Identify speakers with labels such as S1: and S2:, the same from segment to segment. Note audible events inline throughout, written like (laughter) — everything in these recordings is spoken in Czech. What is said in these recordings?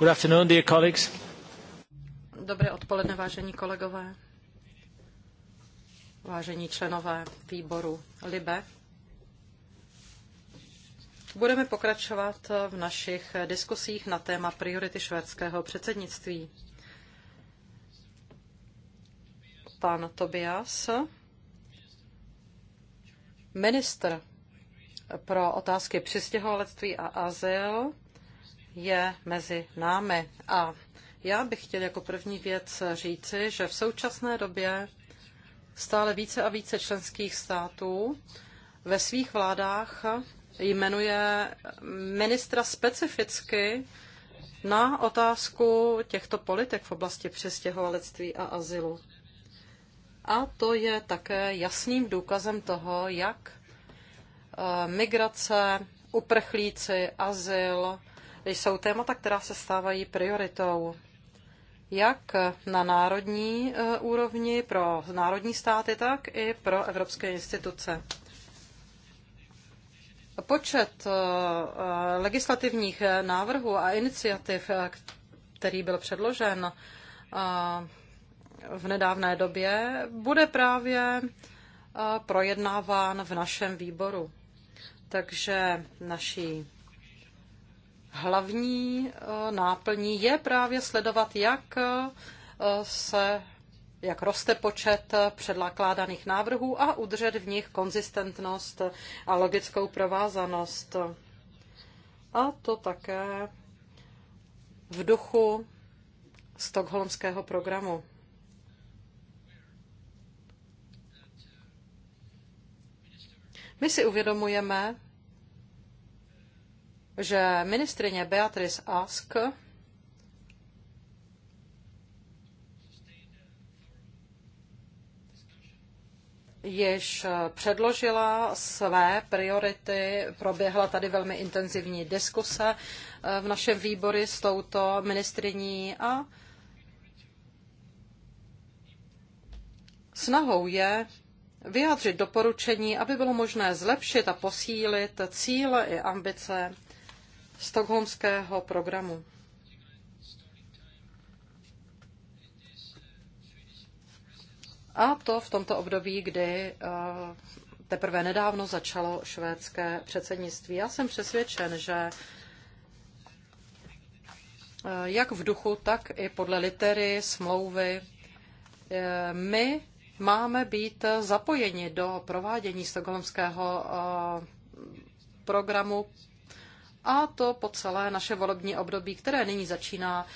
S1: Good afternoon, dear colleagues.
S2: Dobré odpoledne, vážení kolegové, vážení členové výboru LIBE. Budeme pokračovat v našich diskusích na téma priority švédského předsednictví. Pan Tobias, ministr pro otázky přistěhovalectví a azyl, je mezi námi. A já bych chtěl jako první věc říci, že v současné době stále více a více členských států ve svých vládách jmenuje ministra specificky na otázku těchto politik v oblasti přestěhovalectví a azylu. A to je také jasným důkazem toho, jak eh, migrace, uprchlíci, azyl jsou témata, která se stávají prioritou jak na národní e, úrovni pro národní státy, tak i pro evropské instituce. Počet e, e, legislativních návrhů a iniciativ, který byl předložen v nedávné době, bude právě projednáván v našem výboru. Takže naší hlavní eh, náplní je právě sledovat, jak eh, se jak roste počet eh, předlákládaných návrhů a udržet v nich konzistentnost a logickou provázanost. A to také v duchu stokholmského programu. My si uvědomujeme, že ministrině Beatrice Ask již předložila své priority, proběhla tady velmi intenzivní diskuse eh, v našem výboru s touto ministriní a snahou je vyjádřit doporučení, aby bylo možné zlepšit a posílit cíle i ambice stokholmského programu. A to v tomto období, kdy eh, teprve nedávno začalo švédské předsednictví. Já jsem přesvědčen, že eh, jak v duchu, tak i podle litery, smlouvy, eh, my máme být zapojeni do provádění stokholmského programu a to po celé naše volební období, které nyní začíná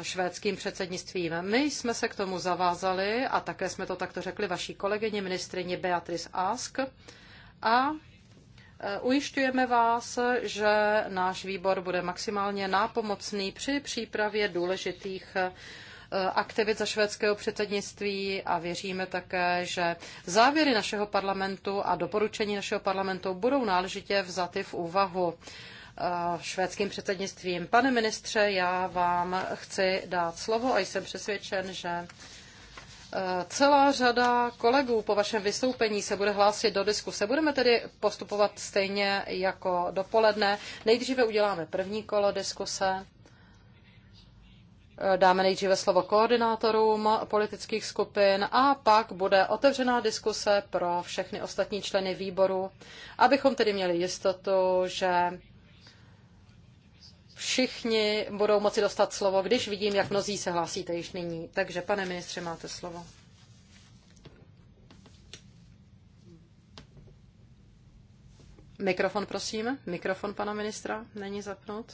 S2: eh, švédským předsednictvím. My jsme se k tomu zavázali a také jsme to takto řekli vaší kolegyni, ministrině Beatrice Ask. A eh, ujišťujeme vás, že náš výbor bude maximálně nápomocný při přípravě důležitých eh, aktivit za švédského předsednictví a věříme také, že závěry našeho parlamentu a doporučení našeho parlamentu budou náležitě vzaty v úvahu švédským předsednictvím. Pane ministře, já vám chci dát slovo a jsem přesvědčen, že Celá řada kolegů po vašem vystoupení se bude hlásit do diskuse. Budeme tedy postupovat stejně jako dopoledne. Nejdříve uděláme první kolo diskuse. Dáme nejdříve slovo koordinátorům politických skupin a pak bude otevřená diskuse pro všechny ostatní členy výboru, abychom tedy měli jistotu, že všichni budou moci dostat slovo, když vidím, jak mnozí se hlásíte již nyní. Takže, pane ministře, máte slovo. Mikrofon, prosím. Mikrofon pana ministra není zapnut.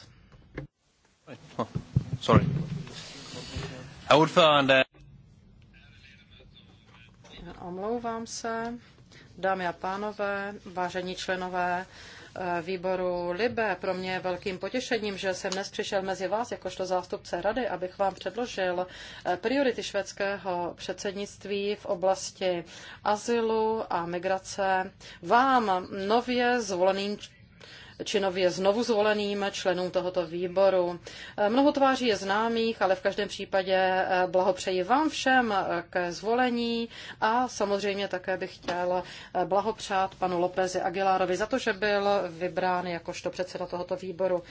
S3: sorry. Eh,
S2: Omlouvám se. Dámy a pánové, vážení členové Eh, výboru Libe. Pro mě je velkým potěšením, že jsem dnes přišel mezi vás jakožto zástupce rady, abych vám předložil eh, priority švédského předsednictví v oblasti azylu a migrace vám nově zvoleným činově znovu zvoleným členům tohoto výboru. Mnoho tváří je známých, ale v každém případě eh, blahopřeji vám všem eh, ke zvolení a samozřejmě také bych chtěl eh, blahopřát panu Lopezi Aguilarovi za to, že byl vybrán jakožto předseda tohoto výboru.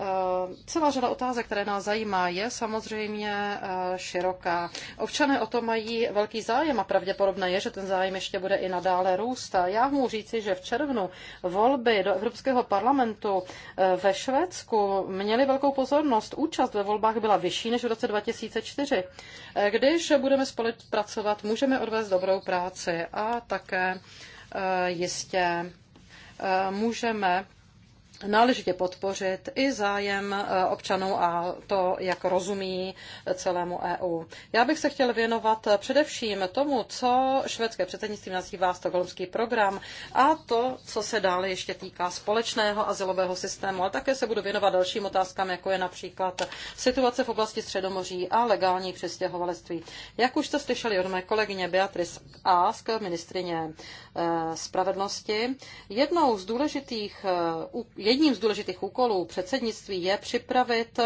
S2: Eh, celá řada otázek, které nás zajímá, je samozřejmě eh, široká. Občané o to mají velký zájem a pravděpodobné je, že ten zájem ještě bude i nadále růst. A já mu říci, že v červnu volby do Evropského parlamentu eh, ve Švédsku měly velkou pozornost. Účast ve volbách byla vyšší než v roce 2004. Když budeme spolupracovat, můžeme odvést dobrou práci a také jistě můžeme náležitě podpořit i zájem eh, občanů a to, jak rozumí celému EU. Já bych se chtěl věnovat eh, především tomu, co švédské předsednictví nazývá stokholmský program a to, co se dále ještě týká společného azylového systému. A také se budu věnovat dalším otázkám, jako je například situace v oblasti Středomoří a legální přistěhovalectví. Jak už jste slyšeli od mé kolegyně Beatrice Ask, ministrině eh, spravedlnosti, jednou z důležitých Jedním z důležitých úkolů předsednictví je připravit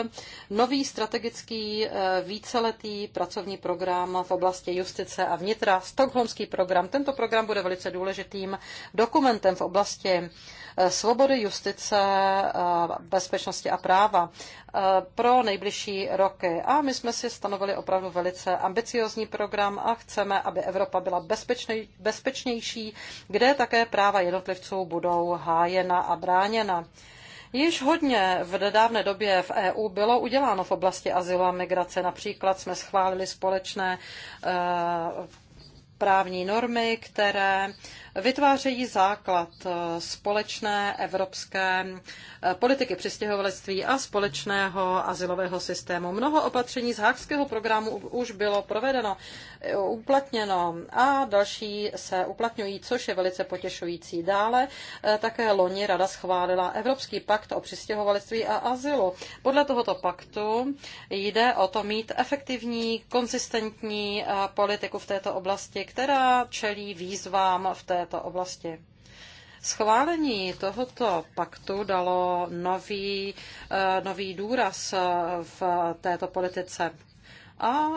S2: nový strategický eh, víceletý pracovní program v oblasti justice a vnitra, Stockholmský program. Tento program bude velice důležitým dokumentem v oblasti eh, svobody, justice, eh, bezpečnosti a práva pro nejbližší roky. A my jsme si stanovili opravdu velice ambiciozní program a chceme, aby Evropa byla bezpečnej, bezpečnější, kde také práva jednotlivců budou hájena a bráněna. Již hodně v nedávné době v EU bylo uděláno v oblasti azylu a migrace. Například jsme schválili společné eh, právní normy, které vytvářejí základ eh, společné evropské eh, politiky přistěhovalectví a společného asilového systému. Mnoho opatření z Hákského programu už bylo provedeno, eh, uplatněno a další se uplatňují, což je velice potěšující. Dále také loni Rada schválila Evropský pakt o přistěhovalectví a azylu. Podle tohoto paktu jde o to mít efektivní, konzistentní politiku v této oblasti, která čelí výzvám v té této oblasti. Schválení tohoto paktu dalo nový, eh, nový důraz eh, v této politice. A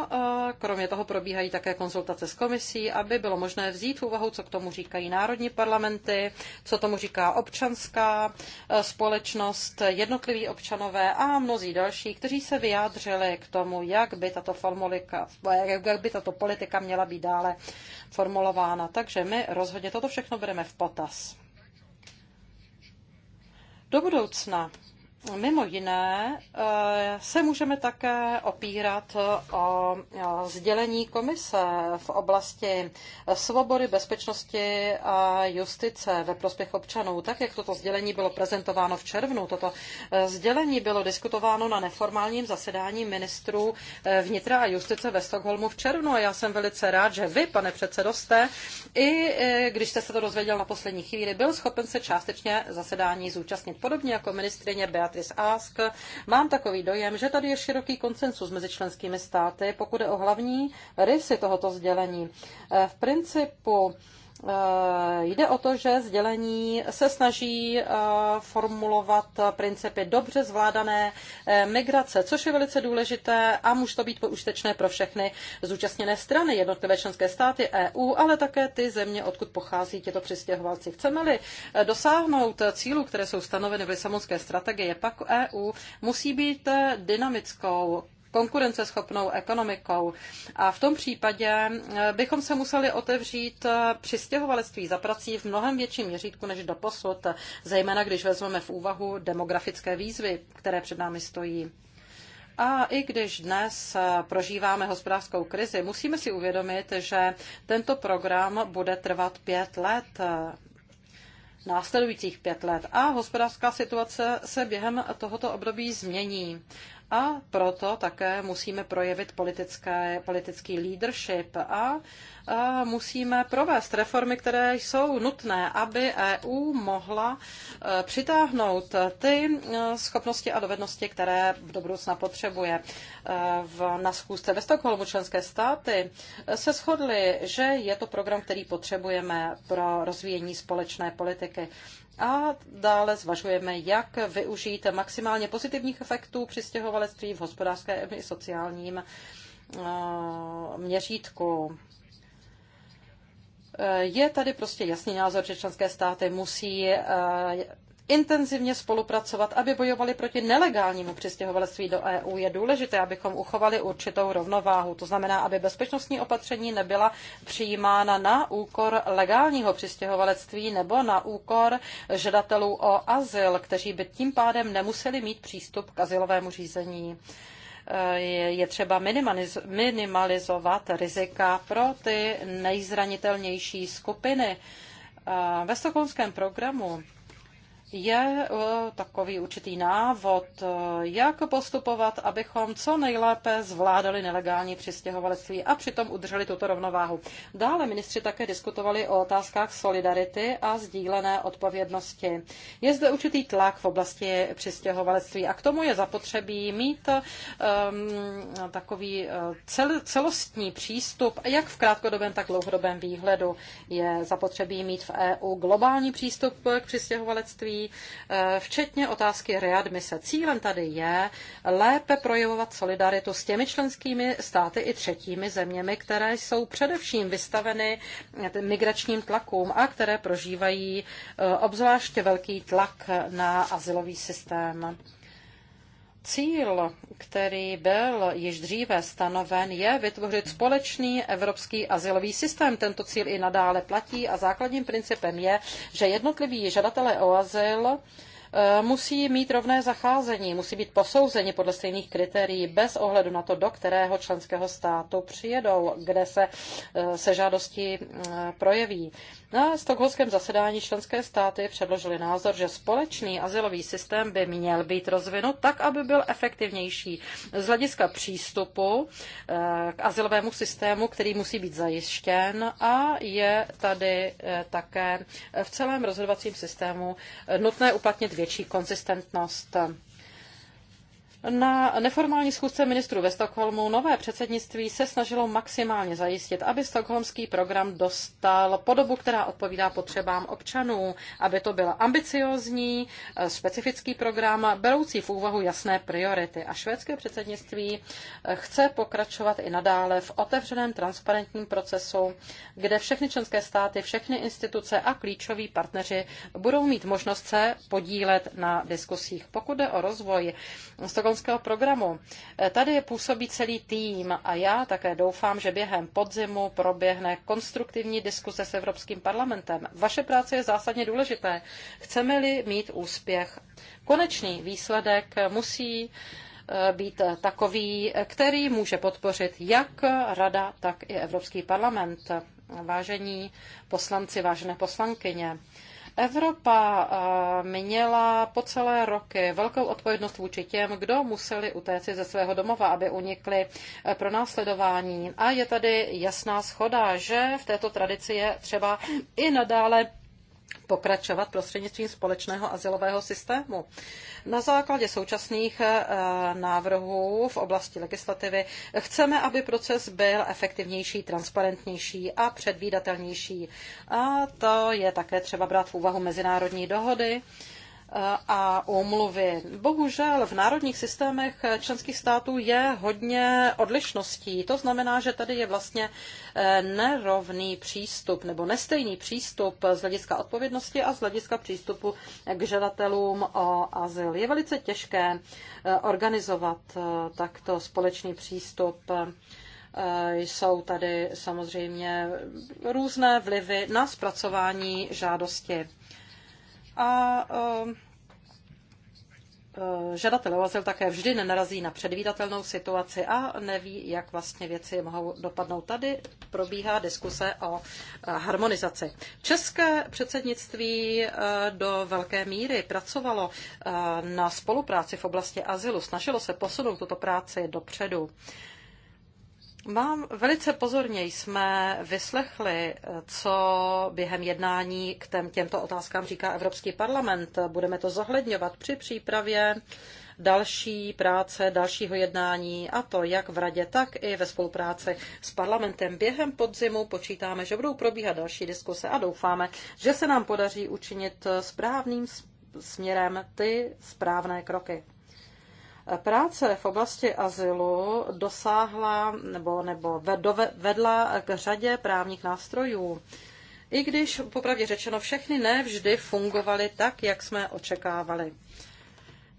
S2: kromě toho probíhají také konzultace s komisí, aby bylo možné vzít v úvahu, co k tomu říkají národní parlamenty, co tomu říká občanská e, společnost, jednotliví občanové a mnozí další, kteří se vyjádřili k tomu, jak by tato, formulika, jak by tato politika měla být dále formulována. Takže my rozhodně toto všechno bereme v potaz. Do budoucna Mimo jiné eh, se můžeme také opírat eh, o eh, sdělení komise v oblasti svobody, bezpečnosti a justice ve prospěch občanů. Tak, jak toto sdělení bylo prezentováno v červnu, toto sdělení bylo diskutováno na neformálním zasedání ministrů vnitra a justice ve Stockholmu v červnu a já jsem velice rád, že vy, pane předsedo, jste i e, když jste se to dozvěděl na poslední chvíli, byl schopen se částečně zasedání zúčastnit. Podobně jako ministrině Beatrice Ask, mám takový dojem, že tady je široký konsensus mezi členskými státy, pokud je o hlavní rysy tohoto sdělení. E, v principu Eh, jde o to, že sdělení se snaží eh, formulovat principy dobře zvládané eh, migrace, což je velice důležité a může to být použitečné pro všechny zúčastněné strany, jednotlivé členské státy EU, ale také ty země, odkud pochází těto přistěhovalci. Chceme-li dosáhnout cílů, které jsou stanoveny v Lisabonské strategii, pak EU musí být dynamickou konkurenceschopnou ekonomikou. A v tom případě eh, bychom se museli otevřít eh, přistěhovalectví za prací v mnohem větším měřítku než do posud, zejména když vezmeme v úvahu demografické výzvy, které před námi stojí. A i když dnes eh, prožíváme hospodářskou krizi, musíme si uvědomit, že tento program bude trvat pět let následujících pět let a hospodářská situace se během tohoto období změní a proto také musíme projevit politické, politický leadership a, a musíme provést reformy, které jsou nutné, aby EU mohla e, přitáhnout ty e, schopnosti a dovednosti, které do budoucna potřebuje. E, v, na schůzce ve Stockholmu členské státy se shodly, že je to program, který potřebujeme pro rozvíjení společné politiky a dále zvažujeme, jak využít maximálně pozitivních efektů přistěhovalectví v hospodářském i sociálním eh, měřítku. Eh, je tady prostě jasný názor, že členské státy musí eh, intenzivně spolupracovat, aby bojovali proti nelegálnímu přistěhovalectví do EU. Je důležité, abychom uchovali určitou rovnováhu, to znamená, aby bezpečnostní opatření nebyla přijímána na úkor legálního přistěhovalectví nebo na úkor žadatelů o azyl, kteří by tím pádem nemuseli mít přístup k azylovému řízení je třeba minimalizovat rizika pro ty nejzranitelnější skupiny. Ve stokholmském programu je eh, takový určitý návod, eh, jak postupovat, abychom co nejlépe zvládali nelegální přistěhovalectví a přitom udrželi tuto rovnováhu. Dále ministři také diskutovali o otázkách solidarity a sdílené odpovědnosti. Je zde určitý tlak v oblasti přistěhovalectví a k tomu je zapotřebí mít um, takový eh, cel, celostní přístup, jak v krátkodobém, tak dlouhodobém výhledu. Je zapotřebí mít v EU globální přístup k přistěhovalectví, Eh, včetně otázky readmise. Cílem tady je lépe projevovat solidaritu s těmi členskými státy i třetími zeměmi, které jsou především vystaveny migračním tlakům a které prožívají eh, obzvláště velký tlak na asilový systém. Cíl, který byl již dříve stanoven, je vytvořit společný evropský asilový systém. Tento cíl i nadále platí a základním principem je, že jednotliví žadatelé o azyl eh, musí mít rovné zacházení, musí být posouzeni podle stejných kritérií bez ohledu na to, do kterého členského státu přijedou, kde se, eh, se žádosti eh, projeví. Na stokholském zasedání členské státy předložili názor, že společný asilový systém by měl být rozvinut tak, aby byl efektivnější z hlediska přístupu eh, k asilovému systému, který musí být zajištěn a je tady eh, také v celém rozhodovacím systému nutné uplatnit větší konzistentnost. Na neformální schůzce ministrů ve Stockholmu nové předsednictví se snažilo maximálně zajistit, aby stockholmský program dostal podobu, která odpovídá potřebám občanů, aby to byl ambiciózní, eh, specifický program, beroucí v úvahu jasné priority. A švédské předsednictví eh, chce pokračovat i nadále v otevřeném transparentním procesu, kde všechny členské státy, všechny instituce a klíčoví partneři budou mít možnost se podílet na diskusích. Pokud jde o rozvoj stokholmského školského programu. E, tady působí celý tým a já také doufám, že během podzimu proběhne konstruktivní diskuse s Evropským parlamentem. Vaše práce je zásadně důležité. Chceme-li mít úspěch, konečný výsledek musí e, být takový, který může podpořit jak Rada, tak i Evropský parlament. Vážení poslanci, vážené poslankyně, Evropa eh, měla po celé roky velkou odpovědnost vůči těm, kdo museli utéci ze svého domova, aby unikli eh, pro následování. A je tady jasná schoda, že v této tradici je třeba i nadále pokračovat prostřednictvím společného asilového systému. Na základě současných eh, návrhů v oblasti legislativy chceme, aby proces byl efektivnější, transparentnější a předvídatelnější. A to je také třeba brát v úvahu mezinárodní dohody a úmluvy. Bohužel v národních systémech členských států je hodně odlišností. To znamená, že tady je vlastně eh, nerovný přístup nebo nestejný přístup z hlediska odpovědnosti a z hlediska přístupu k žadatelům o azyl. Je velice těžké eh, organizovat eh, takto společný přístup jsou tady samozřejmě různé vlivy na zpracování žádosti. A Eh, žadatelé o azyl také vždy nenarazí na předvídatelnou situaci a neví, jak vlastně věci mohou dopadnout. Tady probíhá diskuse o eh, harmonizaci. České předsednictví eh, do velké míry pracovalo na spolupráci v oblasti azylu, snažilo se posunout tuto práci dopředu. Mám velice pozorně jsme vyslechli, co během jednání k těmto otázkám říká Evropský parlament. Budeme to zohledňovat při přípravě další práce, dalšího jednání, a to jak v radě, tak i ve spolupráci s parlamentem. Během podzimu počítáme, že budou probíhat další diskuse a doufáme, že se nám podaří učinit správným směrem ty správné kroky. Práce v oblasti azylu dosáhla nebo, nebo vedla k řadě právních nástrojů. I když, popravdě řečeno, všechny ne vždy fungovaly tak, jak jsme očekávali.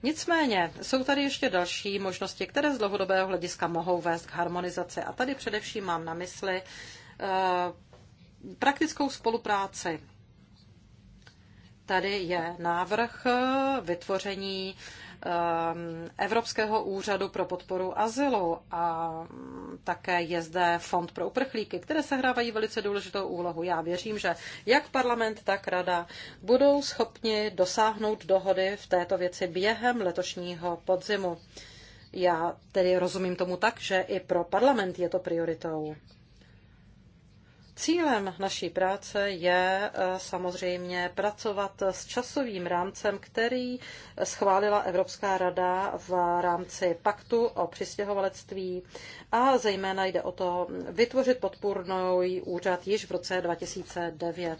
S2: Nicméně jsou tady ještě další možnosti, které z dlouhodobého hlediska mohou vést k harmonizaci. A tady především mám na mysli eh, praktickou spolupráci. Tady je návrh eh, vytvoření Um, Evropského úřadu pro podporu azylu a také je zde Fond pro uprchlíky, které sehrávají velice důležitou úlohu. Já věřím, že jak parlament, tak rada budou schopni dosáhnout dohody v této věci během letošního podzimu. Já tedy rozumím tomu tak, že i pro parlament je to prioritou. Cílem naší práce je eh, samozřejmě pracovat s časovým rámcem, který schválila Evropská rada v rámci paktu o přistěhovalectví a zejména jde o to vytvořit podpůrnou úřad již v roce 2009.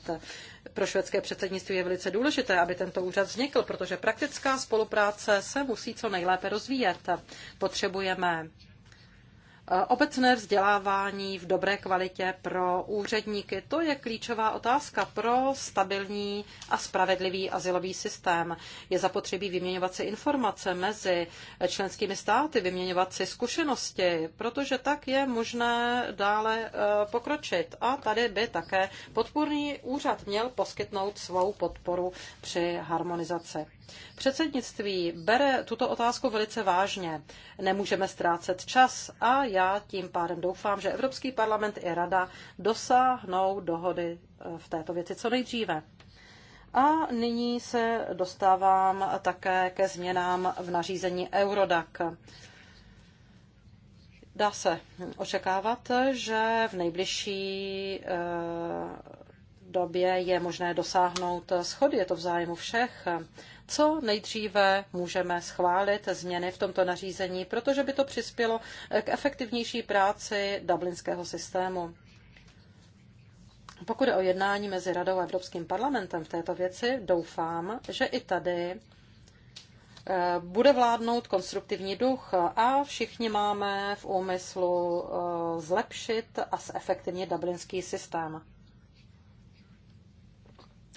S2: Pro švédské předsednictví je velice důležité, aby tento úřad vznikl, protože praktická spolupráce se musí co nejlépe rozvíjet. Potřebujeme Eh, obecné vzdělávání v dobré kvalitě pro úředníky, to je klíčová otázka pro stabilní a spravedlivý asilový systém. Je zapotřebí vyměňovat si informace mezi členskými státy, vyměňovat si zkušenosti, protože tak je možné dále eh, pokročit. A tady by také podpůrný úřad měl poskytnout svou podporu při harmonizaci. Předsednictví bere tuto otázku velice vážně. Nemůžeme ztrácet čas a já tím pádem doufám, že Evropský parlament i Rada dosáhnou dohody eh, v této věci co nejdříve. A nyní se dostávám také ke změnám v nařízení Eurodac. Dá se očekávat, že v nejbližší eh, době je možné dosáhnout schody. Je to v zájmu všech co nejdříve můžeme schválit změny v tomto nařízení, protože by to přispělo k efektivnější práci dublinského systému. Pokud je o jednání mezi Radou a Evropským parlamentem v této věci, doufám, že i tady eh, bude vládnout konstruktivní duch a všichni máme v úmyslu eh, zlepšit a zefektivnit dublinský systém.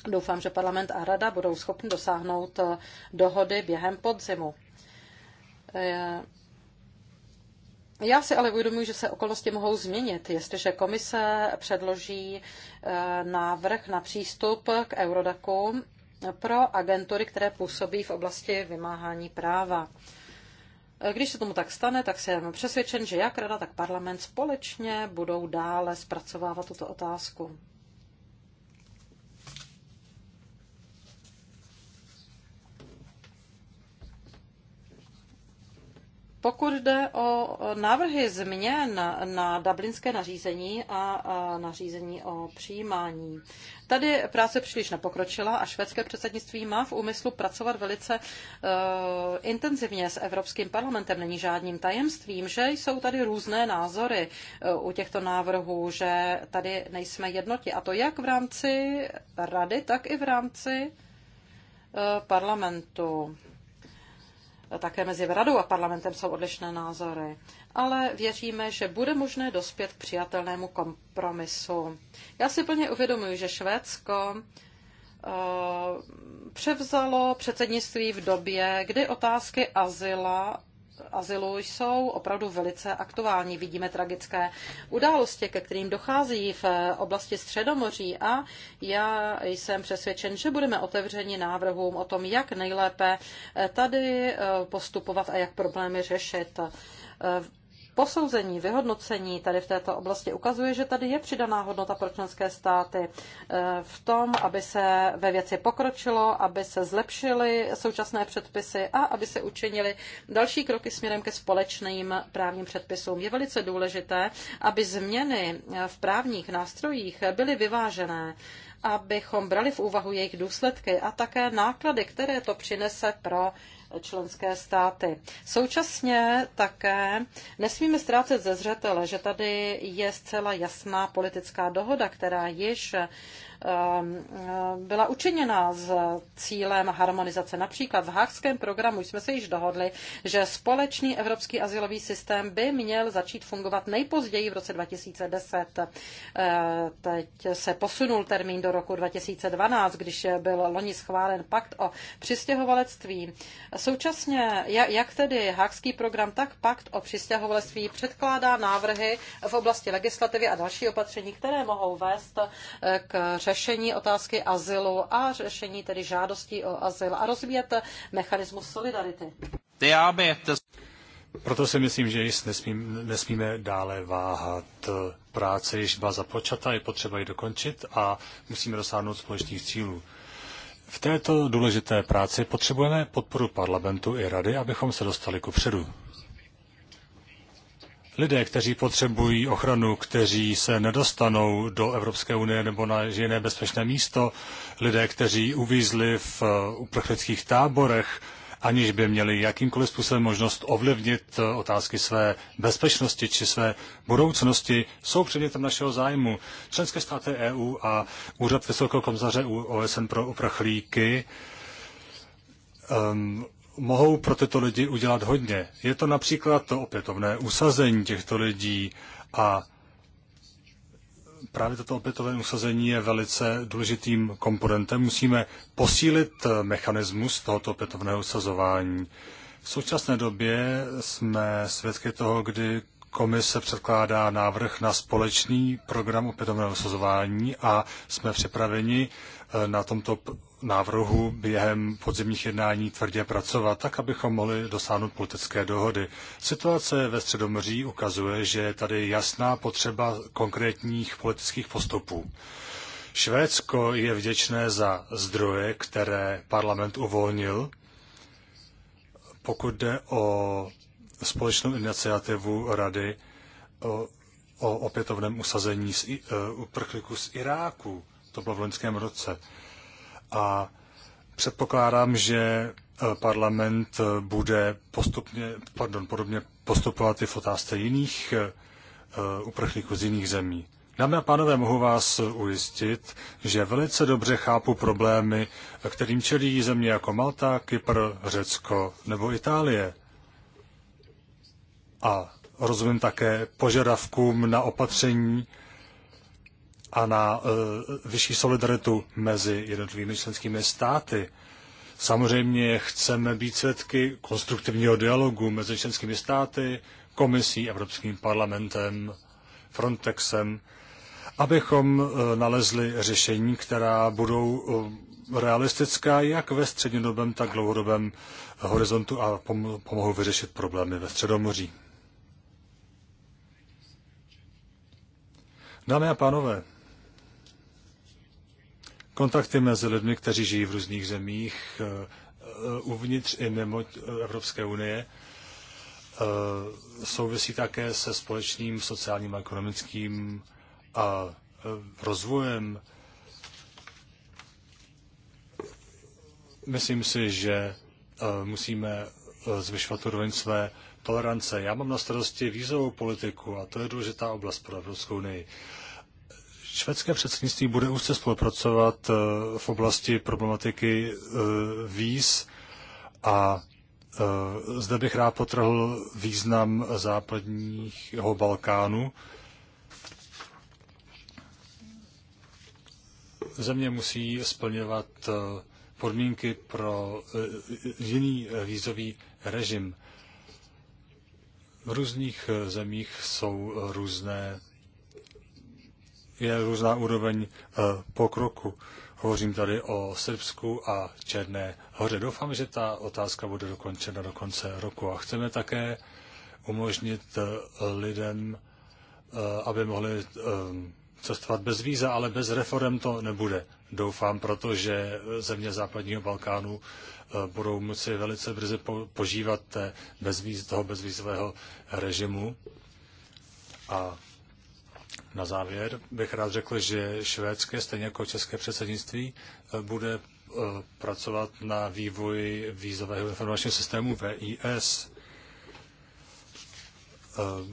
S2: Doufám, že parlament a rada budou schopni dosáhnout eh, dohody během podzimu. Eh, já si ale uvědomuji, že se okolnosti mohou změnit, jestliže komise předloží eh, návrh na přístup k Eurodaku pro agentury, které působí v oblasti vymáhání práva. Když se tomu tak stane, tak jsem přesvědčen, že jak Rada, tak parlament společně budou dále zpracovávat tuto otázku. Pokud jde o návrhy změn na dublinské nařízení a nařízení o přijímání, tady práce příliš nepokročila a švédské předsednictví má v úmyslu pracovat velice e, intenzivně s Evropským parlamentem. Není žádným tajemstvím, že jsou tady různé názory e, u těchto návrhů, že tady nejsme jednoti. A to jak v rámci rady, tak i v rámci e, parlamentu. Také mezi radou a parlamentem jsou odlišné názory, ale věříme, že bude možné dospět k přijatelnému kompromisu. Já si plně uvědomuji, že Švédsko eh, převzalo předsednictví v době, kdy otázky azyla, azylu jsou opravdu velice aktuální. Vidíme tragické události, ke kterým dochází v oblasti Středomoří a já jsem přesvědčen, že budeme otevřeni návrhům o tom, jak nejlépe tady eh, postupovat a jak problémy řešit. Eh, posouzení, vyhodnocení tady v této oblasti ukazuje, že tady je přidaná hodnota pro členské státy eh, v tom, aby se ve věci pokročilo, aby se zlepšily současné předpisy a aby se učinili další kroky směrem ke společným právním předpisům. Je velice důležité, aby změny eh, v právních nástrojích byly vyvážené abychom brali v úvahu jejich důsledky a také náklady, které to přinese pro členské státy. Současně také nesmíme ztrácet ze zřetele, že tady je zcela jasná politická dohoda, která již Ehm, ehm, byla učiněna s cílem harmonizace. Například v Hákském programu jsme se již dohodli, že společný evropský asilový systém by měl začít fungovat nejpozději v roce 2010. Ehm, teď se posunul termín do roku 2012, když byl loni schválen pakt o přistěhovalectví. Současně, jak tedy Hákský program, tak pakt o přistěhovalectví předkládá návrhy v oblasti legislativy a další opatření, které mohou vést eh, k řešení otázky azylu a řešení tedy žádostí o azyl a rozvíjet mechanismus solidarity.
S1: Proto si myslím, že již nesmím, nesmíme dále váhat. Eh, práce již byla započata, je potřeba ji dokončit a musíme dosáhnout společných cílů. V této důležité práci potřebujeme podporu parlamentu i rady, abychom se dostali ku předu. Lidé, kteří potřebují ochranu, kteří se nedostanou do Evropské unie nebo na jiné bezpečné místo, lidé, kteří uvízli v eh, uprchlických táborech, aniž by měli jakýmkoliv způsobem možnost ovlivnit eh, otázky své bezpečnosti či své budoucnosti, jsou předmětem našeho zájmu. Členské státy EU a Úřad Vysokého komisaře OSN pro uprchlíky um, mohou pro tyto lidi udělat hodně. Je to například to opětovné usazení těchto lidí a právě toto opětovné usazení je velice důležitým komponentem. Musíme posílit eh, mechanismus tohoto opětovného usazování. V současné době jsme svědky toho, kdy komise předkládá návrh na společný program opětovného usazování a jsme připraveni eh, na tomto návrhu během podzimních jednání tvrdě pracovat, tak abychom mohli dosáhnout politické dohody. Situace ve Středomoří ukazuje, že je tady jasná potřeba konkrétních politických postupů. Švédsko je vděčné za zdroje, které parlament uvolnil. Pokud jde o společnou iniciativu Rady o, o opětovném usazení z, e, uprchlíků z Iráku, to bylo v loňském roce a předpokládám, že eh, parlament eh, bude postupně, pardon, podobně postupovat i v otázce jiných eh, uprchlíků z jiných zemí. Dámy a pánové, mohu vás ujistit, že velice dobře chápu problémy, kterým čelí země jako Malta, Kypr, Řecko nebo Itálie. A rozumím také požadavkům na opatření, a na e, vyšší solidaritu mezi jednotlivými členskými státy. Samozřejmě chceme být svědky konstruktivního dialogu mezi členskými státy, komisí, Evropským parlamentem, Frontexem, abychom e, nalezli řešení, která budou e, realistická jak ve střednědobém, tak dlouhodobém horizontu a pomohou vyřešit problémy ve Středomoří. Dámy a pánové, kontakty mezi lidmi, kteří žijí v různých zemích, eh, eh, uvnitř i mimo eh, Evropské unie, souvisí také se společným sociálním a ekonomickým a rozvojem. Myslím si, že musíme zvyšovat úroveň své tolerance. Já mám na starosti vízovou politiku a to je důležitá oblast pro Evropskou unii. Švédské předsednictví bude úzce spolupracovat eh, v oblasti problematiky eh, víz a eh, zde bych rád potrhl význam západního Balkánu. Země musí splňovat podmínky pro jiný vízový režim. V různých zemích jsou různé je různá úroveň e, pokroku. Hovořím tady o Srbsku a Černé hoře. Doufám, že ta otázka bude dokončena do konce roku. A chceme také umožnit e, lidem, e, aby mohli cestovat bez víza, ale bez reform to nebude. Doufám, protože země západního Balkánu budou moci velice brzy požívat té bezvíz, toho bezvízového režimu. A na závěr bych rád řekl, že švédské, stejně jako české předsednictví, eh, bude eh, pracovat na vývoji vízového informačního systému VIS. Eh,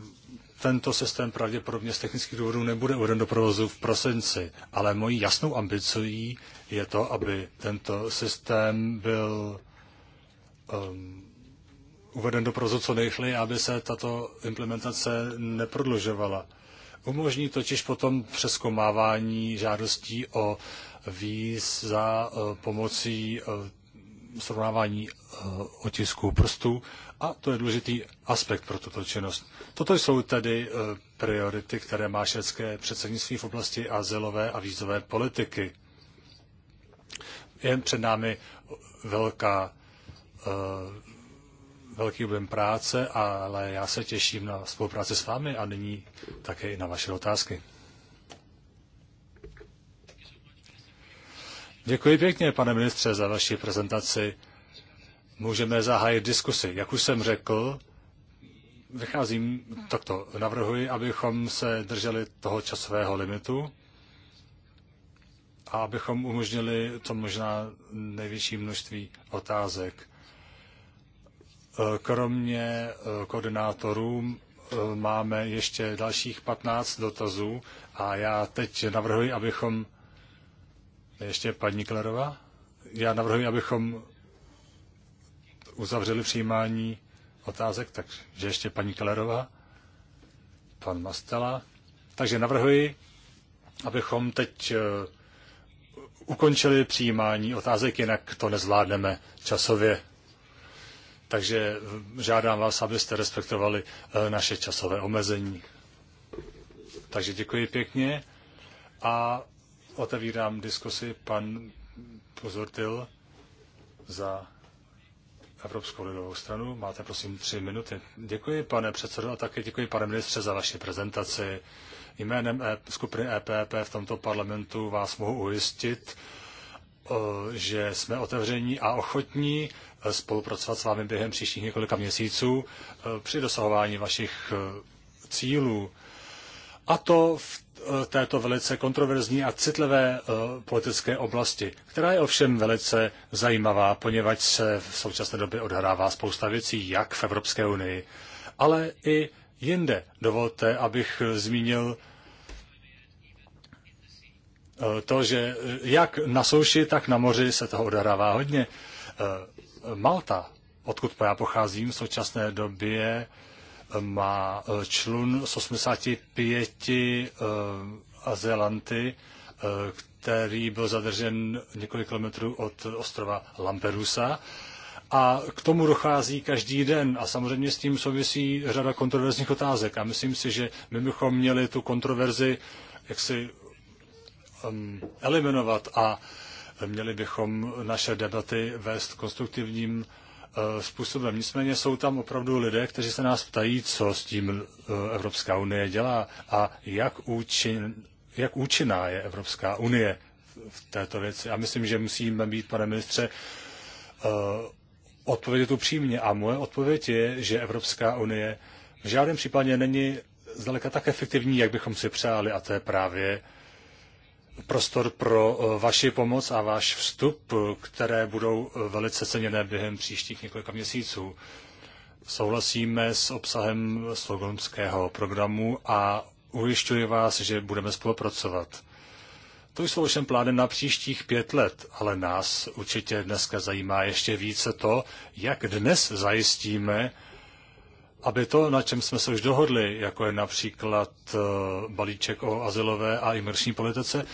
S1: tento systém pravděpodobně z technických důvodů nebude uveden do provozu v prosinci, ale mojí jasnou ambicí je to, aby tento systém byl um, uveden do provozu co nejrychleji, aby se tato implementace neprodlužovala. Umožní totiž potom přeskomávání žádostí o víz za e, pomocí e, srovnávání e, otisků prstů a to je důležitý aspekt pro tuto činnost. Toto jsou tedy priority, které má švédské předsednictví v oblasti azylové a vízové politiky. Je před námi velká velký objem práce, ale já se těším na spolupráci s vámi a nyní také i na vaše otázky. Děkuji pěkně, pane ministře, za vaši prezentaci. Můžeme zahájit diskusi. Jak už jsem řekl, vycházím takto. Navrhuji, abychom se drželi toho časového limitu a abychom umožnili to možná největší množství otázek. Kromě eh, koordinátorů eh, máme ještě dalších 15 dotazů a já teď navrhuji, abychom... Ještě paní Klerová? Já navrhuji, abychom uzavřeli přijímání otázek, takže ještě paní Klerová, pan Mastela. Takže navrhuji, abychom teď eh, ukončili přijímání otázek, jinak to nezvládneme časově. Takže eh, žádám vás, abyste respektovali eh, naše časové omezení. Takže děkuji pěkně a otevírám diskusi. Pan Pozortil za Evropskou lidovou stranu. Máte prosím tři minuty. Děkuji, pane předsedo, a také děkuji, pane ministře, za vaši prezentaci. Jménem e- skupiny EPP v tomto parlamentu vás mohu ujistit, Eh, že jsme otevření a ochotní eh, spolupracovat s vámi během příštích několika měsíců eh, při dosahování vašich cílů. A to v této velice kontroverzní a citlivé politické oblasti, která je ovšem velice zajímavá, poněvadž se v současné době odhrává spousta věcí, jak v Evropské unii, ale i jinde. Dovolte, abych zmínil Eh, to, že jak na souši, tak na moři se toho odarává hodně. Eh, Malta, odkud já pocházím, v současné době eh, má člun z 85 azelanty, který byl zadržen několik kilometrů od ostrova Lampedusa. A k tomu dochází každý den a samozřejmě s tím souvisí řada kontroverzních otázek. A myslím si, že my bychom měli tu kontroverzi jak Um, eliminovat a měli bychom naše debaty vést konstruktivním uh, způsobem. Nicméně jsou tam opravdu lidé, kteří se nás ptají, co s tím uh, Evropská unie dělá a jak, účin, jak účinná je Evropská unie v této věci. A myslím, že musíme být, pane ministře, uh, odpovědět upřímně. A moje odpověď je, že Evropská unie v žádném případě není zdaleka tak efektivní, jak bychom si přáli, a to je právě prostor pro eh, vaši pomoc a váš vstup, eh, které budou eh, velice ceněné během příštích několika měsíců. Souhlasíme s obsahem slogonského programu a ujišťuji vás, že budeme spolupracovat. To jsou ovšem plány na příštích pět let, ale nás určitě dneska zajímá ještě více to, jak dnes zajistíme, aby to, na čem jsme se už dohodli, jako je například eh, balíček o azylové a imerční politice,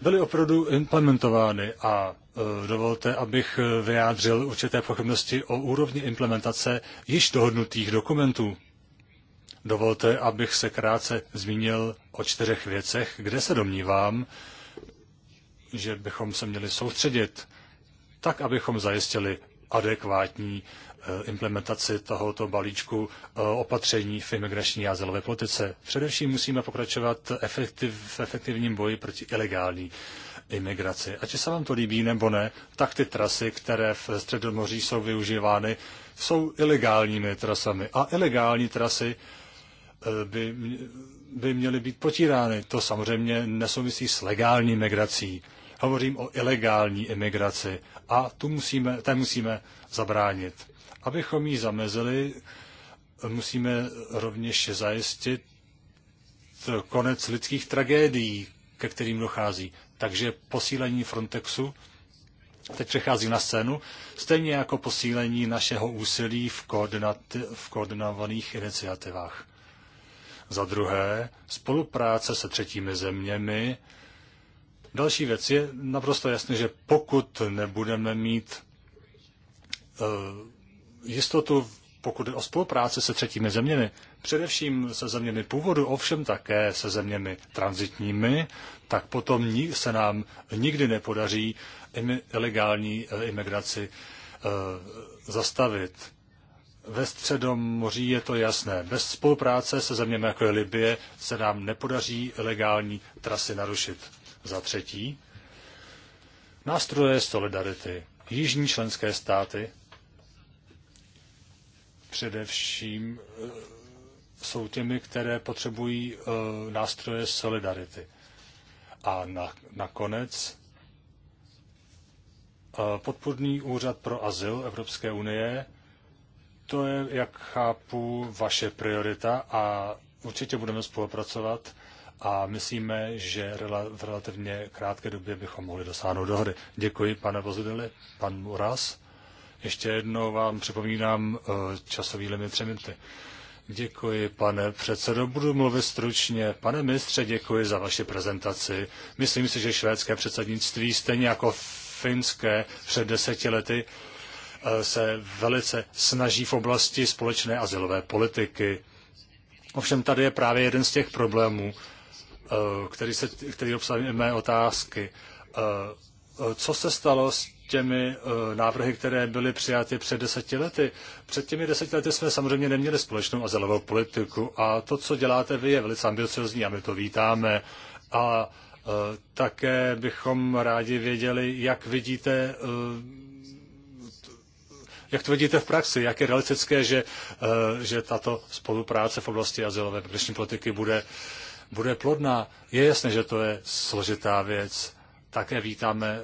S1: byly opravdu implementovány a eh, dovolte, abych eh, vyjádřil určité pochybnosti o úrovni implementace již dohodnutých dokumentů. Dovolte, abych se krátce zmínil o čtyřech věcech, kde se domnívám, že bychom se měli soustředit, tak abychom zajistili adekvátní Eh, implementaci tohoto balíčku eh, opatření v imigrační a zelové politice. Především musíme pokračovat efektiv, v efektivním boji proti ilegální imigraci. Ať se vám to líbí nebo ne, tak ty trasy, které v Středomoří jsou využívány, jsou ilegálními trasami. A ilegální trasy eh, by, by měly být potírány. To samozřejmě nesouvisí s legální migrací. Hovořím o ilegální imigraci a tu musíme, té musíme zabránit. Abychom jí zamezili, musíme rovněž zajistit konec lidských tragédií, ke kterým dochází. Takže posílení Frontexu teď přechází na scénu, stejně jako posílení našeho úsilí v, koordinat, v koordinovaných iniciativách. Za druhé, spolupráce se třetími zeměmi. Další věc je naprosto jasné, že pokud nebudeme mít uh, jistotu, pokud jde o spolupráci se třetími zeměmi, především se zeměmi původu, ovšem také se zeměmi transitními, tak potom se nám nikdy nepodaří ilegální eh, imigraci eh, zastavit. Ve středomoří je to jasné. Bez spolupráce se zeměmi jako je Libie se nám nepodaří ilegální trasy narušit. Za třetí, nástroje solidarity. Jižní členské státy především eh, jsou těmi, které potřebují eh, nástroje solidarity. A na, nakonec eh, podpůrný úřad pro azyl Evropské unie, to je, jak chápu, vaše priorita a určitě budeme spolupracovat a myslíme, že v relativně krátké době bychom mohli dosáhnout dohody. Děkuji, pane Vozudeli, pan Muras. Ještě jednou vám připomínám eh, časový limit tři minuty. Děkuji, pane předsedo. Budu mluvit stručně. Pane ministře, děkuji za vaši prezentaci. Myslím si, že švédské předsednictví, stejně jako finské před deseti lety, eh, se velice snaží v oblasti společné asilové politiky. Ovšem tady je právě jeden z těch problémů, eh, který, se, který obsahují mé otázky co se stalo s těmi eh, návrhy, které byly přijaty před deseti lety. Před těmi deseti lety jsme samozřejmě neměli společnou azylovou politiku a to, co děláte vy, je velice ambiciozní a my to vítáme. A eh, také bychom rádi věděli, jak vidíte eh, jak to vidíte v praxi, jak je realistické, že, že tato spolupráce v oblasti azylové migrační politiky bude, bude plodná. Je jasné, že to je složitá věc. Také vítáme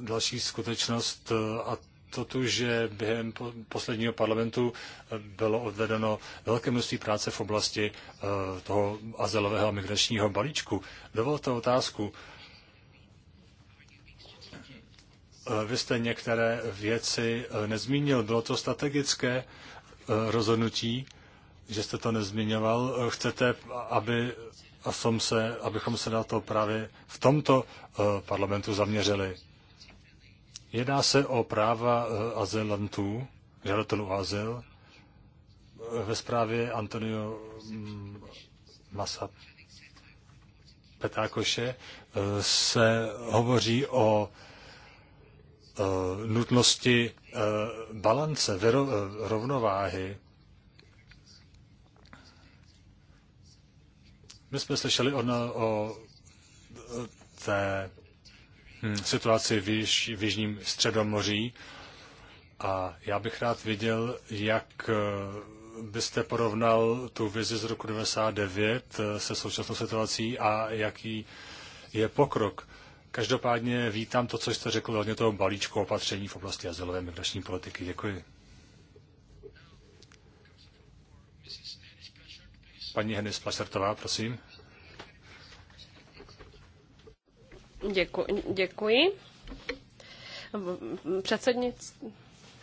S1: další skutečnost eh, a to tu, že během posledního parlamentu eh, bylo odvedeno velké množství práce v oblasti eh, toho azylového a migračního balíčku. Dovolte otázku. Vy jste některé věci nezmínil. Bylo to strategické rozhodnutí, že jste to nezmiňoval. Chcete, aby a som se, abychom se na to právě v tomto eh, parlamentu zaměřili. Jedná se o práva eh, azylantů, žadatelů o azyl. Eh, ve zprávě Antonio mm, Masa Petákoše se hovoří o nutnosti balance, rovnováhy My jsme slyšeli o, o té hm, situaci v, již, v Jižním středomoří a já bych rád viděl, jak eh, byste porovnal tu vizi z roku 99 eh, se současnou situací a jaký je pokrok. Každopádně vítám to, co jste řekl hodně toho balíčku opatření v oblasti azylové migrační politiky. Děkuji. Paní Hennis Plašertová, prosím.
S3: Děku, děkuji. Předsednic...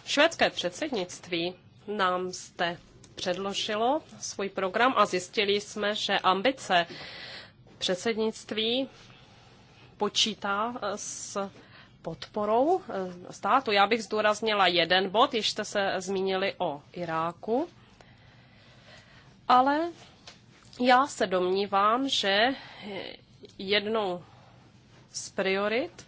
S3: Švédské předsednictví nám zde předložilo svůj program a zjistili jsme, že ambice předsednictví počítá s podporou eh, státu. Já bych zdůraznila jeden bod, již jste se zmínili o Iráku, ale já se domnívám, že jednou z priorit,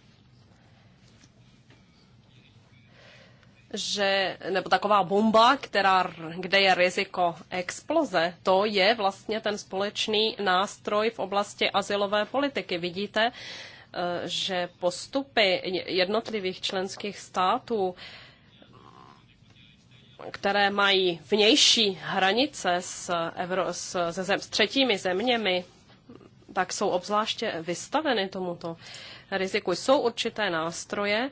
S3: že, nebo taková bomba, která, kde je riziko exploze, to je vlastně ten společný nástroj v oblasti asilové politiky. Vidíte, eh, že postupy jednotlivých členských států které mají vnější hranice s, Evro, s, se zem, s třetími zeměmi, tak jsou obzvláště vystaveny tomuto riziku. Jsou určité nástroje,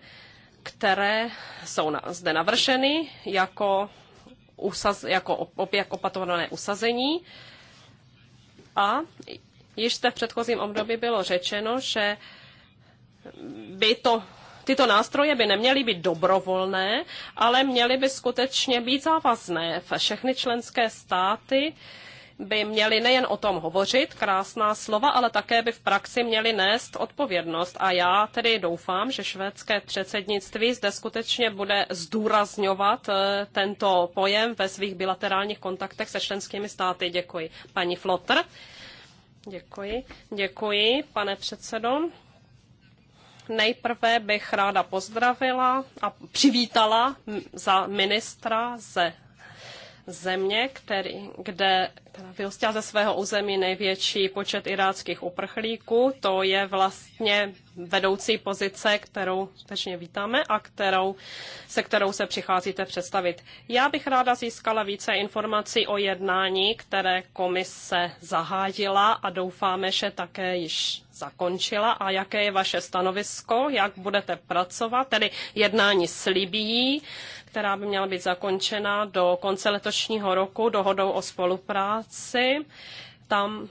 S3: které jsou na, zde navrženy jako, usaz, jako op, jak opatované usazení. A již zde v předchozím období bylo řečeno, že by to tyto nástroje by neměly být dobrovolné, ale měly by skutečně být závazné. Všechny členské státy by měli nejen o tom hovořit, krásná slova, ale také by v praxi měli nést odpovědnost. A já tedy doufám, že švédské předsednictví zde skutečně bude zdůrazňovat eh, tento pojem ve svých bilaterálních kontaktech se členskými státy. Děkuji. Paní Flotr. Děkuji. Děkuji, pane předsedo. Nejprve bych ráda pozdravila a přivítala za ministra ze země, který, kde vyhostila ze svého území největší počet iráckých uprchlíků. To je vlastně vedoucí pozice, kterou skutečně vítáme a kterou, se kterou se přicházíte představit. Já bych ráda získala více informací o jednání, které komise zahájila a doufáme, že také již zakončila a jaké je vaše stanovisko, jak budete pracovat, tedy jednání s Libií, která by měla být zakončena do konce letošního roku dohodou o spolupráci. Tam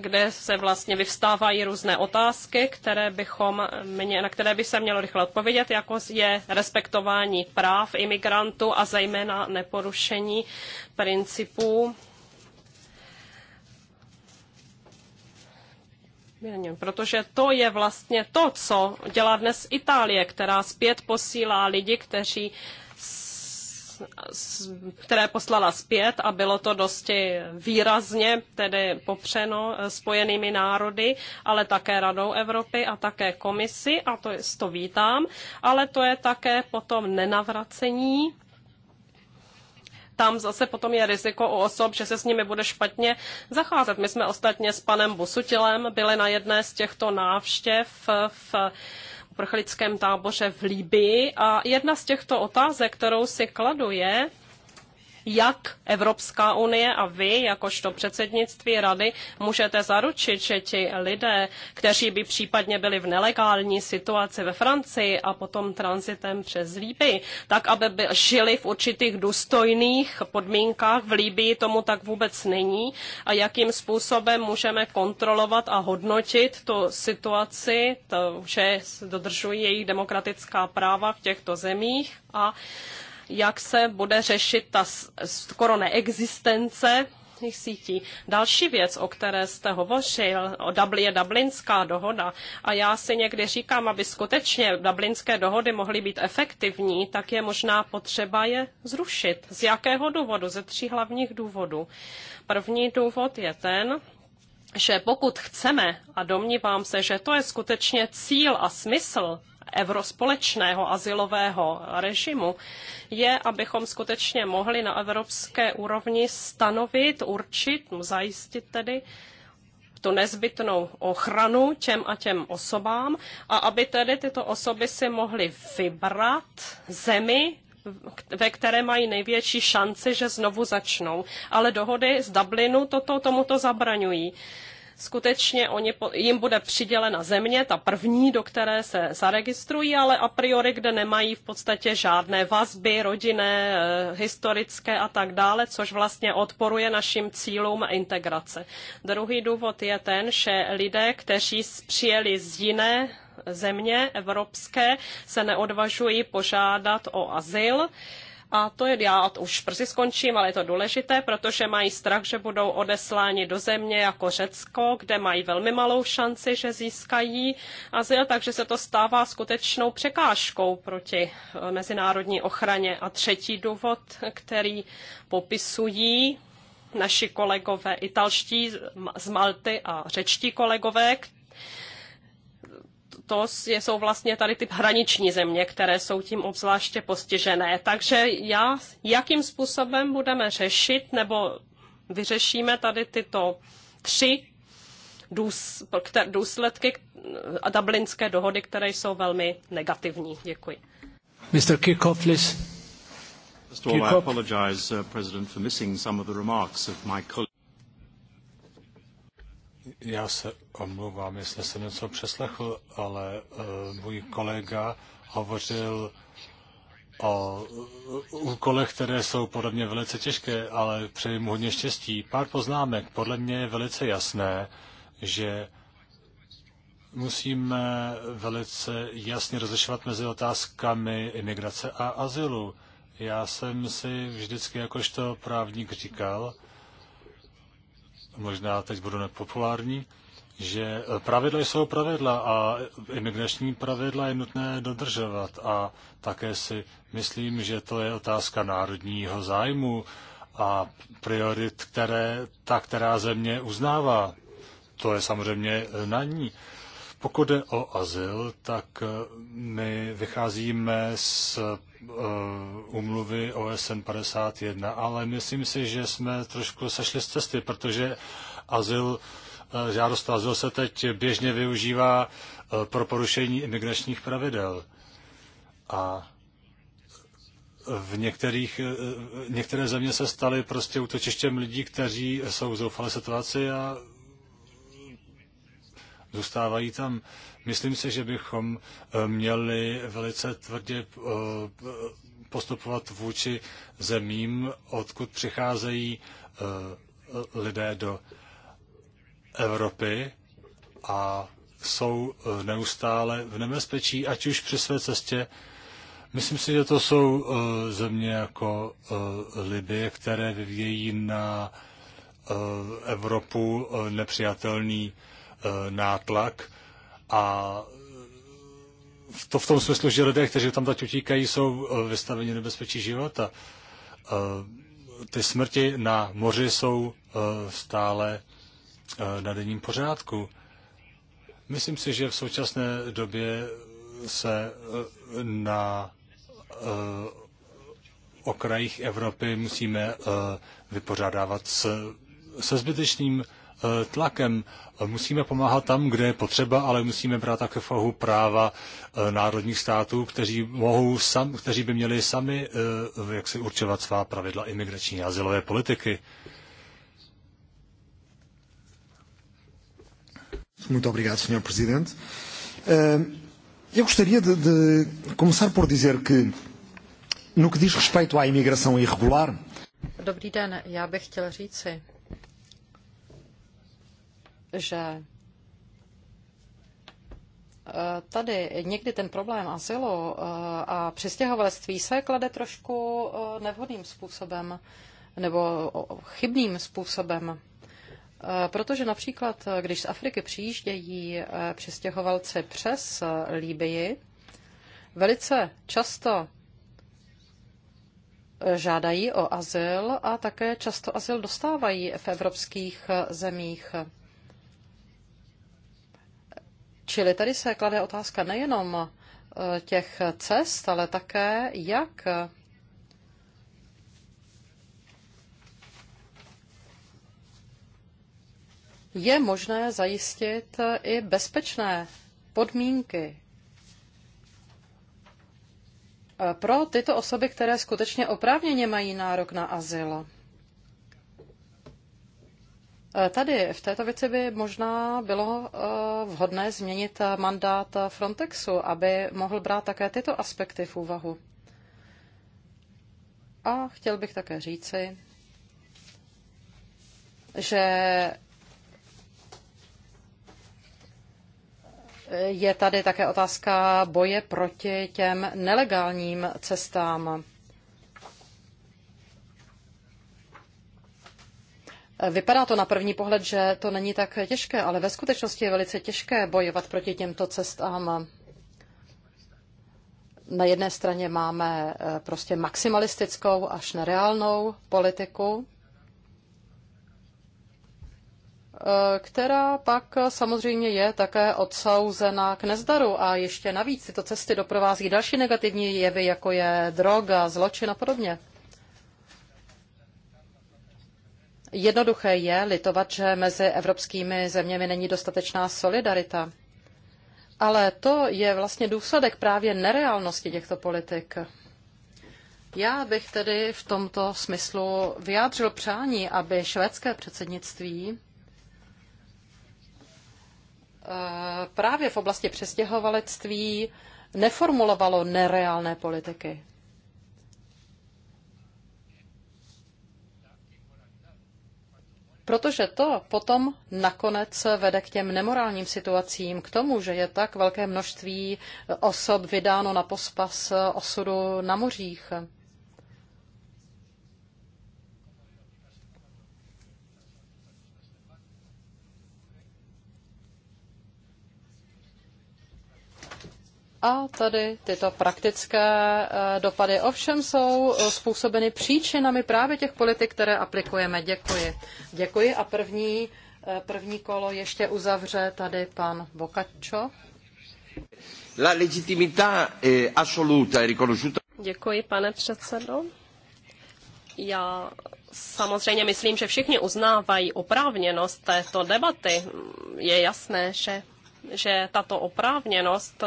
S3: kde se vlastně vyvstávají různé otázky, které bychom mě, na které by se mělo rychle odpovědět, jako je respektování práv imigrantů a zejména neporušení principů Protože to je vlastně to, co dělá dnes Itálie, která zpět posílá lidi, kteří které poslala zpět a bylo to dosti výrazně tedy popřeno eh, spojenými národy, ale také Radou Evropy a také komisi a to, to vítám, ale to je také potom nenavracení tam zase potom je riziko u osob, že se s nimi bude špatně zacházet. My jsme ostatně s panem Busutilem byli na jedné z těchto návštěv v prchlickém táboře v Líbii a jedna z těchto otázek, kterou si kladu je, jak Evropská unie a vy, jakožto předsednictví rady, můžete zaručit, že ti lidé, kteří by případně byli v nelegální situaci ve Francii a potom transitem přes Líbii, tak aby by žili v určitých důstojných podmínkách v Líbii, tomu tak vůbec není a jakým způsobem můžeme kontrolovat a hodnotit tu situaci, to, že dodržují jejich demokratická práva v těchto zemích a jak se bude řešit ta skoro neexistence těch sítí. Další věc, o které jste hovořil, o Dubl- je Dublinská dohoda. A já si někdy říkám, aby skutečně Dublinské dohody mohly být efektivní, tak je možná potřeba je zrušit. Z jakého důvodu? Ze tří hlavních důvodů. První důvod je ten, že pokud chceme, a domnívám se, že to je skutečně cíl a smysl evro, společného asilového režimu, je, abychom skutečně mohli na evropské úrovni stanovit, určit, zajistit tedy tu nezbytnou ochranu těm a těm osobám a aby tedy tyto osoby si mohly vybrat zemi, ve které mají největší šanci, že znovu začnou. Ale dohody z Dublinu toto tomuto zabraňují skutečně jim bude přidělena země, ta první, do které se zaregistrují, ale a priori, kde nemají v podstatě žádné vazby rodinné, eh, historické a tak dále, což vlastně odporuje našim cílům integrace. Druhý důvod je ten, že lidé, kteří přijeli z jiné země evropské, se neodvažují požádat o azyl, a to je, já už brzy skončím, ale je to důležité, protože mají strach, že budou odesláni do země jako Řecko, kde mají velmi malou šanci, že získají azyl, takže se to stává skutečnou překážkou proti eh, mezinárodní ochraně. A třetí důvod, který popisují naši kolegové italští z Malty a řečtí kolegové, to jsou vlastně tady ty hraniční země, které jsou tím obzvláště postižené. Takže já, jakým způsobem budeme řešit nebo vyřešíme tady tyto tři důsledky a dublinské dohody, které jsou velmi negativní. Děkuji.
S1: Mr. Kirchhoff, please.
S2: First of all, I apologize, uh, President, for missing some of the remarks of my colleague.
S1: Já se omlouvám, jestli jsem něco přeslechl, ale uh, můj kolega hovořil o eh, úkolech, které jsou podle mě velice těžké, ale přeji mu hodně štěstí. Pár poznámek. Podle mě je velice jasné, že musíme velice jasně rozlišovat mezi otázkami imigrace a azylu. Já jsem si vždycky jakožto právník říkal, možná teď budu nepopulární, že pravidla jsou pravidla a imigrační pravidla je nutné dodržovat a také si myslím, že to je otázka národního zájmu a priorit, které ta která země uznává. To je samozřejmě na ní. Pokud jde o azyl, tak my vycházíme z Eh, umluvy OSN 51, ale myslím si, že jsme trošku sešli z cesty, protože azyl, eh, žádost azyl se teď běžně využívá eh, pro porušení imigračních pravidel. A v některých, některé země se staly prostě útočištěm lidí, kteří jsou v zoufalé situaci a zůstávají tam. Myslím si, že bychom eh, měli velice tvrdě eh, postupovat vůči zemím, odkud přicházejí eh, lidé do Evropy a jsou neustále v nebezpečí, ať už při své cestě. Myslím si, že to jsou země jako Libie, které vyvíjejí na Evropu nepřijatelný nátlak. A to v tom smyslu, že lidé, kteří tam teď utíkají, jsou eh, vystaveni nebezpečí života. Eh, ty smrti na moři jsou eh, stále na denním pořádku. Myslím si, že v současné době se na okrajích Evropy musíme vypořádávat se, se zbytečným Eh, tlakem. Eh, musíme pomáhat tam, kde je potřeba, ale musíme brát také v ohu práva eh, národních států, kteří, mohou sam, kteří by měli sami jak si určovat svá pravidla imigrační a azylové politiky. Muito obrigado, Sr. Presidente. Eu gostaria de, de começar por dizer que, no que diz respeito à imigração irregular.
S2: Dobrý den, já bych chtěl říci, že eh, tady někdy ten problém asilu eh, a přistěhovalectví se klade trošku eh, nevhodným způsobem nebo chybným způsobem. Protože například, když z Afriky přijíždějí přistěhovalci přes Líbii, velice často žádají o azyl a také často azyl dostávají v evropských zemích. Čili tady se klade otázka nejenom eh, těch cest, ale také jak je možné zajistit eh, i bezpečné podmínky eh, pro tyto osoby, které skutečně oprávněně mají nárok na azyl. Eh, tady v této věci by možná bylo eh, vhodné změnit eh, mandát Frontexu, aby mohl brát také tyto aspekty v úvahu. A chtěl bych také říci, že je tady také otázka boje proti těm nelegálním cestám. Vypadá to na první pohled, že to není tak těžké, ale ve skutečnosti je velice těžké bojovat proti těmto cestám. Na jedné straně máme eh, prostě maximalistickou až nereálnou politiku, eh, která pak samozřejmě je také odsouzena k nezdaru a ještě navíc tyto cesty doprovází další negativní jevy, jako je droga, zločin a podobně. Jednoduché je litovat, že mezi evropskými zeměmi není dostatečná solidarita. Ale to je vlastně důsledek právě nereálnosti těchto politik. Já bych tedy v tomto smyslu vyjádřil přání, aby švédské předsednictví eh, právě v oblasti přestěhovalectví neformulovalo nereálné politiky. Protože to potom nakonec vede k těm nemorálním situacím, k tomu, že je tak velké množství osob vydáno na pospas osudu na mořích. A tady tyto praktické eh, dopady ovšem jsou eh, způsobeny příčinami právě těch politik, které aplikujeme. Děkuji. Děkuji a první, eh, první kolo ještě uzavře tady pan Bokačo.
S3: La legitimita assoluta è e riconosciuta. Děkuji, pane předsedo. Já samozřejmě myslím, že všichni uznávají oprávněnost této debaty. Je jasné, že, že tato oprávněnost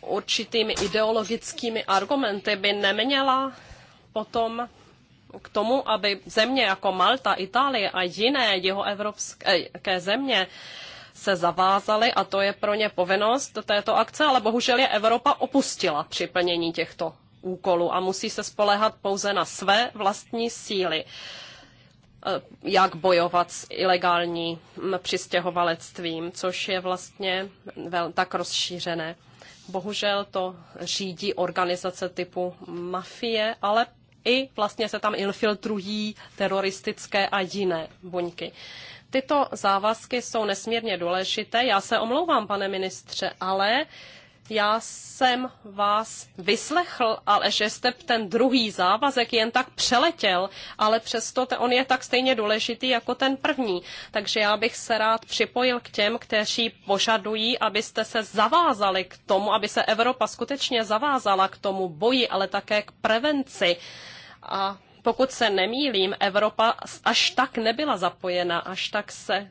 S3: určitými ideologickými argumenty by neměla potom k tomu, aby země jako Malta, Itálie a jiné jeho evropské eh, země se zavázaly, a to je pro ně povinnost této akce, ale bohužel je Evropa opustila při plnění těchto úkolů a musí se spolehat pouze na své vlastní síly, eh, jak bojovat s ilegální přistěhovalectvím, což je vlastně tak rozšířené. Bohužel to řídí organizace typu mafie, ale i vlastně se tam infiltrují teroristické a jiné buňky. Tyto závazky jsou nesmírně důležité. Já se omlouvám, pane ministře, ale já jsem vás vyslechl, ale že jste ten druhý závazek jen tak přeletěl, ale přesto on je tak stejně důležitý jako ten první. Takže já bych se rád připojil k těm, kteří požadují, abyste se zavázali k tomu, aby se Evropa skutečně zavázala k tomu boji, ale také k prevenci. A pokud se nemýlím, Evropa až tak nebyla zapojena, až tak se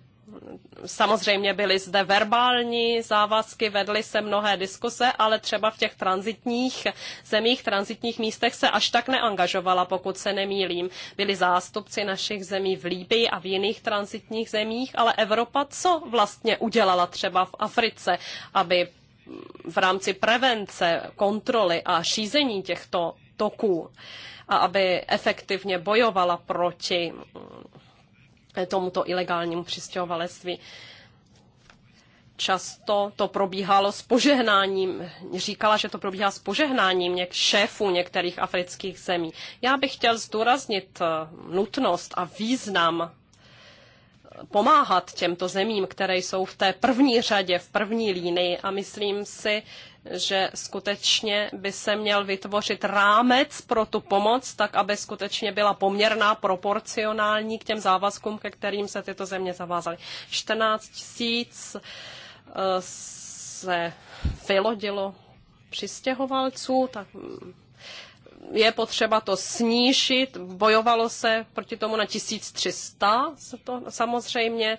S3: Samozřejmě byly zde verbální závazky, vedly se mnohé diskuse, ale třeba v těch transitních zemích, transitních místech se až tak neangažovala, pokud se nemýlím. Byli zástupci našich zemí v Líbii a v jiných transitních zemích, ale Evropa co vlastně udělala třeba v Africe, aby v rámci prevence, kontroly a šízení těchto toků a aby efektivně bojovala proti tomuto ilegálnímu přistěhovalectví. Často to probíhalo s požehnáním, říkala, že to probíhá s požehnáním něk- šéfů některých afrických zemí. Já bych chtěl zdůraznit eh, nutnost a význam eh, pomáhat těmto zemím, které jsou v té první řadě, v první línii a myslím si, že skutečně by se měl vytvořit rámec pro tu pomoc, tak aby skutečně byla poměrná, proporcionální k těm závazkům, ke kterým se tyto země zavázaly. 14 tisíc eh, se vylodilo přistěhovalců, tak mm, je potřeba to snížit. Bojovalo se proti tomu na 1300, se to samozřejmě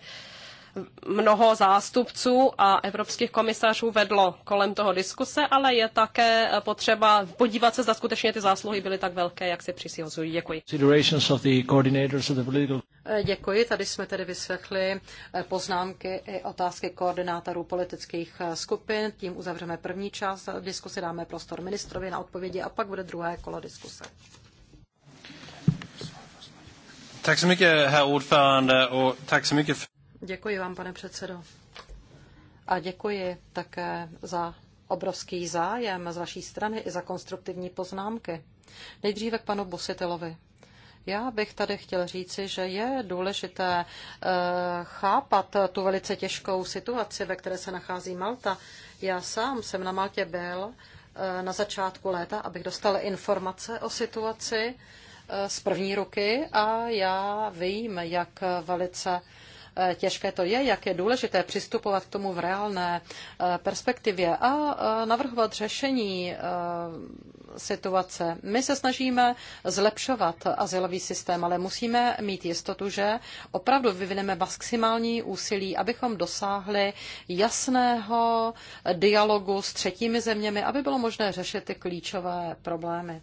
S3: mnoho zástupců a evropských komisařů vedlo kolem toho diskuse, ale je také eh, potřeba podívat se, zda skutečně ty zásluhy byly tak velké, jak se přisihozují. Děkuji.
S2: Eh, děkuji, tady jsme tedy vysvětli eh, poznámky i otázky koordinátorů politických skupin. Tím uzavřeme první část diskuse, dáme prostor ministrovi na odpovědi a pak bude druhé kolo diskuse.
S3: Tack så mycket, herr ordförande, och tack så mycket för...
S2: Děkuji vám, pane předsedo. A děkuji také za obrovský zájem z vaší strany i za konstruktivní poznámky. Nejdříve k panu Bositelovi. Já bych tady chtěl říci, že je důležité eh, chápat tu velice těžkou situaci, ve které se nachází Malta. Já sám jsem na Maltě byl eh, na začátku léta, abych dostal informace o situaci eh, z první ruky a já vím, jak velice Eh, těžké to je, jak je důležité přistupovat k tomu v reálné eh, perspektivě a eh, navrhovat řešení situace. My se snažíme zlepšovat asilový systém, ale musíme mít jistotu, že opravdu vyvineme maximální úsilí, abychom dosáhli jasného dialogu s třetími zeměmi, aby bylo možné řešit ty klíčové problémy.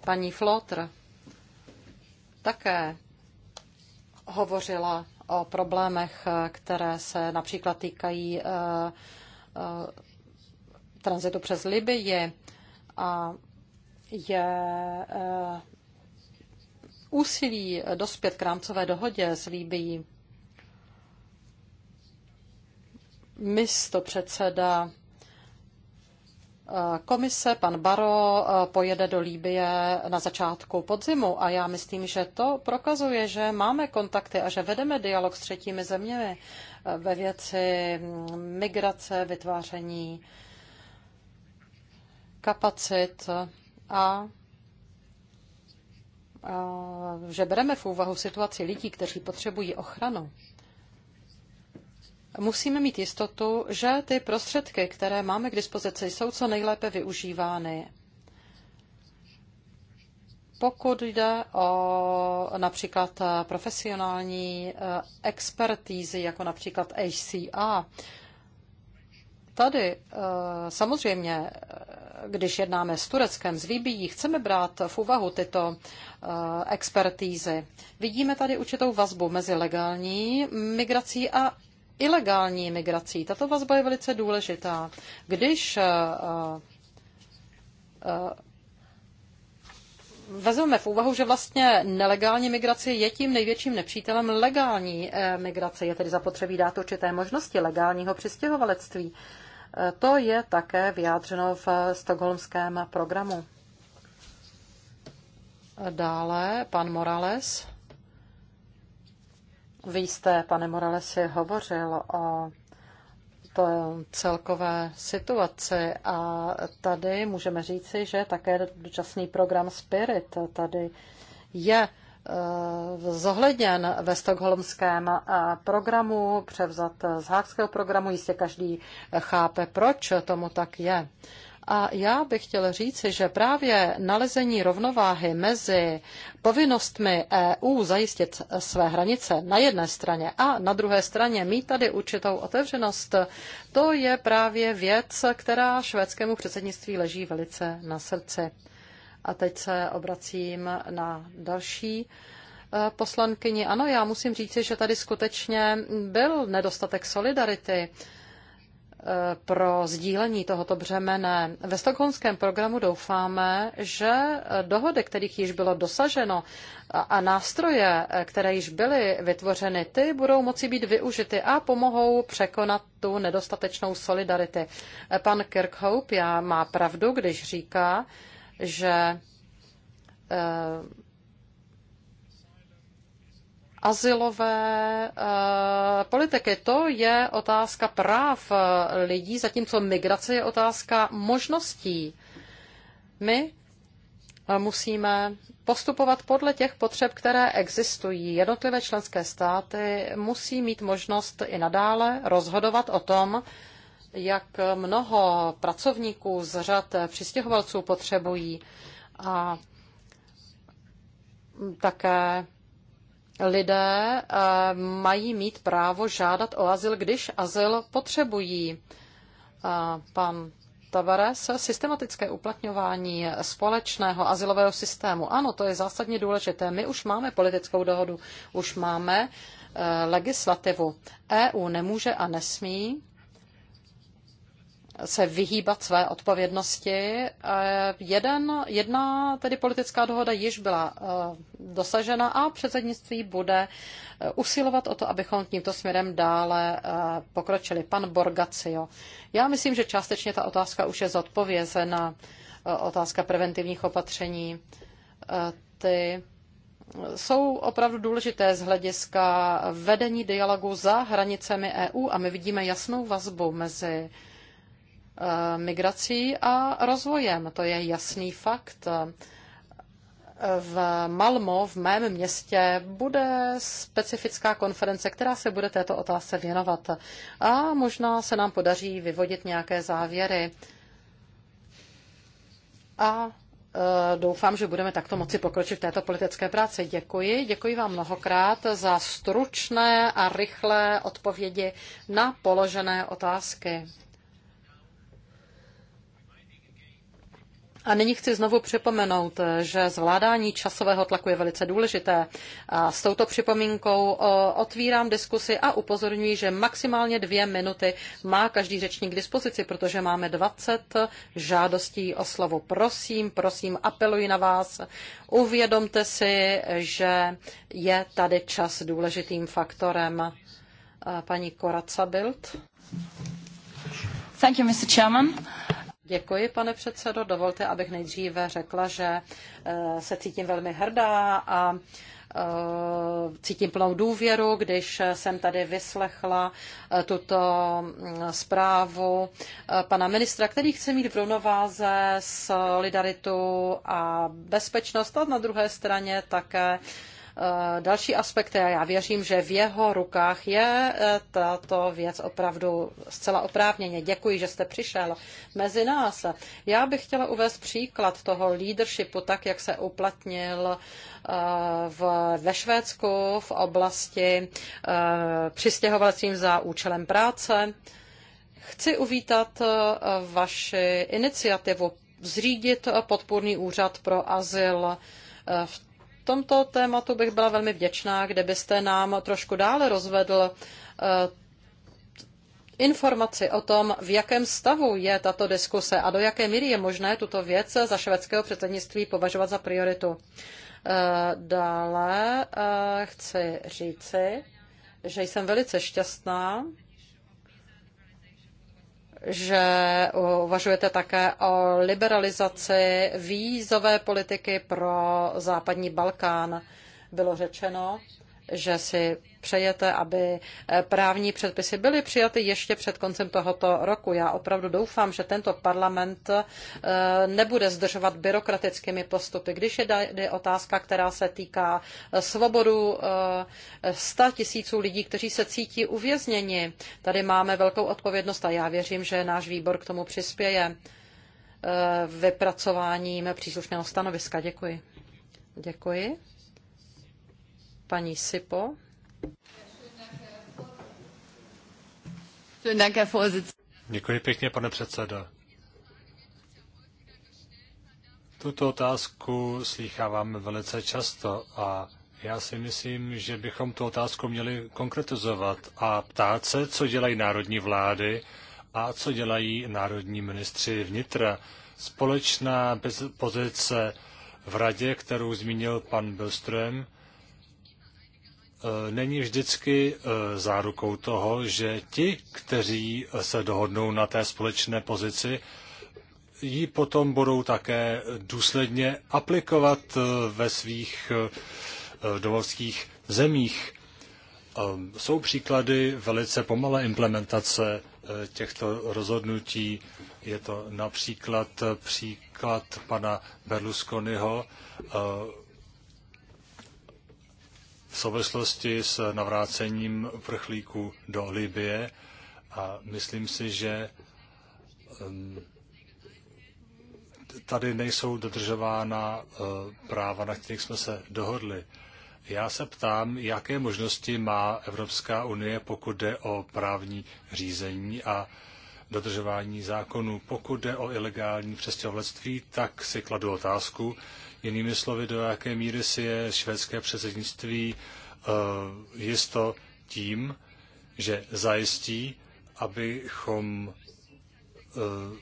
S2: Paní Flotr také hovořila o problémech, které se například týkají eh, eh, tranzitu přes Libii a je eh, úsilí dospět k rámcové dohodě s Libií. Místo předseda Eh, komise, pan Baro, eh, pojede do Líbie na začátku podzimu a já myslím, že to prokazuje, že máme kontakty a že vedeme dialog s třetími zeměmi eh, ve věci mm, migrace, vytváření kapacit a že bereme v úvahu situaci lidí, kteří potřebují ochranu musíme mít jistotu, že ty prostředky, které máme k dispozici, jsou co nejlépe využívány. Pokud jde o například profesionální eh, expertízy, jako například HCA, tady eh, samozřejmě, eh, když jednáme s Tureckem, s Libií, chceme brát v úvahu tyto expertízy. Vidíme tady určitou vazbu mezi legální migrací a ilegální migrací. Tato vazba je velice důležitá. Když eh, eh, vezmeme v úvahu, že vlastně nelegální migrace je tím největším nepřítelem legální eh, migrace. Je tedy zapotřebí dát určité možnosti legálního přistěhovalectví. To je také vyjádřeno v stokholmském programu. Dále pan Morales. Vy jste, pane Moralesi, hovořil o celkové situaci a tady můžeme říci, že také dočasný program Spirit tady je eh, zohledněn ve stokholmském eh, programu, převzat z hákského programu. Jistě každý eh, chápe, proč tomu tak je. A já bych chtěl říci, že právě nalezení rovnováhy mezi povinnostmi EU zajistit své hranice na jedné straně a na druhé straně mít tady určitou otevřenost, to je právě věc, která švédskému předsednictví leží velice na srdci. A teď se obracím na další e, poslankyni. Ano, já musím říci, že tady skutečně byl nedostatek solidarity pro sdílení tohoto břemene. Ve stokholmském programu doufáme, že dohody, kterých již bylo dosaženo a nástroje, které již byly vytvořeny, ty budou moci být využity a pomohou překonat tu nedostatečnou solidaritu. Pan Kirkhope já má pravdu, když říká, že eh, azylové eh, politiky. To je otázka práv eh, lidí, zatímco migrace je otázka možností. My eh, musíme postupovat podle těch potřeb, které existují. Jednotlivé členské státy musí mít možnost i nadále rozhodovat o tom, jak mnoho pracovníků z řad přistěhovalců potřebují a také lidé eh, mají mít právo žádat o azyl, když azyl potřebují. Eh, pan Tavares, systematické uplatňování společného azylového systému. Ano, to je zásadně důležité. My už máme politickou dohodu, už máme eh, legislativu. EU nemůže a nesmí se vyhýbat své odpovědnosti. Eh, jeden, jedna tedy politická dohoda již byla eh, dosažena a předsednictví bude eh, usilovat o to, abychom tímto směrem dále pokročili. Pan Borgacio. Já myslím, že částečně ta otázka už je zodpovězena. Otázka preventivních opatření. Ty jsou opravdu důležité z hlediska vedení dialogu za hranicemi EU a my vidíme jasnou vazbu mezi uh, Eh, migrací a rozvojem. To je jasný fakt. V Malmo, v mém městě, bude specifická konference, která se bude této otázce věnovat. A možná se nám podaří vyvodit nějaké závěry. A eh, doufám, že budeme takto moci pokročit v této politické práci. Děkuji. Děkuji vám mnohokrát za stručné a rychlé odpovědi na položené otázky. A nyní chci znovu připomenout, že zvládání časového tlaku je velice důležité. A s touto připomínkou otvírám diskusi a upozorňuji, že maximálně dvě minuty má každý řečník k dispozici, protože máme 20 žádostí o slovo. Prosím, prosím, apeluji na vás. Uvědomte si, že je tady čas důležitým faktorem. Paní Koracabilt. Thank you, Mr. Chairman. Děkuji, pane předsedo. Dovolte, abych nejdříve řekla, že eh, se cítím velmi hrdá a eh, cítím plnou důvěru, když jsem tady vyslechla eh, tuto mm, zprávu pana ministra, který chce mít v rovnováze solidaritu a bezpečnost a na druhé straně také Eh, další aspekty a já věřím, že v jeho rukách je eh, tato věc opravdu zcela oprávněně. Děkuji, že jste přišel mezi nás. Já bych chtěla uvést příklad toho leadershipu, tak jak se uplatnil eh, v, ve Švédsku v oblasti přistěhovacím za účelem práce. Chci uvítat vaši iniciativu zřídit podpůrný úřad pro azyl v tomto tématu bych byla velmi vděčná, kde byste nám trošku dále rozvedl eh, informaci o tom, v jakém stavu je tato diskuse a do jaké míry je možné tuto věc za švédského předsednictví považovat za prioritu. Eh, dále eh, chci říci, že jsem velice šťastná, že uvažujete také o liberalizaci vízové politiky pro západní Balkán. Bylo řečeno, že si přejete, aby eh, právní předpisy byly přijaty ještě před koncem tohoto roku. Já opravdu doufám, že tento parlament eh, nebude zdržovat byrokratickými postupy. Když je otázka, která se týká eh, svobodu 100 tisíců lidí, kteří se cítí uvězněni, tady máme velkou odpovědnost a já věřím, že náš výbor k tomu přispěje vypracováním příslušného stanoviska. Děkuji. Děkuji. Paní Sipo.
S1: Děkuji pěkně, pane předsedo. Tuto otázku slýcháváme velice často a já si myslím, že bychom tu otázku měli konkretizovat a ptát se, co dělají národní vlády a co dělají národní ministři vnitra. Společná pozice v radě, kterou zmínil pan Bilström, Eh, není vždycky eh, zárukou toho, že ti, kteří eh, se dohodnou na té společné pozici, ji potom budou také důsledně aplikovat ve svých domovských zemích. Jsou příklady velice pomalé implementace těchto rozhodnutí. Je to například příklad pana Berlusconiho, v souvislosti s navrácením prchlíků do Libie a myslím si, že ehm, tady nejsou dodržována eh, práva, na kterých jsme se dohodli. Já se ptám, jaké možnosti má Evropská unie, pokud jde o právní řízení a dodržování zákonů. Pokud jde o ilegální přestěhovalectví, tak si kladu otázku, Jinými slovy, do jaké míry si je švédské předsednictví eh, jisto tím, že zajistí, abychom eh,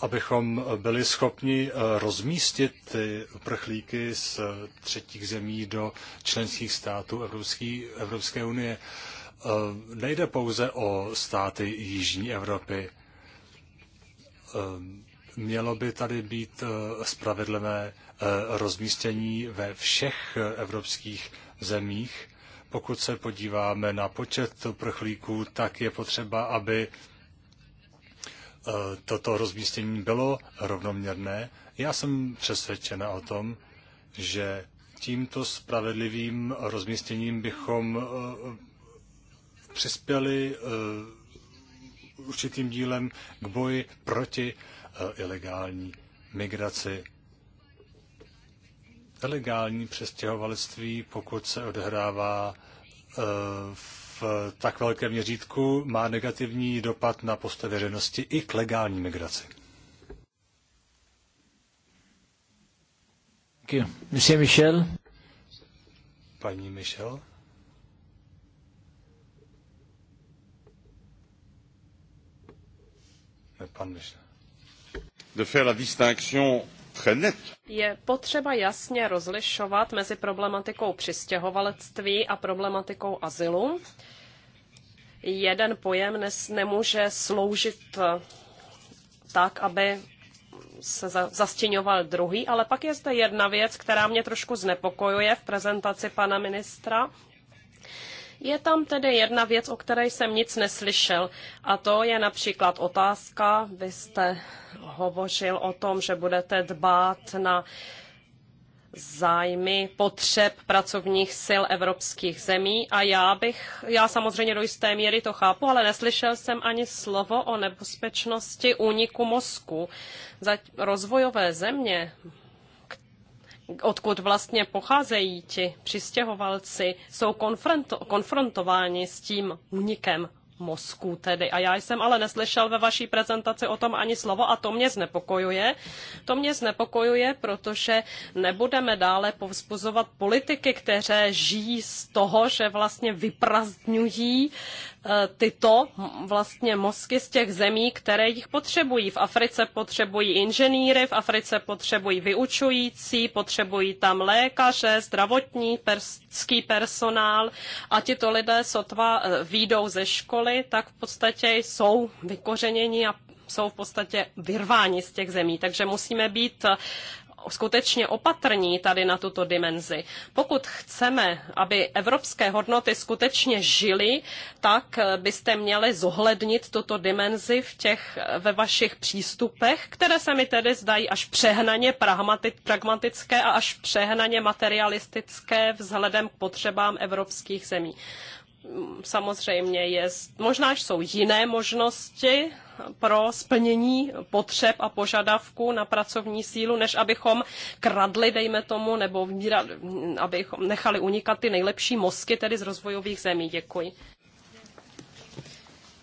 S1: abychom byli schopni eh, rozmístit ty uprchlíky z třetích zemí do členských států Evropský, Evropské unie. Nejde pouze o státy Jižní Evropy mělo by tady být eh, spravedlivé eh, rozmístění ve všech evropských zemích. Pokud se podíváme na počet prchlíků, tak je potřeba, aby eh, toto rozmístění bylo rovnoměrné. Já jsem přesvědčena o tom, že tímto spravedlivým rozmístěním bychom přispěli určitým dílem k boji proti Eh, ilegální migraci. Ilegální přestěhovalství, pokud se odehrává eh, v tak velkém měřítku, má negativní dopad na postoj veřejnosti i k legální migraci. Monsieur Michel. Paní Michel. Ne, pan Michel.
S3: Je potřeba jasně rozlišovat mezi problematikou přistěhovalectví a problematikou azylu. Jeden pojem nemůže sloužit eh, tak, aby se zastěňoval druhý, ale pak je zde jedna věc, která mě trošku znepokojuje v prezentaci pana ministra, je tam tedy jedna věc, o které jsem nic neslyšel, a to je například otázka, vy jste hovořil o tom, že budete dbát na zájmy, potřeb pracovních sil evropských zemí a já bych, já samozřejmě do jisté míry to chápu, ale neslyšel jsem ani slovo o nebezpečnosti úniku mozku. Za rozvojové země odkud vlastně pocházejí ti přistěhovalci, jsou konfronto- konfrontováni s tím únikem mozku tedy. A já jsem ale neslyšel ve vaší prezentaci o tom ani slovo a to mě znepokojuje. To mě znepokojuje, protože nebudeme dále povzbuzovat politiky, které žijí z toho, že vlastně vyprazdňují Eh, tyto vlastně mozky z těch zemí, které jich potřebují. V Africe potřebují inženýry, v Africe potřebují vyučující, potřebují tam lékaře, zdravotní, perský personál a tito lidé sotva eh, výjdou ze školy, tak v podstatě jsou vykořeněni a jsou v podstatě vyrváni z těch zemí. Takže musíme být eh, skutečně opatrní tady na tuto dimenzi. Pokud chceme, aby evropské hodnoty skutečně žily, tak eh, byste měli zohlednit tuto dimenzi v těch, eh, ve vašich přístupech, které se mi tedy zdají až přehnaně pragmatické a až přehnaně materialistické vzhledem k potřebám evropských zemí samozřejmě je, možná jsou jiné možnosti pro splnění potřeb a požadavků na pracovní sílu, než abychom kradli, dejme tomu, nebo vmírat, abychom nechali unikat ty nejlepší mozky tedy z rozvojových zemí. Děkuji.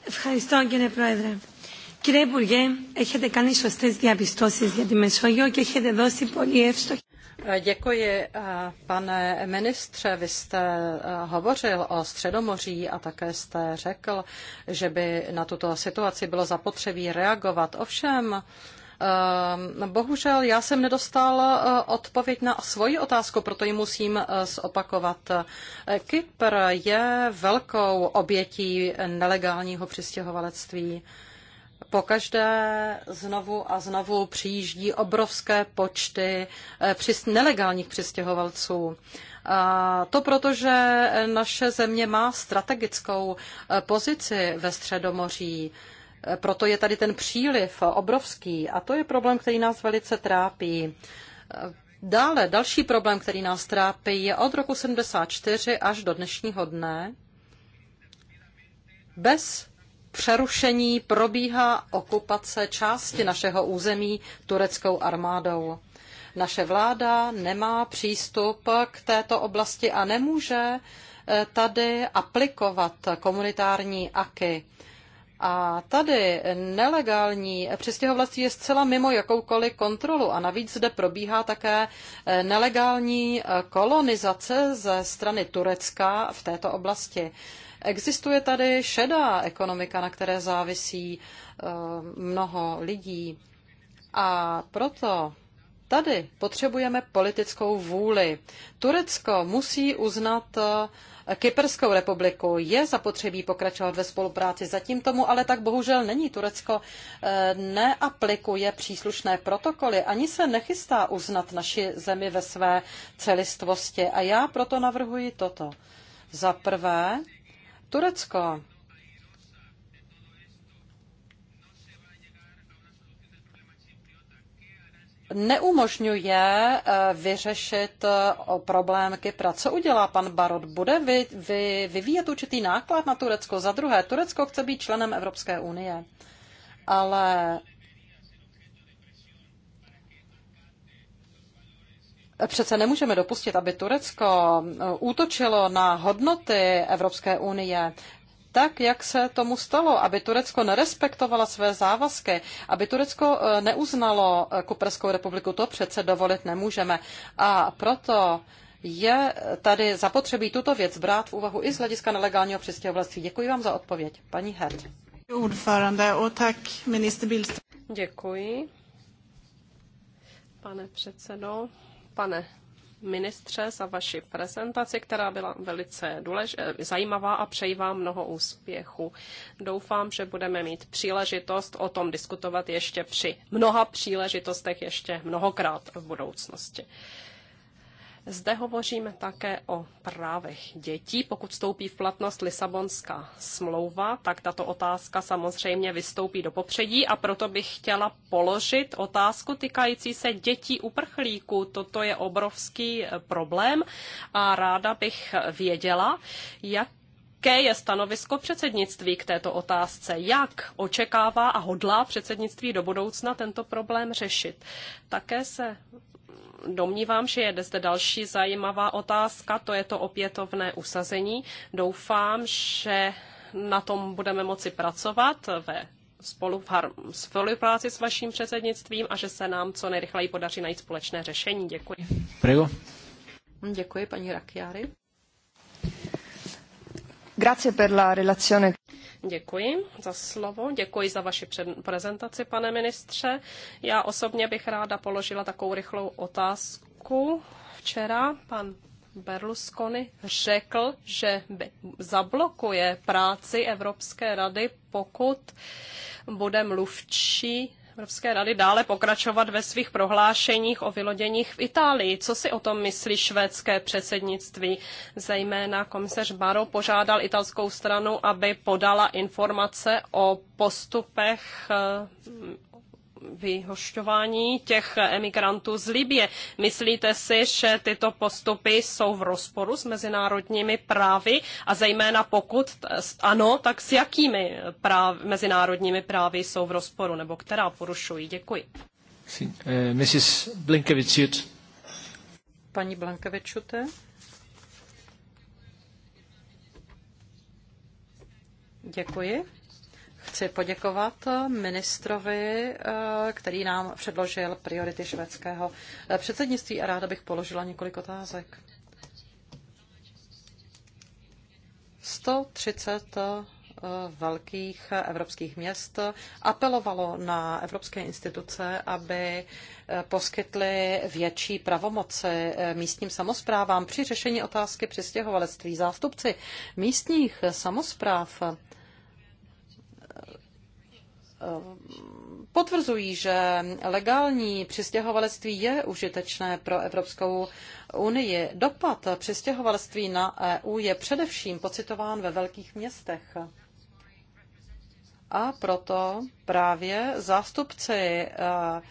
S3: Ευχαριστώ κύριε Πρόεδρε. Κύριε Υπουργέ, έχετε
S2: κάνει σωστές διαπιστώσεις για τη Μεσόγειο και έχετε δώσει πολύ εύστοχη. Děkuji, eh, pane ministře. Vy jste eh, hovořil o Středomoří a také jste řekl, že by na tuto situaci bylo zapotřebí reagovat. Ovšem, eh, Bohužel já jsem nedostal odpověď na svoji otázku, proto ji musím zopakovat. Kypr je velkou obětí nelegálního přistěhovalectví pokaždé znovu a znovu přijíždí obrovské počty eh, nelegálních přistěhovalců. A to proto, že naše země má strategickou eh, pozici ve Středomoří. Eh, proto je tady ten příliv obrovský a to je problém, který nás velice trápí. Dále další problém, který nás trápí, je od roku 74 až do dnešního dne bez přerušení probíhá okupace části našeho území tureckou armádou. Naše vláda nemá přístup k této oblasti a nemůže eh, tady aplikovat komunitární aky. A tady nelegální přistěhovalectví je zcela mimo jakoukoliv kontrolu a navíc zde probíhá také eh, nelegální eh, kolonizace ze strany Turecka v této oblasti. Existuje tady šedá ekonomika, na které závisí eh, mnoho lidí. A proto tady potřebujeme politickou vůli. Turecko musí uznat eh, Kyperskou republiku. Je zapotřebí pokračovat ve spolupráci. Zatím tomu ale tak bohužel není. Turecko eh, neaplikuje příslušné protokoly, ani se nechystá uznat naši zemi ve své celistvosti. A já proto navrhuji toto. Za prvé, Turecko. neumožňuje eh, vyřešit eh, problém Kypra. Co udělá pan Barot? Bude vy, vy, vyvíjet určitý náklad na Turecko? Za druhé, Turecko chce být členem Evropské unie, ale Přece nemůžeme dopustit, aby Turecko eh, útočilo na hodnoty Evropské unie tak, jak se tomu stalo, aby Turecko nerespektovala své závazky, aby Turecko eh, neuznalo eh, Kuperskou republiku, to přece dovolit nemůžeme. A proto je tady zapotřebí tuto věc brát v úvahu i z hlediska nelegálního přistěhovalectví. Děkuji
S3: vám za odpověď, paní Hert. Děkuji, pane předsedo pane ministře, za vaši prezentaci, která byla velice důlež- eh, zajímavá a přeji vám mnoho úspěchu. Doufám, že budeme mít příležitost o tom diskutovat ještě při mnoha příležitostech ještě mnohokrát v budoucnosti. Zde hovoříme také o právech dětí. Pokud vstoupí v platnost Lisabonská smlouva, tak tato otázka samozřejmě vystoupí do popředí a proto bych chtěla položit otázku týkající se dětí uprchlíků. Toto je obrovský eh, problém a ráda bych věděla, jak Jaké je stanovisko předsednictví k této otázce? Jak očekává a hodlá předsednictví do budoucna tento problém řešit? Také se domnívám, že je zde další zajímavá otázka, to je to opětovné usazení. Doufám, že na tom budeme moci pracovat ve spolu v har- spolupráci s vaším předsednictvím a že se nám co nejrychleji podaří najít společné řešení. Děkuji. Prego. Děkuji, paní Rakiary. Grazie per la relazione. Děkuji za slovo, děkuji za vaši prezentaci, pane ministře. Já osobně bych ráda položila takovou rychlou otázku. Včera pan Berlusconi řekl, že zablokuje práci Evropské rady, pokud bude mluvčí Evropské rady dále pokračovat ve svých prohlášeních o vyloděních v Itálii. Co si o tom myslí švédské předsednictví? Zejména komisař Baro požádal italskou stranu, aby podala informace o postupech eh, vyhošťování těch emigrantů z Libie. Myslíte si, že tyto postupy jsou v rozporu s mezinárodními právy a zejména pokud ano, tak s jakými práv, mezinárodními právy jsou v rozporu nebo která porušují? Děkuji.
S1: Eh, Mrs. Blinkevičut.
S3: Paní
S2: Blankevičute. Děkuji. Chci poděkovat ministrovi, eh, který nám předložil priority švédského eh, předsednictví a ráda bych položila několik otázek. 130 eh, velkých evropských měst apelovalo na evropské instituce, aby poskytly větší pravomoci místním samozprávám při řešení otázky přistěhovalectví. Zástupci místních samozpráv Eh, potvrzují, že legální přistěhovalectví je užitečné pro Evropskou unii. Dopad přistěhovalectví na EU je především pocitován ve velkých městech. A proto právě zástupci uh,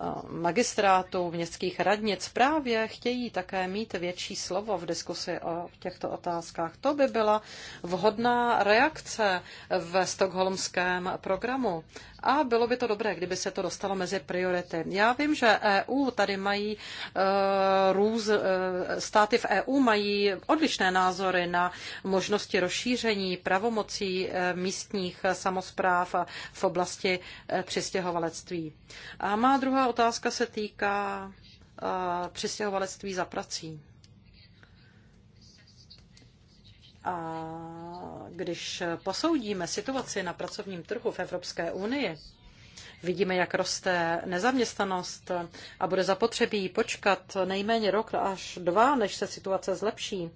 S2: Eh, magistrátů, městských radnic právě chtějí také mít větší slovo v diskusi o těchto otázkách. To by byla vhodná reakce v stokholmském programu a bylo by to dobré, kdyby se to dostalo mezi priority. Já vím, že EU tady mají e, růz, e, státy v EU mají odlišné názory na možnosti rozšíření pravomocí e, místních samozpráv v oblasti přistěhovalectví. A má druhá otázka se týká přistěhovalectví za prací. A když posoudíme situaci na pracovním trhu v Evropské unii, Vidíme, jak roste nezaměstnanost a bude zapotřebí počkat nejméně rok až dva, než se situace zlepší.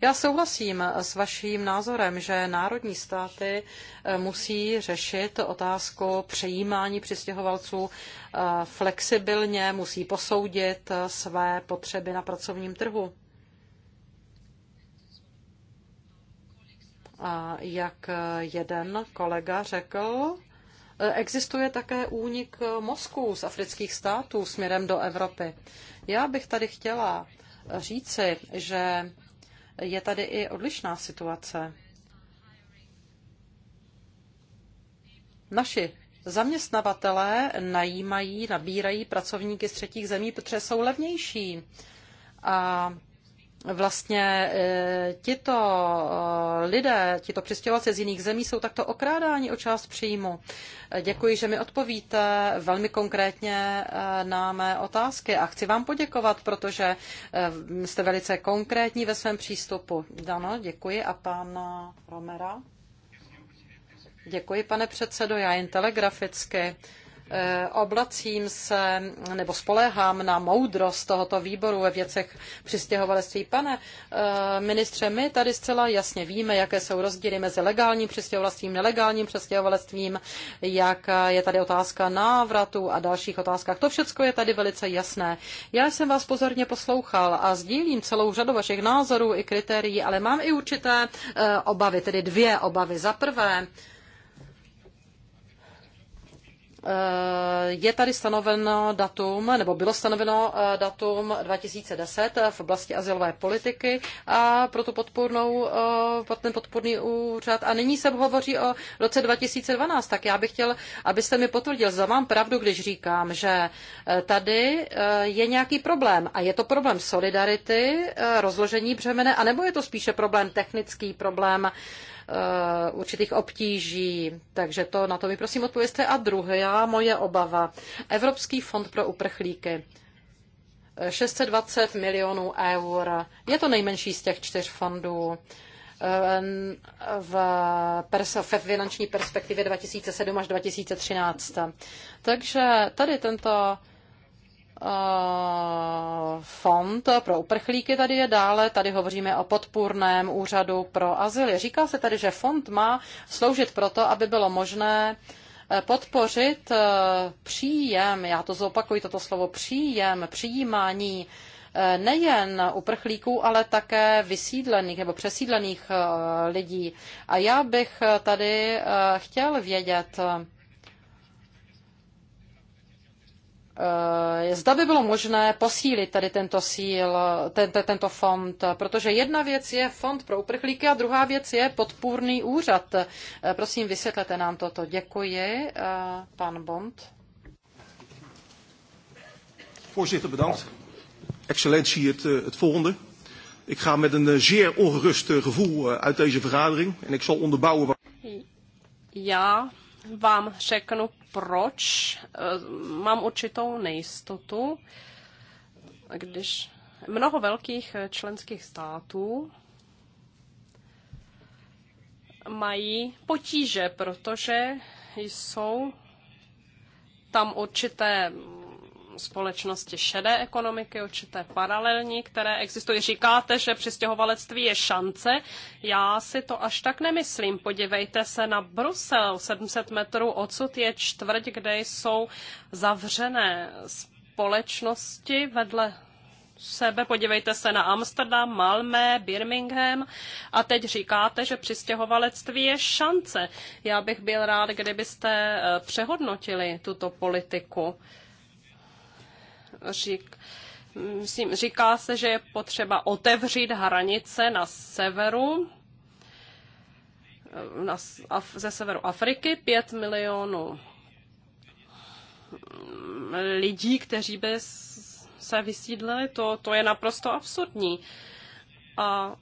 S2: Já souhlasím s vaším názorem, že národní státy eh, musí řešit otázku přejímání přistěhovalců eh, flexibilně, musí posoudit eh, své potřeby na pracovním trhu. A jak jeden kolega řekl, existuje také únik mozků z afrických států směrem do Evropy. Já bych tady chtěla říci, že je tady i odlišná situace. Naši zaměstnavatelé najímají, nabírají pracovníky z třetích zemí, protože jsou levnější. A vlastně e, tito e, lidé, tito přistěhovalci z jiných zemí jsou takto okrádáni o část příjmu. E, děkuji, že mi odpovíte velmi konkrétně na mé otázky a chci vám poděkovat, protože jste velice konkrétní ve svém přístupu. Dano, děkuji a pána Romera. Děkuji, pane předsedo, já jen telegraficky. Eh, oblacím se nebo spoléhám na moudrost tohoto výboru ve věcech přistěhovalectví. Pane eh, ministře, my tady zcela jasně víme, jaké jsou rozdíly mezi legálním přistěhovalectvím, nelegálním přistěhovalectvím, jak je tady otázka návratu a dalších otázkách. To všechno je tady velice jasné. Já jsem vás pozorně poslouchal a sdílím celou řadu vašich názorů i kritérií, ale mám i určité eh, obavy, tedy dvě obavy. Za prvé, Eh, je tady stanoveno datum, nebo bylo stanoveno eh, datum 2010 eh, v oblasti asilové politiky a pro tu podpornou, pro ten podporný úřad. A nyní se hovoří o roce 2012, tak já bych chtěl, abyste mi potvrdil, za mám pravdu, když říkám, že tady je nějaký problém. A je to problém solidarity, rozložení břemene, anebo je to spíše problém technický, problém Eh, určitých obtíží. Takže to na to mi prosím odpověste. A druhá moje obava. Evropský fond pro uprchlíky. 620 eh, milionů eur. Je to nejmenší z těch čtyř fondů eh, v, finanční perspektivě 2007 až 2013. Takže tady tento Eh, fond pro uprchlíky tady je dále. Tady hovoříme o podpůrném úřadu pro azyl. Říká se tady, že fond má sloužit proto, aby bylo možné eh, podpořit eh, příjem, já to zopakuji toto slovo, příjem, přijímání nejen uprchlíků, ale také vysídlených nebo přesídlených lidí. A já bych tady chtěl vědět, Eh, zda by bylo možné posílit tady tento síl, ten, tento fond, protože jedna věc je fond pro uprchlíky a druhá věc je podpůrný úřad. Eh, prosím, vysvětlete nám toto. Děkuji. Eh, pan Bond. Voorzitter, bedankt. Excellentie, het, het volgende. Ik ga met een zeer ongerust gevoel uit deze vergadering en ik zal onderbouwen.
S3: Ja, vám řeknu proč, eh, mám určitou nejistotu, když mnoho velkých eh, členských států mají potíže, protože jsou tam určité společnosti šedé ekonomiky, určité paralelní, které existují. Říkáte, že přistěhovalectví je šance. Já si to až tak nemyslím. Podívejte se na Brusel. 700 metrů odsud je čtvrť, kde jsou zavřené společnosti vedle sebe. Podívejte se na Amsterdam, Malmé, Birmingham a teď říkáte, že přistěhovalectví je šance. Já bych byl rád, kdybyste eh, přehodnotili tuto politiku řík, myslím, říká se, že je potřeba otevřít hranice na severu, na, ze severu Afriky, 5 milionů lidí, kteří by se vysídlili, to, to je naprosto absurdní. A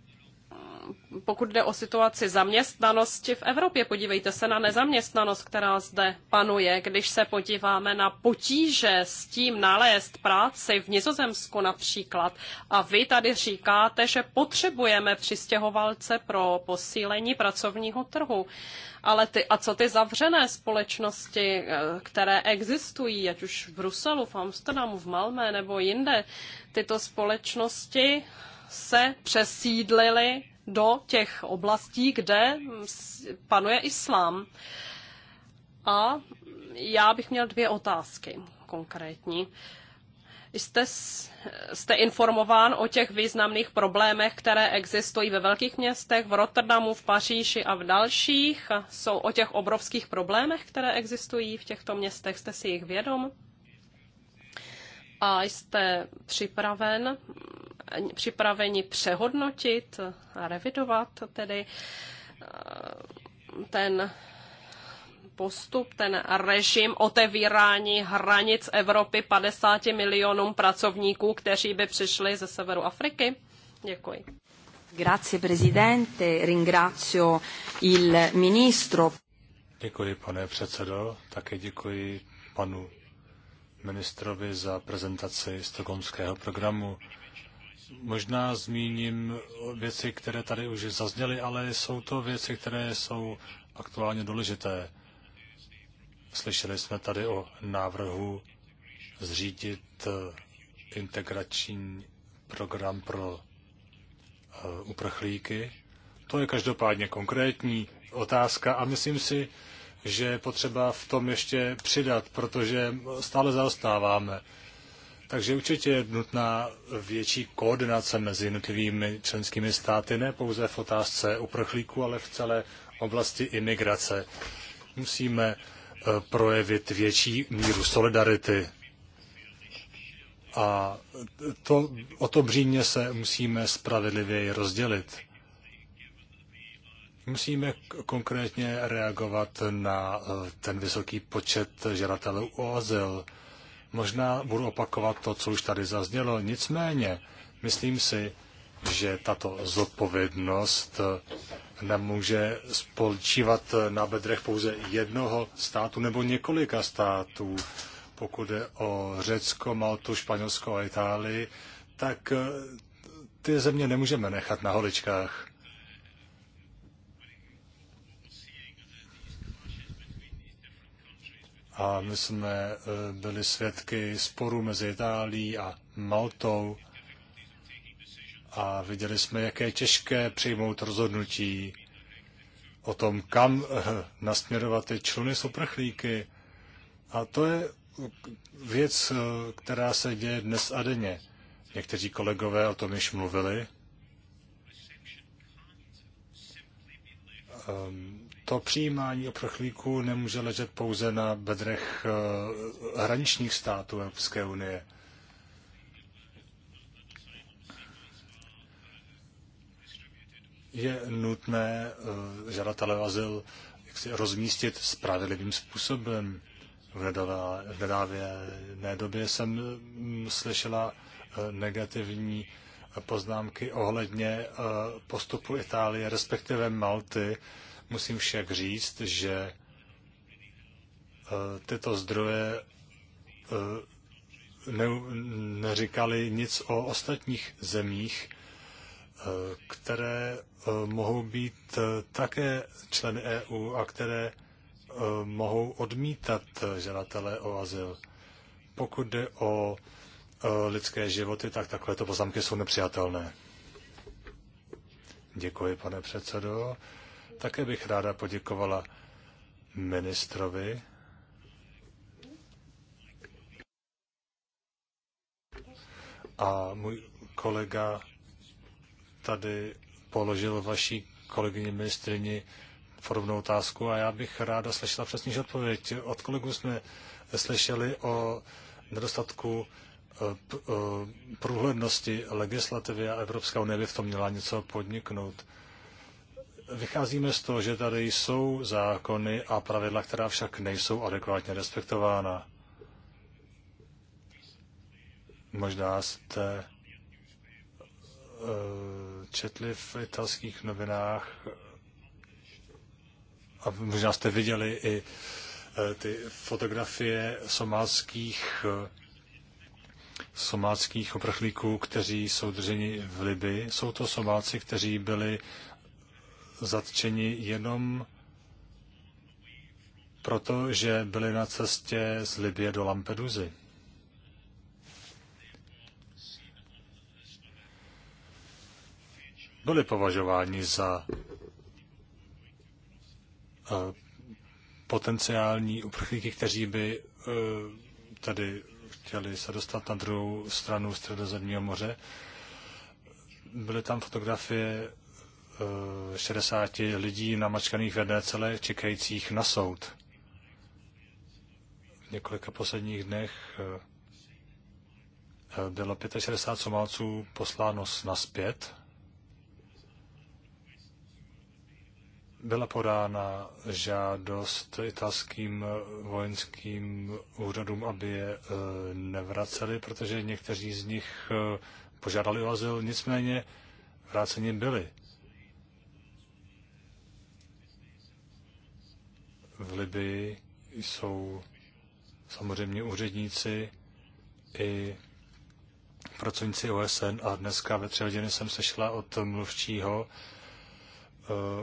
S3: pokud jde o situaci zaměstnanosti v Evropě, podívejte se na nezaměstnanost, která zde panuje. Když se podíváme na potíže s tím nalézt práci v Nizozemsku například, a vy tady říkáte, že potřebujeme přistěhovalce pro posílení pracovního trhu. Ale ty, a co ty zavřené společnosti, eh, které existují, ať už v Bruselu, v Amsterdamu, v Malmé nebo jinde, tyto společnosti se přesídlily do těch oblastí, kde panuje islám. A já bych měl dvě otázky konkrétní. Jste, jste informován o těch významných problémech, které existují ve velkých městech, v Rotterdamu, v Paříži a v dalších? Jsou o těch obrovských problémech, které existují v těchto městech? Jste si jich vědom? A jste připraven připraveni přehodnotit a revidovat tedy eh, ten postup, ten režim otevírání hranic Evropy 50 milionům pracovníků, kteří by přišli ze severu Afriky? Děkuji. Grazie presidente, ringrazio il ministro.
S1: Děkuji, pane předsedo, také děkuji panu ministrovi za prezentaci stokholmského programu. Možná zmíním věci, které tady už zazněly, ale jsou to věci, které jsou aktuálně důležité. Slyšeli jsme tady o návrhu zřídit eh, integrační program pro eh, uprchlíky. To je každopádně konkrétní otázka a myslím si, že je potřeba v tom ještě přidat, protože stále zaostáváme. Takže určitě je nutná větší koordinace mezi jednotlivými členskými státy, ne pouze v otázce uprchlíků, ale v celé oblasti imigrace. Musíme e, projevit větší míru solidarity. A to, o to břímně se musíme spravedlivěji rozdělit. Musíme konkrétně reagovat na e, ten vysoký počet žadatelů o azyl. Možná budu opakovat to, co už tady zaznělo, nicméně myslím si, že tato zodpovědnost eh, nemůže spolčívat eh, na bedrech pouze jednoho státu nebo několika států. Pokud je o Řecko, Maltu, Španělsko a Itálii, tak eh, ty země nemůžeme nechat na holičkách. A my jsme e, byli svědky sporu mezi Itálií a Maltou a viděli jsme, jaké je těžké přijmout rozhodnutí o tom, kam e, nasměrovat ty čluny s oprchlíky. A to je věc, e, která se děje dnes a denně. Někteří kolegové o tom již mluvili. Ehm, to přijímání oprchlíků nemůže ležet pouze na bedrech eh, hraničních států Evropské unie. Je nutné eh, žadatele o azyl rozmístit spravedlivým způsobem. V nedávné době jsem mm, slyšela eh, negativní poznámky ohledně postupu Itálie, respektive Malty, Musím však říct, že eh, tyto zdroje eh, neříkali nic o ostatních zemích, eh, které mohou být také členy EU a které mohou odmítat žadatele o azyl. Pokud jde o lidské životy, tak takovéto poznámky jsou nepřijatelné. Děkuji, pane předsedo. Také bych ráda poděkovala ministrovi. A můj kolega tady položil vaší kolegyni ministrině podobnou otázku a já bych ráda slyšela přesnější odpověď. Od kolegů jsme slyšeli o nedostatku eh, eh, průhlednosti legislativy a Evropská unie by v tom měla něco podniknout. Vycházíme z toho, že tady jsou zákony a pravidla, která však nejsou adekvátně respektována. Možná jste eh, četli v italských novinách a možná jste viděli i eh, ty fotografie somálských eh, somálských oprchlíků, kteří jsou drženi v Libii. Jsou to Somálci, kteří byli zatčeni jenom proto, že byli na cestě z Libie do Lampeduzy. Byli považováni za eh, potenciální uprchlíky, kteří by eh, tady chtěli se dostat na druhou stranu Středozemního moře. Byly tam fotografie 60 lidí namačkaných jedné celé čekajících na soud. V několika posledních dnech eh, bylo 65 Somálců posláno naspět. Byla podána žádost italským vojenským úřadům, aby je eh, nevraceli, protože někteří z nich eh, požádali o azyl, nicméně vráceni byli. v Libii jsou samozřejmě úředníci i pracovníci OSN a dneska ve tři hodiny jsem sešla od mluvčího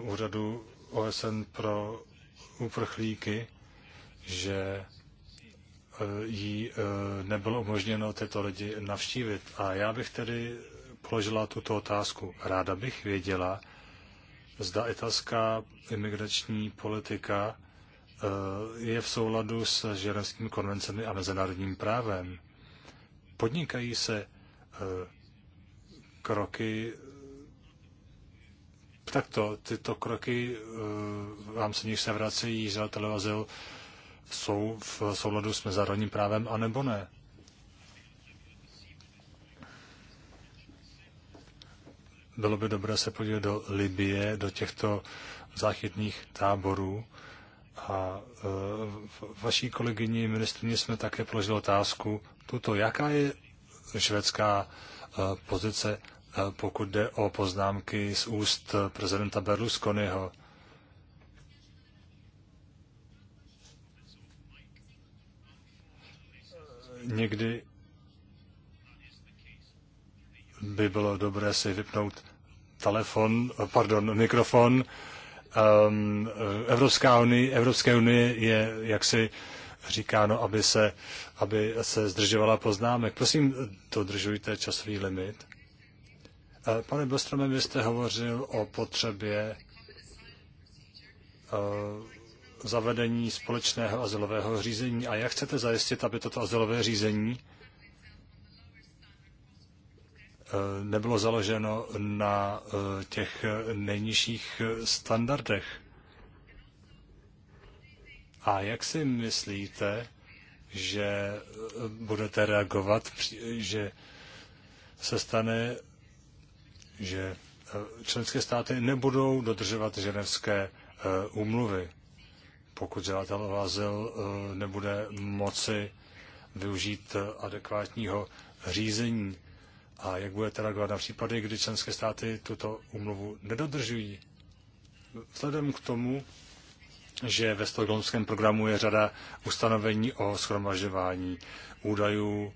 S1: uh, úřadu OSN pro uprchlíky, že eh, jí eh, nebylo umožněno tyto lidi navštívit. A já bych tedy položila tuto otázku. Ráda bych věděla, zda italská imigrační politika Eh, je v souladu s ženevskými konvencemi a mezinárodním právem. Podnikají se eh, kroky, takto, tyto kroky, eh, vám se nich se vracejí žadatel azyl, jsou v souladu s mezinárodním právem, anebo ne. Bylo by dobré se podívat do Libie, do těchto záchytných táborů, a e, vaší kolegyni ministrně jsme také položili otázku tuto, jaká je švédská e, pozice, e, pokud jde o poznámky z úst prezidenta Berlusconiho. Někdy by bylo dobré si vypnout telefon, pardon, mikrofon, um, Evropská unie, Evropské unie je, jak si říkáno, aby se, aby se zdržovala poznámek. Prosím, dodržujte časový limit. Eh, pane Bostrome, vy jste hovořil o potřebě uh, zavedení společného azylového řízení a jak chcete zajistit, aby toto azylové řízení Eh, nebylo založeno na eh, těch eh, nejnižších standardech. A jak si myslíte, že budete reagovat, že se stane, že členské státy nebudou dodržovat ženevské úmluvy, pokud žadatel o azyl nebude moci využít adekvátního řízení a jak budete reagovat na případy, kdy členské státy tuto úmluvu nedodržují? Vzhledem k tomu, že ve stokholmském programu je řada ustanovení o schromažďování údajů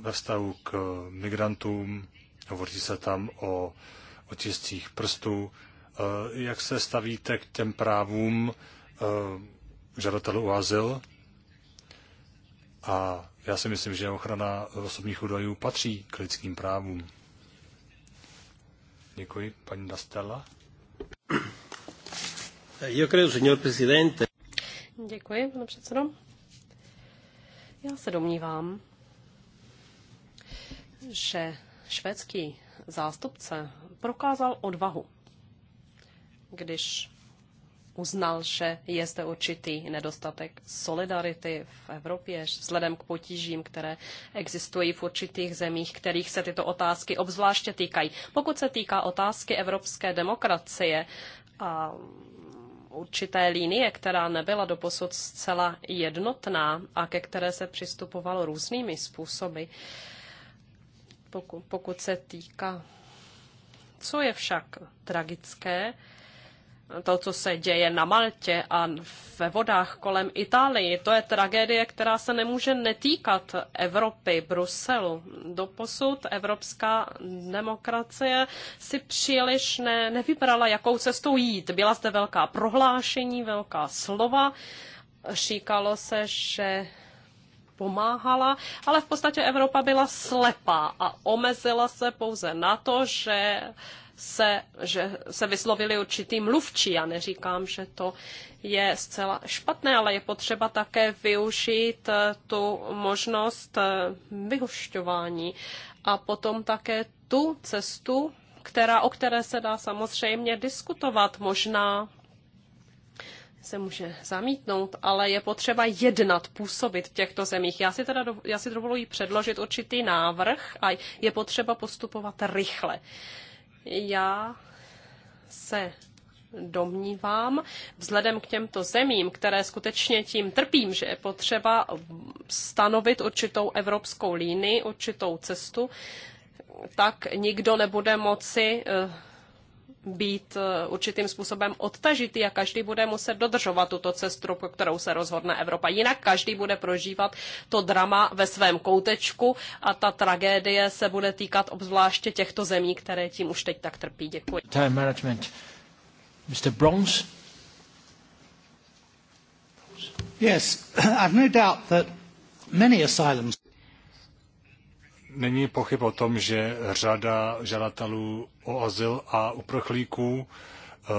S1: ve vztahu k migrantům, hovoří se tam o otiscích prstů. Jak se stavíte k těm právům žadatelů o azyl? A já si myslím, že ochrana osobních údajů patří k lidským právům. Děkuji, paní Dastella. Yo creo, señor presidente.
S3: Děkuji, pane předsedo. Já se domnívám, že švédský zástupce prokázal odvahu, když uznal, že je zde určitý nedostatek solidarity v Evropě, vzhledem k potížím, které existují v určitých zemích, kterých se tyto otázky obzvláště týkají. Pokud se týká otázky evropské demokracie a určité linie, která nebyla doposud zcela jednotná a ke které se přistupovalo různými způsoby, pokud, pokud se týká. Co je však tragické, to, co se děje na Maltě a ve vodách kolem Itálii, to je tragédie, která se nemůže netýkat Evropy, Bruselu. Doposud evropská demokracie si příliš ne, nevybrala, jakou cestou jít. Byla zde velká prohlášení, velká slova. Říkalo se, že pomáhala, ale v podstatě Evropa byla slepá a omezila se pouze na to, že se, že se vyslovili určitý mluvčí. Já neříkám, že to je zcela špatné, ale je potřeba také využít eh, tu možnost eh, vyhošťování a potom také tu cestu, která, o které se dá samozřejmě diskutovat. Možná se může zamítnout, ale je potřeba jednat, působit v těchto zemích. Já si teda do, já si dovoluji předložit určitý návrh a je potřeba postupovat rychle. Uh, já se domnívám, vzhledem k těmto zemím, které skutečně tím trpím, že je potřeba stanovit určitou evropskou línii, určitou cestu, tak nikdo nebude moci eh, být eh, určitým způsobem odtažitý a každý bude muset dodržovat tuto cestu, pro kterou se rozhodne Evropa. Jinak každý bude prožívat to drama ve svém koutečku a ta tragédie se bude týkat obzvláště těchto zemí, které tím už teď tak trpí. Děkuji.
S1: Time management. Mr. Bronze. Yes, (clears throat) I've no doubt that many asylums není pochyb o tom, že řada žadatelů o azyl a uprchlíků eh,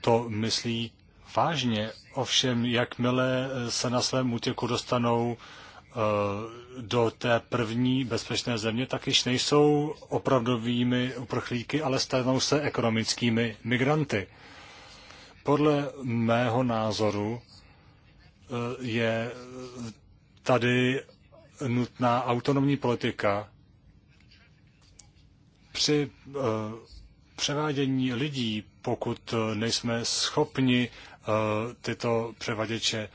S1: to myslí vážně. Ovšem, jakmile eh, se na svém útěku dostanou eh, do té první bezpečné země, tak již nejsou opravdovými uprchlíky, ale stanou se ekonomickými migranty. Podle mého názoru je tady nutná autonomní politika při eh, převádění lidí, pokud eh, nejsme schopni eh, tyto převaděče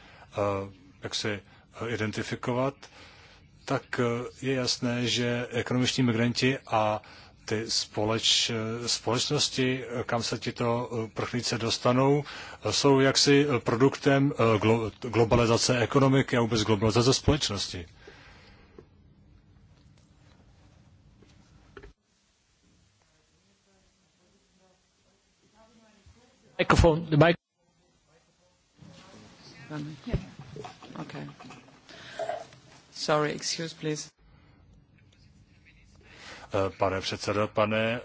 S1: jaksi identifikovat, tak je jasné, že ekonomiční migranti a ty společ, společnosti, kam se tito prchlíce dostanou, jsou jaksi produktem globalizace ekonomiky a vůbec globalizace společnosti. Microphone, the mic
S3: okay. Sorry, excuse please.
S1: Eh, pane předsedo, pane eh,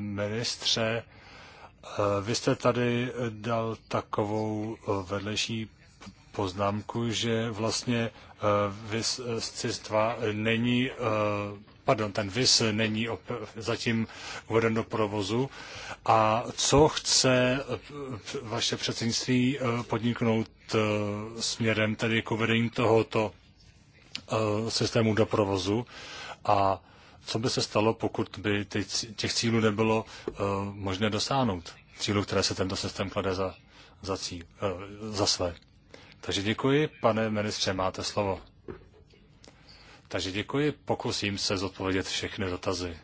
S1: ministře, eh, vy jste tady dal takovou vedlejší poznámku, že vlastně VIS-2 není pardon, ten VIS není zatím uveden do provozu. A co chce eh, vaše předsednictví eh, podniknout eh, směrem tedy k uvedení tohoto systému do provozu a co by se stalo, pokud by těch cílů nebylo možné dosáhnout? Cílů, které se tento systém klade za, za, cíl, za své. Takže děkuji, pane ministře, máte slovo. Takže děkuji, pokusím se zodpovědět všechny dotazy.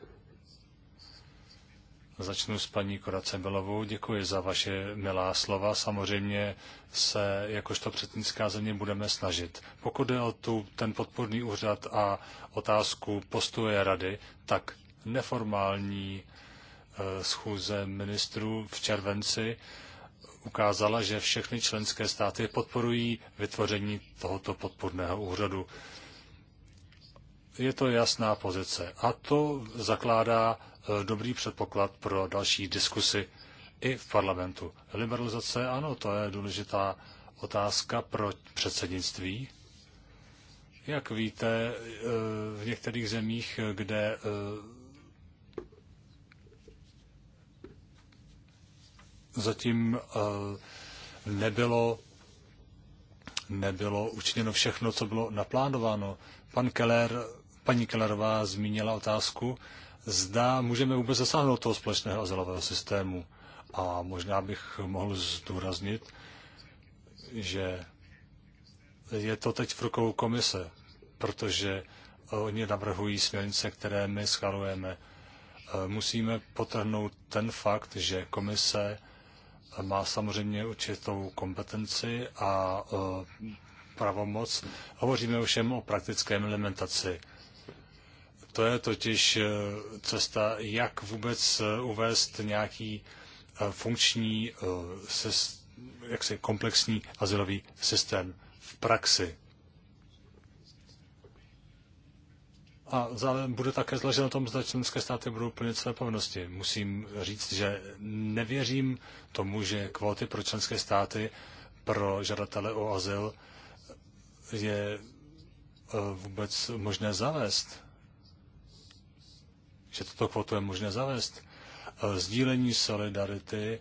S1: Začnu s paní Koracebelovou. Děkuji za vaše milá slova. Samozřejmě se jakožto přednická země budeme snažit. Pokud je o tu, ten podporný úřad a otázku postuje rady, tak neformální e, schůze ministrů v červenci ukázala, že všechny členské státy podporují vytvoření tohoto podporného úřadu je to jasná pozice a to zakládá eh, dobrý předpoklad pro další diskusy i v parlamentu. Liberalizace, ano, to je důležitá otázka pro předsednictví. Jak víte, eh, v některých zemích, eh, kde zatím nebylo, nebylo učiněno všechno, co bylo naplánováno, pan Keller paní Kellerová zmínila otázku, zda můžeme vůbec zasáhnout toho společného azylového systému. A možná bych mohl zdůraznit, že je to teď v rukou komise, protože oni navrhují směrnice, které my schvalujeme. Musíme potrhnout ten fakt, že komise má samozřejmě určitou kompetenci a e, pravomoc. Hovoříme ovšem o praktické implementaci. To je totiž eh, cesta, jak vůbec eh, uvést nějaký eh, funkční, jaksi komplexní azylový systém v praxi. A zároveň bude také zleženo na tom, zda členské státy budou plnit své povinnosti. Musím říct, že nevěřím tomu, že kvóty pro členské státy pro žadatele o azyl je vůbec možné zavést že toto kvotu je možné zavést. E, sdílení solidarity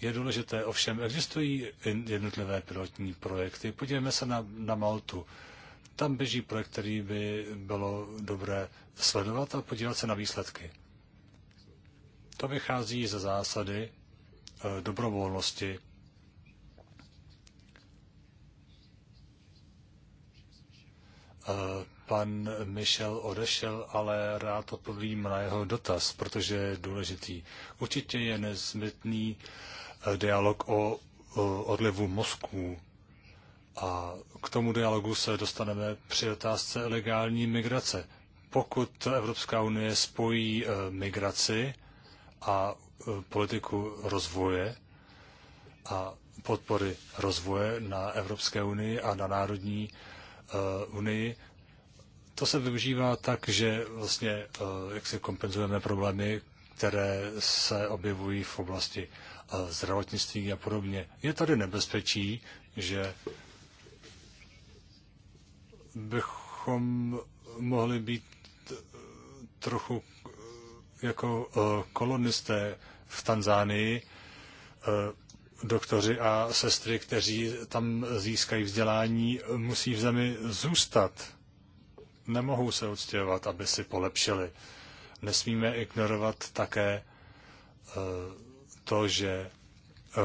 S1: je důležité, ovšem existují jednotlivé pilotní projekty. Podívejme se na, na Maltu. Tam běží projekt, který by bylo dobré sledovat a podívat se na výsledky. To vychází ze zásady e, dobrovolnosti. E, pan Michel odešel, ale rád odpovím na jeho dotaz, protože je důležitý. Určitě je nezbytný eh, dialog o, o odlivu mozků. A k tomu dialogu se dostaneme při otázce legální migrace. Pokud Evropská unie spojí eh, migraci a eh, politiku rozvoje a podpory rozvoje na Evropské unii a na Národní unii, to se využívá tak, že vlastně eh, jak si kompenzujeme problémy, které se objevují v oblasti eh, zdravotnictví a podobně. Je tady nebezpečí, že bychom mohli být eh, trochu jako kolonisté v Tanzánii, doktoři a sestry, kteří tam získají vzdělání, musí v zemi zůstat nemohou se odstěhovat, aby si polepšili. Nesmíme ignorovat také eh, to, že eh,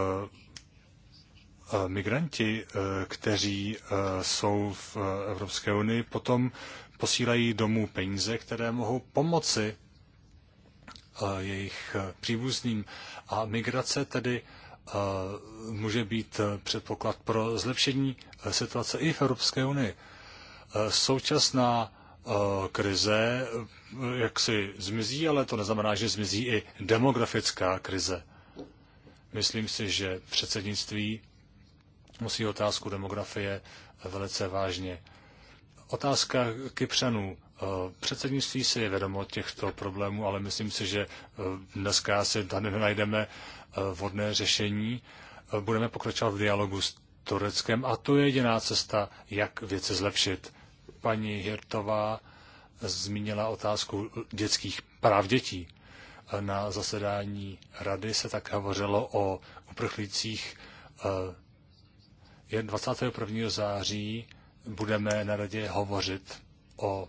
S1: eh, migranti, kteří jsou v Evropské unii, potom posílají domů peníze, které mohou pomoci jejich příbuzným. A migrace tedy může být předpoklad pro zlepšení situace i v Evropské unii. Eh, současná eh, krize eh, jak si zmizí, ale to neznamená, že zmizí i demografická krize. Myslím si, že předsednictví musí otázku demografie velice vážně. Otázka Kypřanů. Předsednictví si je vědomo těchto problémů, ale myslím si, že dneska si tady nenajdeme vodné řešení. Budeme pokračovat v dialogu s Tureckem a to je jediná cesta, jak věci zlepšit paní Hirtová zmínila otázku dětských práv dětí. Na zasedání rady se tak hovořilo o uprchlících 21. Eh, září budeme na radě hovořit o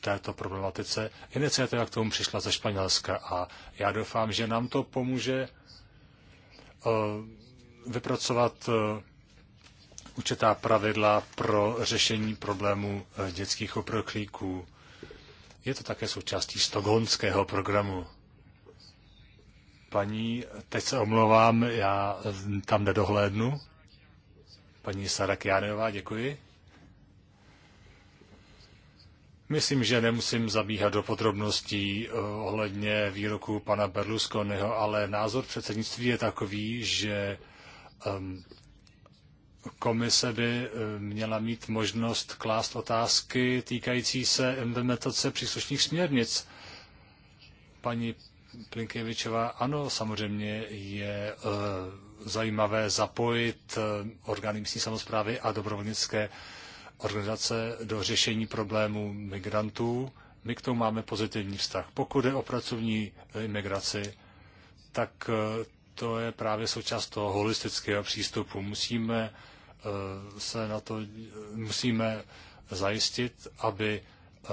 S1: této problematice. Iniciativa k tomu přišla ze Španělska a já doufám, že nám to pomůže eh, vypracovat eh, určitá pravidla pro řešení problémů eh, dětských oproklíků. Je to také součástí stogonského programu. Paní, teď se omlouvám, já eh, tam nedohlédnu. Paní Sarakiánová, děkuji. Myslím, že nemusím zabíhat do podrobností eh, ohledně výroku pana Berlusconiho, ale názor předsednictví je takový, že ehm, komise by eh, měla mít možnost klást otázky týkající se implementace příslušných směrnic. Paní Plinkevičová, ano, samozřejmě je eh, zajímavé zapojit eh, orgány místní samozprávy a dobrovolnické organizace do řešení problémů migrantů. My k tomu máme pozitivní vztah. Pokud je o pracovní imigraci, tak to je právě součást toho holistického přístupu. Musíme eh, se na to, musíme zajistit, aby eh,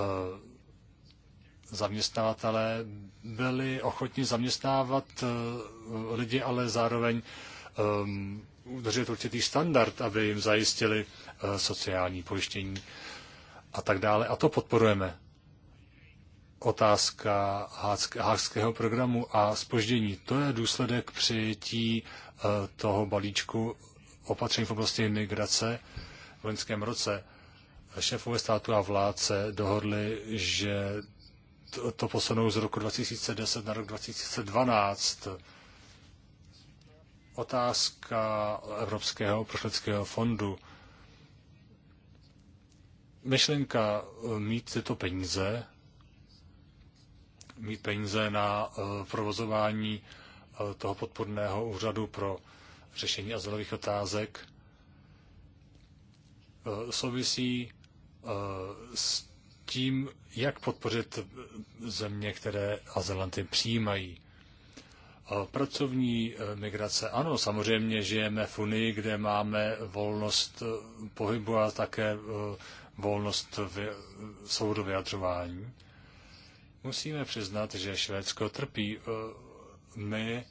S1: zaměstnavatelé byli ochotni zaměstnávat eh, lidi, ale zároveň udržet určitý standard, aby jim zajistili sociální pojištění a tak dále. A to podporujeme otázka hářského programu a spoždění. To je důsledek přijetí eh, toho balíčku opatření v oblasti migrace v loňském roce. Šéfové státu a vlád se dohodli, že to, to posunou z roku 2010 na rok 2012. Otázka Evropského prošleckého fondu. Myšlenka eh, mít tyto peníze mít peníze na eh, provozování eh, toho podporného úřadu pro řešení azylových otázek. Eh, souvisí s tím, jak podpořit země, které azylanty přijímají. Pracovní migrace. Ano, samozřejmě žijeme v Unii, kde máme volnost pohybu a také volnost v, svobodu vyjadřování. Musíme přiznat, že Švédsko trpí. E, my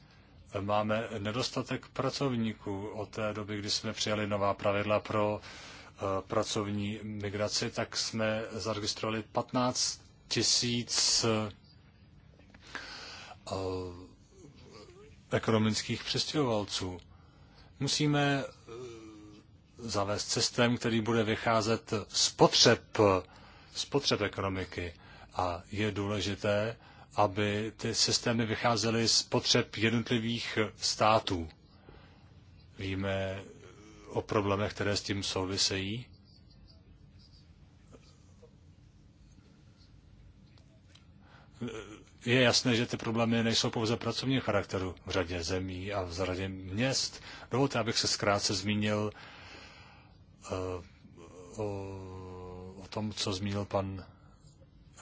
S1: máme nedostatek pracovníků. Od té doby, kdy jsme přijali nová pravidla pro e, pracovní migraci, tak jsme zaregistrovali 15 tisíc e, ekonomických přestěhovalců. Musíme zavést systém, který bude vycházet z potřeb, z potřeb ekonomiky. A je důležité, aby ty systémy vycházely z potřeb jednotlivých států. Víme o problémech, které s tím souvisejí. Je jasné, že ty problémy nejsou pouze pracovního charakteru v řadě zemí a v řadě měst. Dovolte, abych se zkrátce zmínil uh, o, o tom, co zmínil pan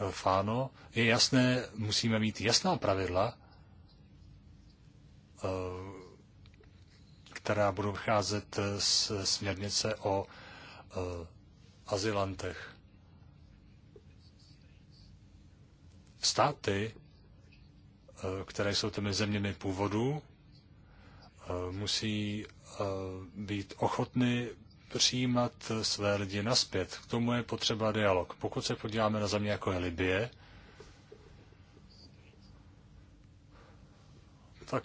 S1: Fáno, je jasné, musíme mít jasná pravidla, eh, která budou vcházet z směrnice o eh, azylantech. Státy, eh, které jsou těmi zeměmi původu, musí být ochotny přijímat své lidi naspět. K tomu je potřeba dialog. Pokud se podíváme na země jako je Libie, tak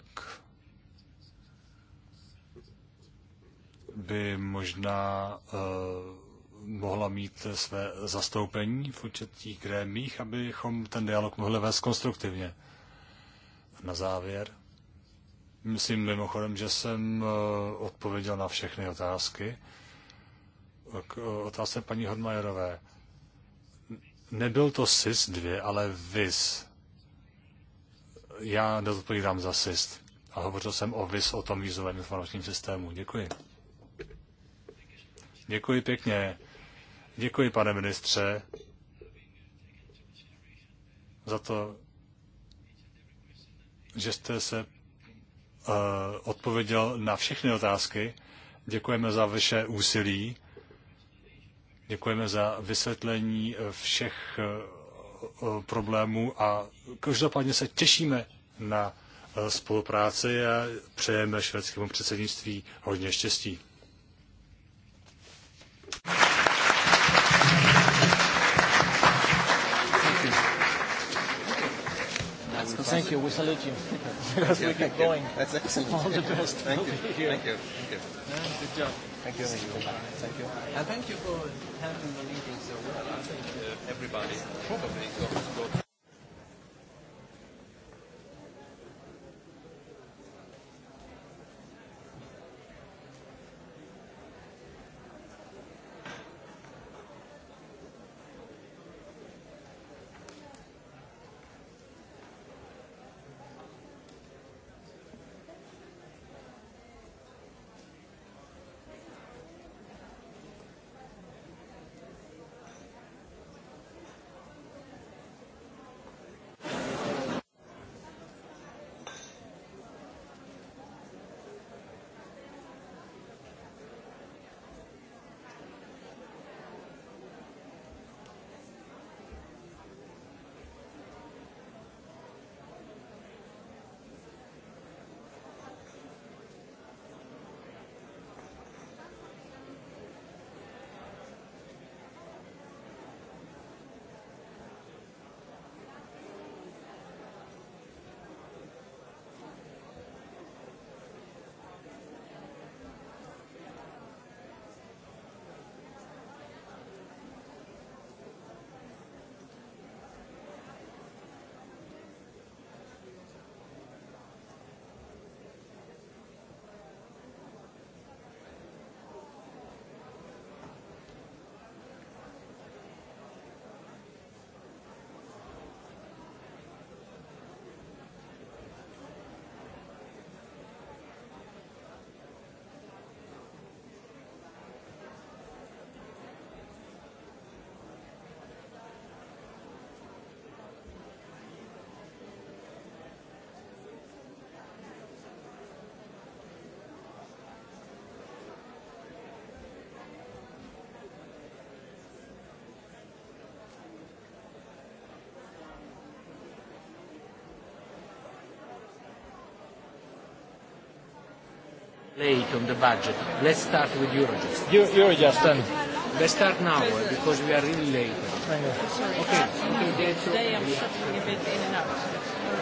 S1: by možná uh, mohla mít své zastoupení v určitých grémích, abychom ten dialog mohli vést konstruktivně. A na závěr, myslím mimochodem, že jsem uh, odpověděl na všechny otázky k otázce paní Hodmajerové. Nebyl to SIS 2, ale VIS. Já nezodpovídám za SIS. A hovořil jsem o VIS, o tom vízovém informačním systému. Děkuji. Děkuji pěkně. Děkuji, pane ministře, za to, že jste se uh, odpověděl na všechny otázky. Děkujeme za vaše úsilí Děkujeme za vysvětlení eh, všech eh, eh, problémů a každopádně se těšíme na spolupráci a přejeme švédskému předsednictví hodně štěstí.
S3: Thank you. We salute you. because (laughs) we keep going. That's excellent. All the best. Thank you. Thank you. Thank you. Good job. Thank you. Thank you. And thank you for handling the meeting so well. I think uh, everybody probably got
S1: late on the budget. Let's start with Eurojust. Eurojust, Let's start now eh, because we are really late. Okay.
S3: okay. Today I'm shuffling a bit in and out.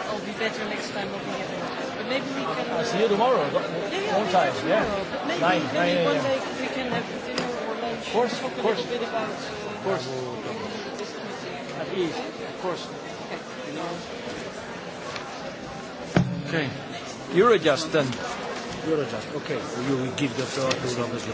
S3: I'll be better next time looking at it. But maybe we can. I'll see you
S1: tomorrow. Uh, yeah, yeah, One time. Yeah. But maybe, nine, maybe one day
S3: we can have dinner or lunch. Of course, uh, of course. A little bit about. of course.
S1: This committee. At ease. Of course. Okay. Okay. Eurojust then. Eurojust. Okay, you will give the floor to López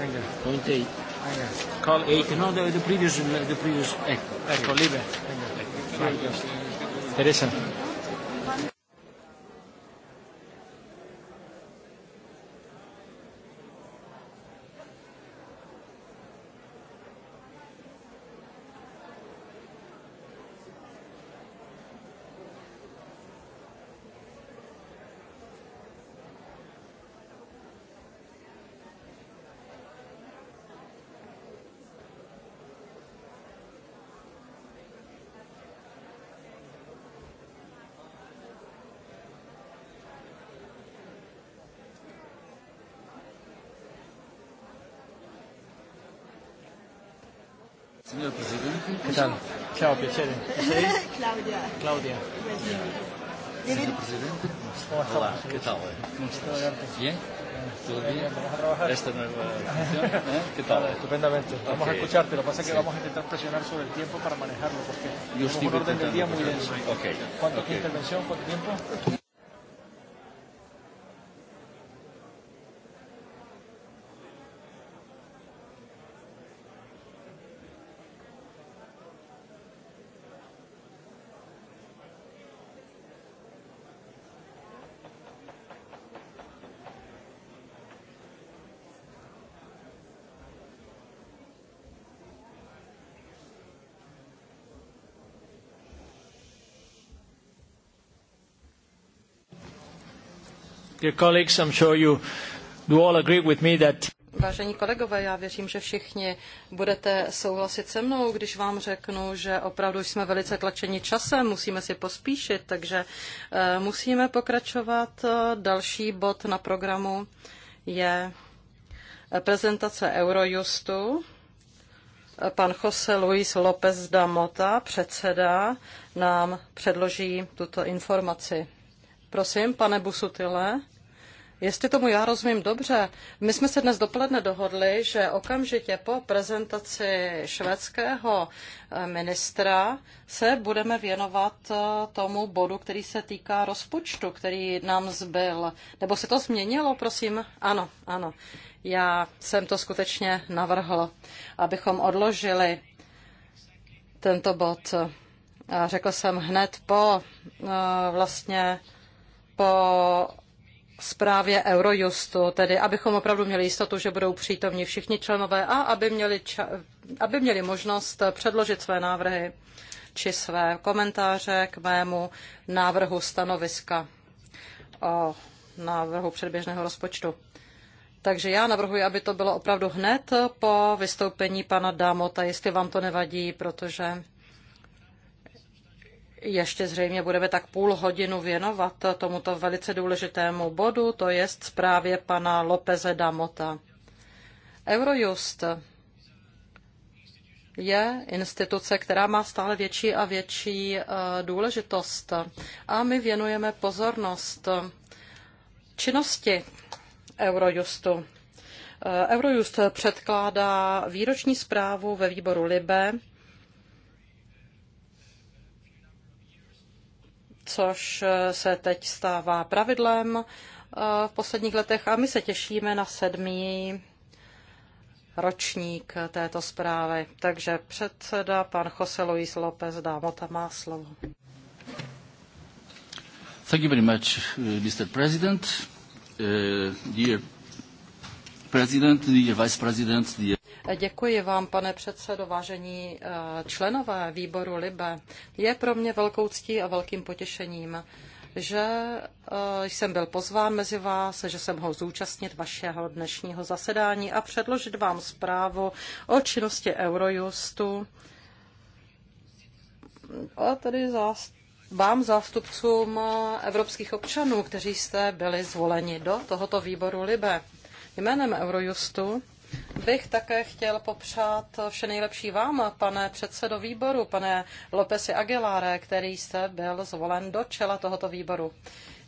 S1: ¿Eh? ¿Eh? Venga, Call eight. No, the, the previous, the previous. Ecco. Ecco, libre. Venga. Ciao, piacere. (laughs) Sei? Claudia. Claudia. Signor Presidente, hola, ¿qué tal? Bien. ¿Todo bien? Esta nueva función, ¿eh? ¿Qué tal? Vale, estupendamente. Vamos okay. a escucharte. Lo que pasa es que sí. vamos a intentar presionar sobre el tiempo para manejarlo, porque es un orden del día muy denso. Okay. ¿Cuánto okay. intervención? ¿Cuánto tiempo?
S2: Vážení kolegové, já věřím, že všichni budete souhlasit se mnou, když vám řeknu, že opravdu jsme velice tlačeni časem, musíme si pospíšit, takže eh, musíme pokračovat. Další bod na programu je eh, prezentace Eurojustu. Eh, pan Jose Luis López Damota, předseda, nám předloží tuto informaci. Prosím, pane Busutile. Jestli tomu já rozumím dobře, my jsme se dnes dopoledne dohodli, že okamžitě po prezentaci švédského eh, ministra se budeme věnovat eh, tomu bodu, který se týká rozpočtu, který nám zbyl. Nebo se to změnilo, prosím? Ano, ano. Já jsem to skutečně navrhl, abychom odložili tento bod. A řekl jsem hned po eh, vlastně po zprávě Eurojustu, tedy abychom opravdu měli jistotu, že budou přítomni všichni členové a aby měli, ča- aby měli možnost předložit své návrhy či své komentáře k mému návrhu stanoviska o návrhu předběžného rozpočtu. Takže já navrhuji, aby to bylo opravdu hned po vystoupení pana Dámota, jestli vám to nevadí, protože ještě zřejmě budeme tak půl hodinu věnovat tomuto velice důležitému bodu, to je zprávě pana Lopeze Damota. Eurojust je instituce, která má stále větší a větší eh, důležitost. A my věnujeme pozornost činnosti Eurojustu. Eh, Eurojust předkládá výroční zprávu ve výboru Libe což eh, se teď stává pravidlem eh, v posledních letech a my se těšíme na sedmý ročník této zprávy. Takže předseda, pan Jose Luis López dámo tam má slovo.
S1: Thank you very much, eh, Mr. President, uh, dear President, dear Vice President, dear...
S2: Děkuji vám, pane předsedo, vážení eh, členové výboru LIBE. Je pro mě velkou ctí a velkým potěšením, že eh, jsem byl pozván mezi vás, že jsem mohl zúčastnit vašeho dnešního zasedání a předložit vám zprávu o činnosti Eurojustu a tedy vám, zástupcům eh, evropských občanů, kteří jste byli zvoleni do tohoto výboru Libe. Jménem Eurojustu bych také chtěl popřát vše nejlepší vám, pane předsedo výboru, pane Lopesi Aguiláre, který jste byl zvolen do čela tohoto výboru.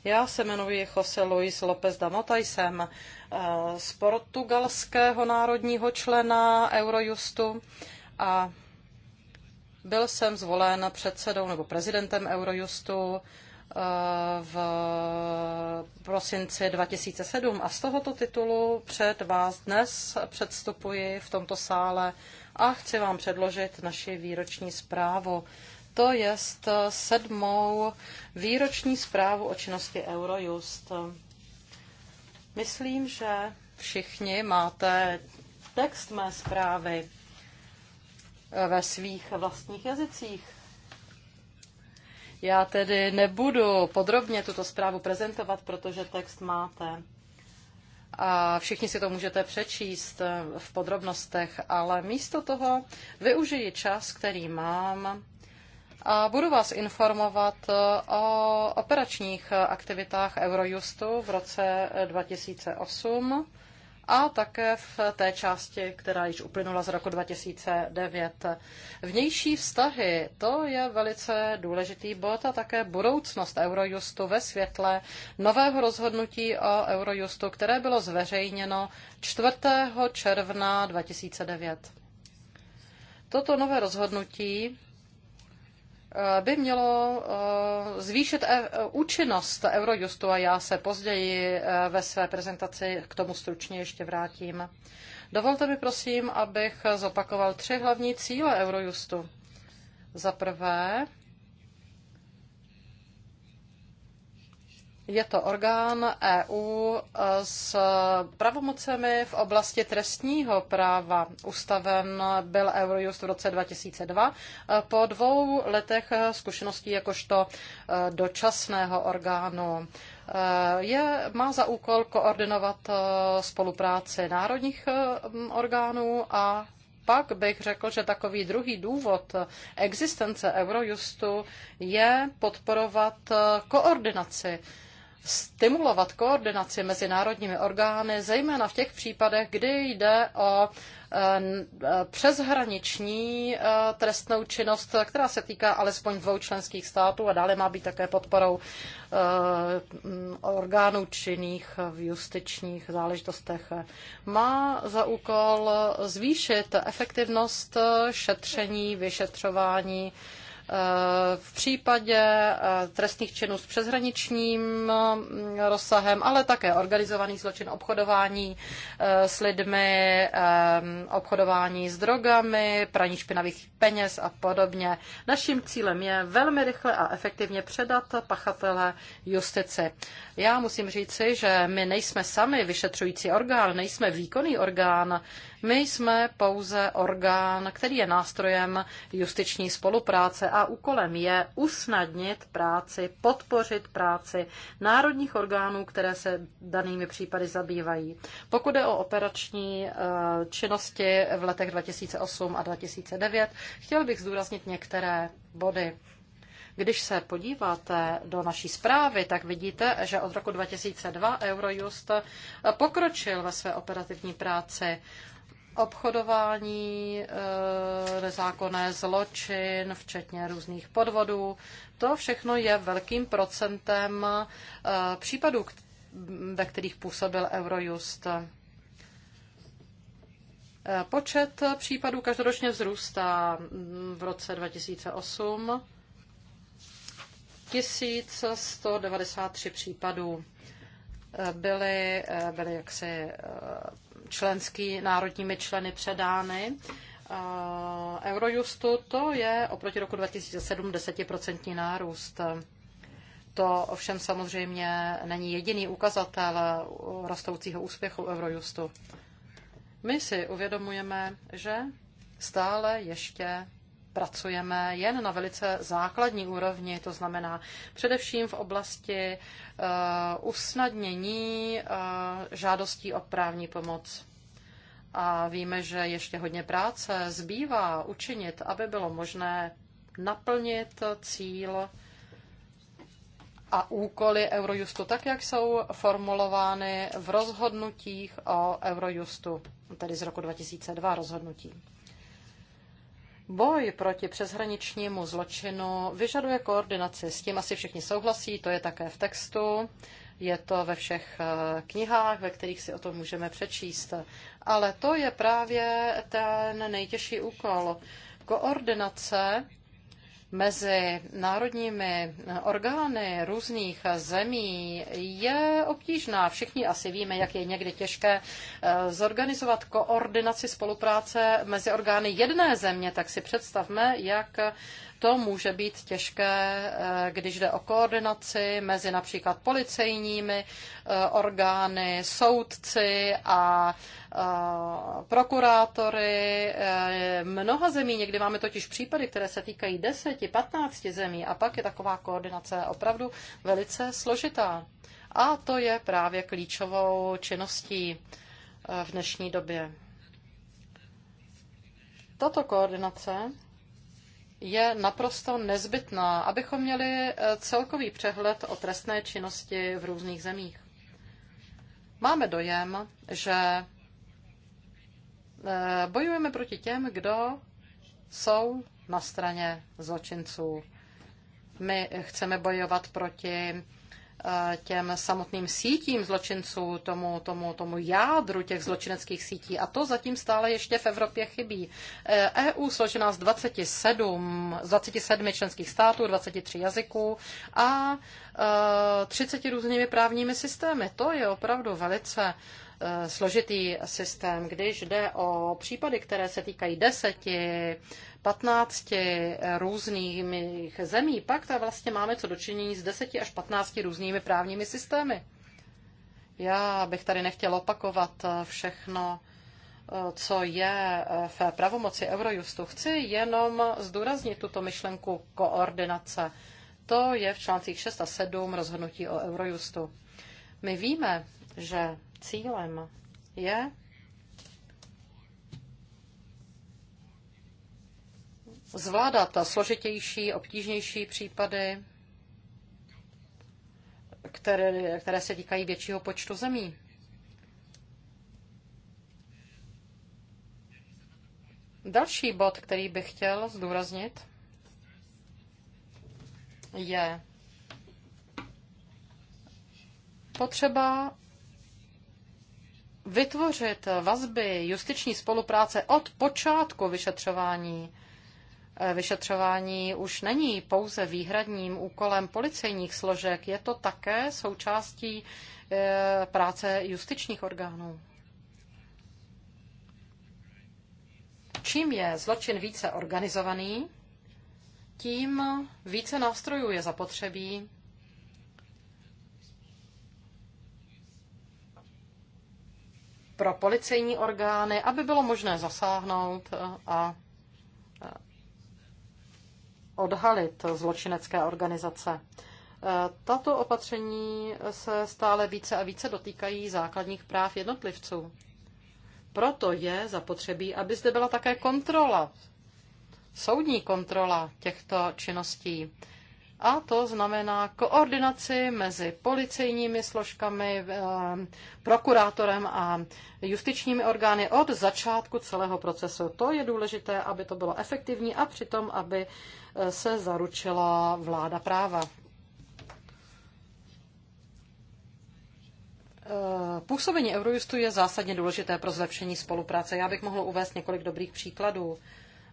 S2: Já se jmenuji Jose Luis López Mota, jsem eh, z portugalského národního člena Eurojustu a byl jsem zvolen předsedou nebo prezidentem Eurojustu v prosinci 2007 a z tohoto titulu před vás dnes předstupuji v tomto sále a chci vám předložit naši výroční zprávu. To je sedmou výroční zprávu o činnosti Eurojust. Myslím, že všichni máte text mé zprávy ve svých vlastních jazycích. Já tedy nebudu podrobně tuto zprávu prezentovat, protože text máte. A všichni si to můžete přečíst eh, v podrobnostech, ale místo toho využiji čas, který mám a budu vás informovat eh, o operačních aktivitách Eurojustu v roce 2008 eh, a také v té části, která již uplynula z roku 2009. Vnější vztahy, to je velice důležitý bod a také budoucnost Eurojustu ve světle nového rozhodnutí o Eurojustu, které bylo zveřejněno 4. června 2009. Toto nové rozhodnutí Eh, by mělo eh, zvýšit eh, účinnost Eurojustu a já se později ve své prezentaci k tomu stručně ještě vrátím. Dovolte mi prosím, abych zopakoval tři hlavní cíle Eurojustu. Za prvé, Je to orgán EU eh, s pravomocemi v oblasti trestního práva. Ustaven byl Eurojust v roce 2002 eh, po dvou letech zkušeností jakožto eh, dočasného orgánu. Je, má za úkol koordinovat spolupráci národních mm, orgánů a pak bych řekl, že takový druhý důvod existence Eurojustu je podporovat koordinaci stimulovat koordinaci mezi národními orgány, zejména v těch případech, kdy jde o eh, eh, přeshraniční eh, trestnou činnost, která se týká alespoň dvou členských států a dále má být také podporou orgánů činných v justičních záležitostech. Má za úkol zvýšit efektivnost šetření, vyšetřování Eh, v případě eh, trestných činů s přeshraničním mm, rozsahem, ale také organizovaný zločin obchodování eh, s lidmi, obchodování s drogami, praní špinavých peněz a podobně. Naším cílem je velmi rychle a efektivně předat pachatele justici. Já musím říci, že my nejsme sami vyšetřující orgán, nejsme výkonný orgán, my jsme pouze orgán, který je nástrojem justiční spolupráce a úkolem je usnadnit práci, podpořit práci národních orgánů, které se danými případy zabývají. Pokud je o operační eh, činnosti v letech 2008 a 2009, chtěl bych zdůraznit některé body. Když se podíváte do naší zprávy, tak vidíte, že od roku 2002 Eurojust pokročil ve své operativní práci obchodování, eh, nezákonné zločin, včetně různých podvodů. To všechno je velkým procentem eh, případů, ve kterých působil Eurojust. Eh, počet případů každoročně vzrůstá. Mm, v roce 2008 1193 případů byly, byly jaksi členský, národními členy předány Eurojustu, to je oproti roku 2007 10% nárůst. To ovšem samozřejmě není jediný ukazatel rostoucího úspěchu Eurojustu. My si uvědomujeme, že stále ještě pracujeme jen na velice základní úrovni, to znamená především v oblasti eh, usnadnění eh, žádostí o právní pomoc. A víme, že ještě hodně práce zbývá učinit, aby bylo možné naplnit cíl a úkoly Eurojustu tak, jak jsou formulovány v rozhodnutích o Eurojustu, tedy z roku 2002 rozhodnutí. Boj proti přeshraničnímu zločinu vyžaduje koordinaci. S tím asi všichni souhlasí, to je také v textu, je to ve všech eh, knihách, ve kterých si o tom můžeme přečíst. Ale to je právě ten nejtěžší úkol. Koordinace mezi národními orgány různých zemí je obtížná. Všichni asi víme, jak je někdy těžké eh, zorganizovat koordinaci spolupráce mezi orgány jedné země, tak si představme, jak to může být těžké, eh, když jde o koordinaci mezi například policejními eh, orgány, soudci a eh, prokurátory mnoha zemí. Někdy máme totiž případy, které se týkají 10, 15 zemí a pak je taková koordinace opravdu velice složitá. A to je právě klíčovou činností v dnešní době. Tato koordinace je naprosto nezbytná, abychom měli eh, celkový přehled o trestné činnosti v různých zemích. Máme dojem, že eh, bojujeme proti těm, kdo jsou na straně zločinců. My chceme bojovat proti Eh, těm samotným sítím zločinců, tomu, tomu, tomu jádru těch zločineckých sítí. A to zatím stále ještě v Evropě chybí. EU eh, e složená z 27, z 27 členských států, 23 jazyků a 30 eh, různými právními systémy. To je opravdu velice Eh, složitý systém. Když jde o případy, které se týkají deseti, patnácti různých zemí, pak to vlastně máme co dočinění s deseti až patnácti různými právními systémy. Já bych tady nechtěl opakovat eh, všechno, eh, co je v pravomoci Eurojustu. Chci jenom zdůraznit tuto myšlenku koordinace. To je v článcích 6 a 7 rozhodnutí o Eurojustu. My víme, že cílem je zvládat složitější, obtížnější případy, které, které se týkají většího počtu zemí. Další bod, který bych chtěl zdůraznit, je potřeba vytvořit vazby justiční spolupráce od počátku vyšetřování. Eh, vyšetřování už není pouze výhradním úkolem policejních složek, je to také součástí eh, práce justičních orgánů. Čím je zločin více organizovaný, tím více nástrojů je zapotřebí pro policejní orgány, aby bylo možné zasáhnout a odhalit zločinecké organizace. E, tato opatření se stále více a více dotýkají základních práv jednotlivců. Proto je zapotřebí, aby zde byla také kontrola, soudní kontrola těchto činností a to znamená koordinaci mezi policejními složkami, eh, prokurátorem a justičními orgány od začátku celého procesu. To je důležité, aby to bylo efektivní a přitom, aby eh, se zaručila vláda práva. Eh, působení Eurojustu je zásadně důležité pro zlepšení spolupráce. Já bych mohl uvést několik dobrých příkladů.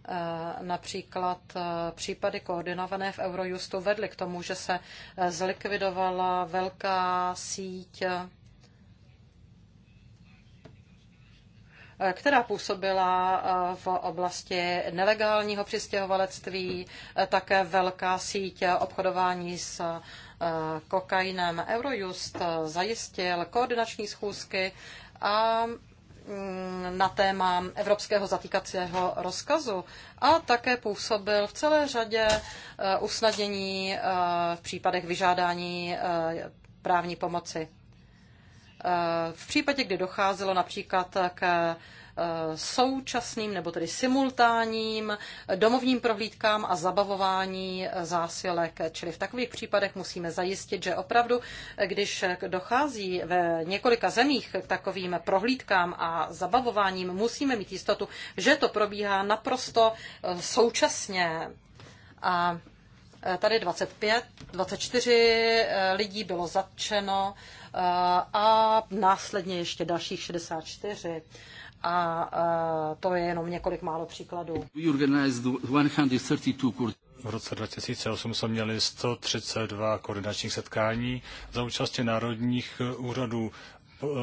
S2: Eh, například eh, případy koordinované v Eurojustu vedly k tomu, že se eh, zlikvidovala velká síť, která působila v oblasti nelegálního přistěhovalectví, také velká síť obchodování s kokainem. Eurojust zajistil koordinační schůzky a Mm, na téma evropského zatýkacího rozkazu a také působil v celé řadě e, usnadnění e, v případech vyžádání e, právní pomoci. V případě, kdy docházelo například k současným nebo tedy simultánním domovním prohlídkám a zabavování zásilek. Čili v takových případech musíme zajistit, že opravdu, když dochází ve několika zemích k takovým prohlídkám a zabavováním, musíme mít jistotu, že to probíhá naprosto eh, současně. A eh, tady 25, 24 eh, lidí bylo zatčeno a následně ještě dalších 64 a to je jenom několik málo příkladů.
S1: V roce 2008 jsme měli 132 koordinačních setkání za účasti národních úřadů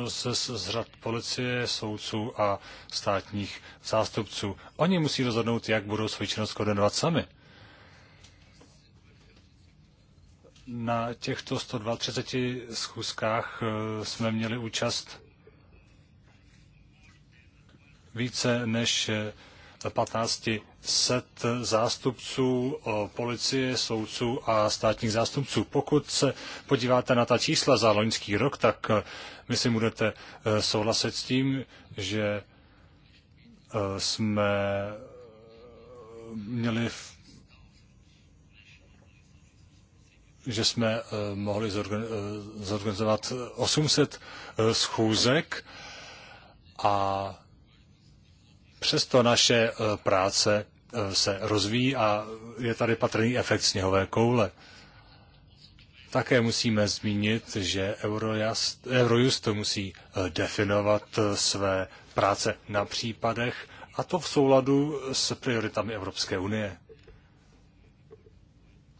S1: z, z řad policie, soudců a státních zástupců. Oni musí rozhodnout, jak budou svoji činnost koordinovat sami. Na těchto 132 schůzkách eh, jsme měli účast více než 1500 eh, zástupců eh, policie, soudců a státních zástupců. Pokud se podíváte na ta čísla za loňský rok, tak myslím, eh, budete souhlasit s tím, že jsme měli v že jsme mohli zorganizovat 800 schůzek a Přesto naše eh, práce eh, se rozvíjí a je tady patrný efekt sněhové koule. Také musíme zmínit, že Eurojust, Eurojust musí eh, definovat své práce na případech a to v souladu s prioritami Evropské unie.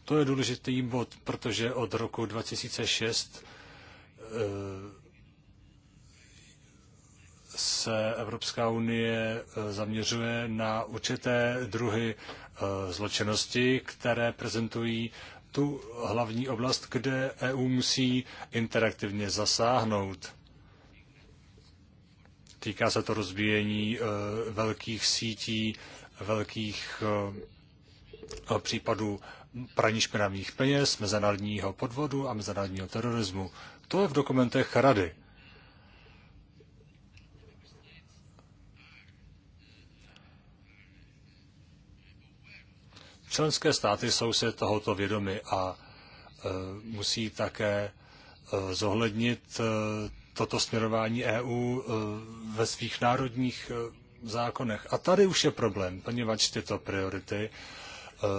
S1: To je důležitý bod, protože od roku 2006 se Evropská unie eh, zaměřuje na určité druhy eh, zločinnosti, které prezentují tu hlavní oblast, kde EU musí interaktivně zasáhnout. Týká se to rozbíjení eh, velkých sítí, velkých případů praní špinavých peněz, mezinárodního podvodu a mezinárodního terorismu. To je v dokumentech Rady. Členské státy jsou si tohoto vědomy a e, musí také e, zohlednit e, toto směrování EU ve svých národních zákonech. A tady už je problém, poněvadž tyto priority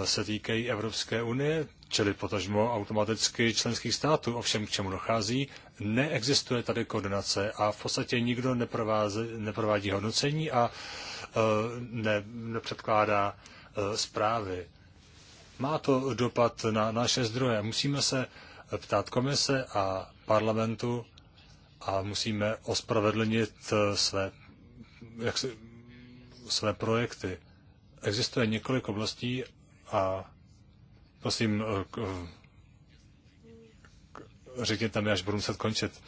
S1: se týkají Evropské unie, čili potažmo automaticky členských států. Ovšem, k čemu dochází, neexistuje tady koordinace a v podstatě nikdo neprovádí hodnocení a ne, nepředkládá zprávy. Má to dopad na naše zdroje. Musíme se ptát komise a parlamentu a musíme ospravedlnit eh, své, jak se, své projekty. Existuje několik oblastí a prosím, eh, eh, řekněte mi, až budu muset končit.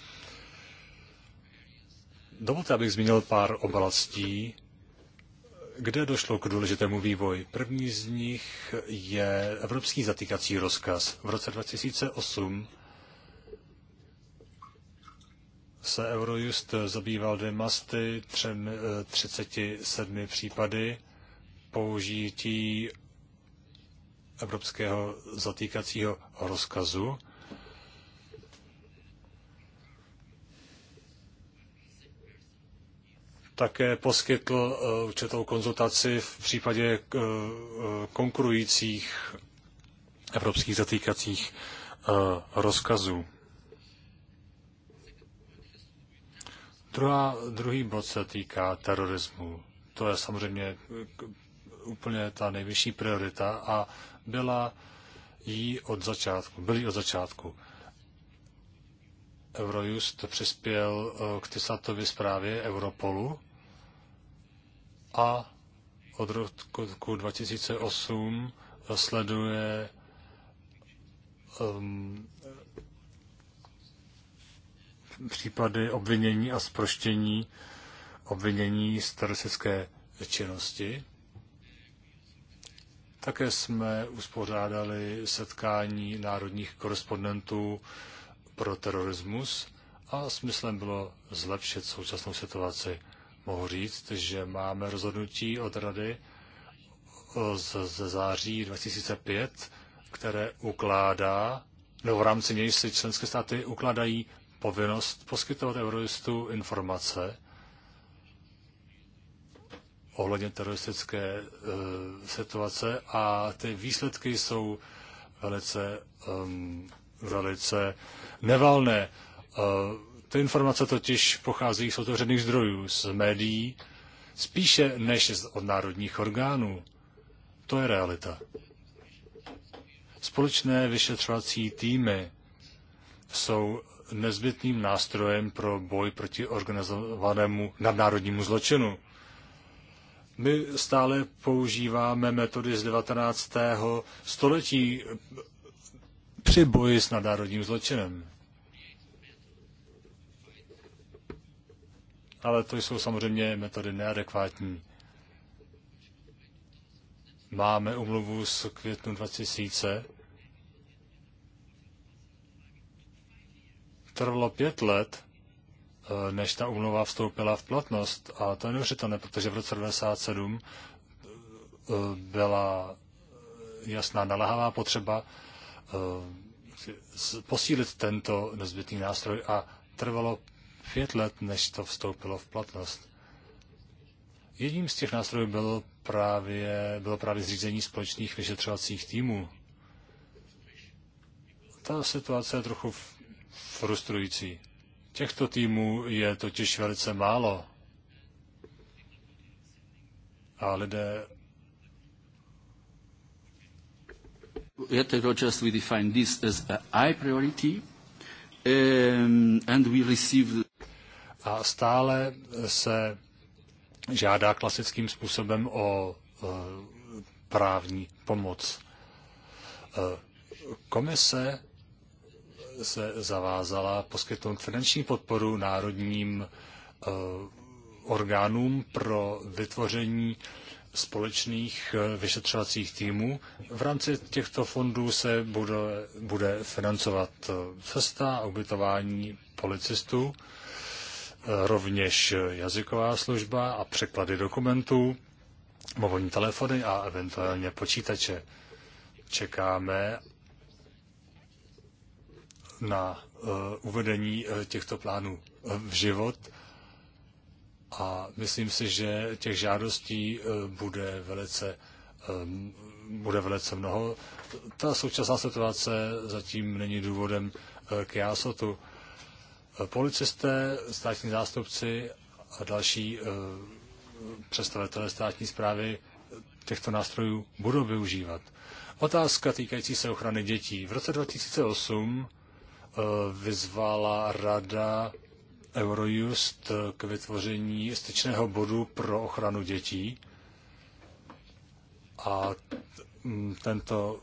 S1: Dovolte, abych zmínil pár oblastí, kde došlo k důležitému vývoji. První z nich je evropský zatýkací rozkaz. V roce 2008 se Eurojust zabýval dvěma z 37 eh, případy použití evropského zatýkacího rozkazu také poskytl eh, určitou konzultaci v případě eh, eh, konkurujících evropských zatýkacích rozkazů. Druhá, druhý bod se týká terorismu. To je samozřejmě úplně ta nejvyšší priorita a byla jí od začátku, byli od začátku. Eurojust přispěl eh, k Tysatovi zprávě Europolu a od roku 2008 eh, sleduje um, případy obvinění a sproštění obvinění z teroristické činnosti. Také jsme uspořádali setkání národních korespondentů pro terorismus a smyslem bylo zlepšit současnou situaci. Mohu říct, že máme rozhodnutí od Rady eh, ze září 2005, které ukládá, nebo v rámci něj si členské státy ukládají povinnost poskytovat eurojistů informace ohledně teroristické e, situace a ty výsledky jsou velice um, velice nevalné. E, ty informace totiž pochází z otevřených zdrojů, z médií, spíše než od národních orgánů. To je realita. Společné vyšetřovací týmy jsou nezbytným nástrojem pro boj proti organizovanému nadnárodnímu zločinu. My stále používáme metody z 19. století při boji s nadárodním zločinem. Ale to jsou samozřejmě metody neadekvátní. Máme umluvu z květnu 2000. Trvalo pět let, eh, než ta umluva vstoupila v platnost. A to je neuvěřitelné, protože v roce 1997 eh, byla jasná naléhavá potřeba Eh, posílit tento nezbytný nástroj a trvalo pět let, než to vstoupilo v platnost. Jedním z těch nástrojů bylo právě, bylo právě zřízení společných vyšetřovacích týmů. Ta situace je trochu frustrující. Těchto týmů je totiž velice málo. A lidé At Rogers, we define this as a high priority, um, and we receive... A stále se žádá klasickým způsobem o uh, právní pomoc. Uh, komise se zavázala poskytnout finanční podporu národním uh, orgánům pro vytvoření společných eh, vyšetřovacích týmů. V rámci těchto fondů se bude, bude financovat eh, cesta a ubytování policistů, eh, rovněž jazyková služba a překlady dokumentů, mobilní telefony a eventuálně počítače. Čekáme na uvedení těchto plánů v život a myslím si, že těch žádostí eh, bude velice, ehm, bude velice mnoho. Ta současná situace zatím není důvodem eh, k jásotu. Eh, policisté, státní zástupci a další představitelé státní zprávy těchto nástrojů budou využívat. Otázka týkající se ochrany dětí. V roce 2008 vyzvala rada Eurojust k vytvoření styčného bodu pro ochranu dětí. A mm, tento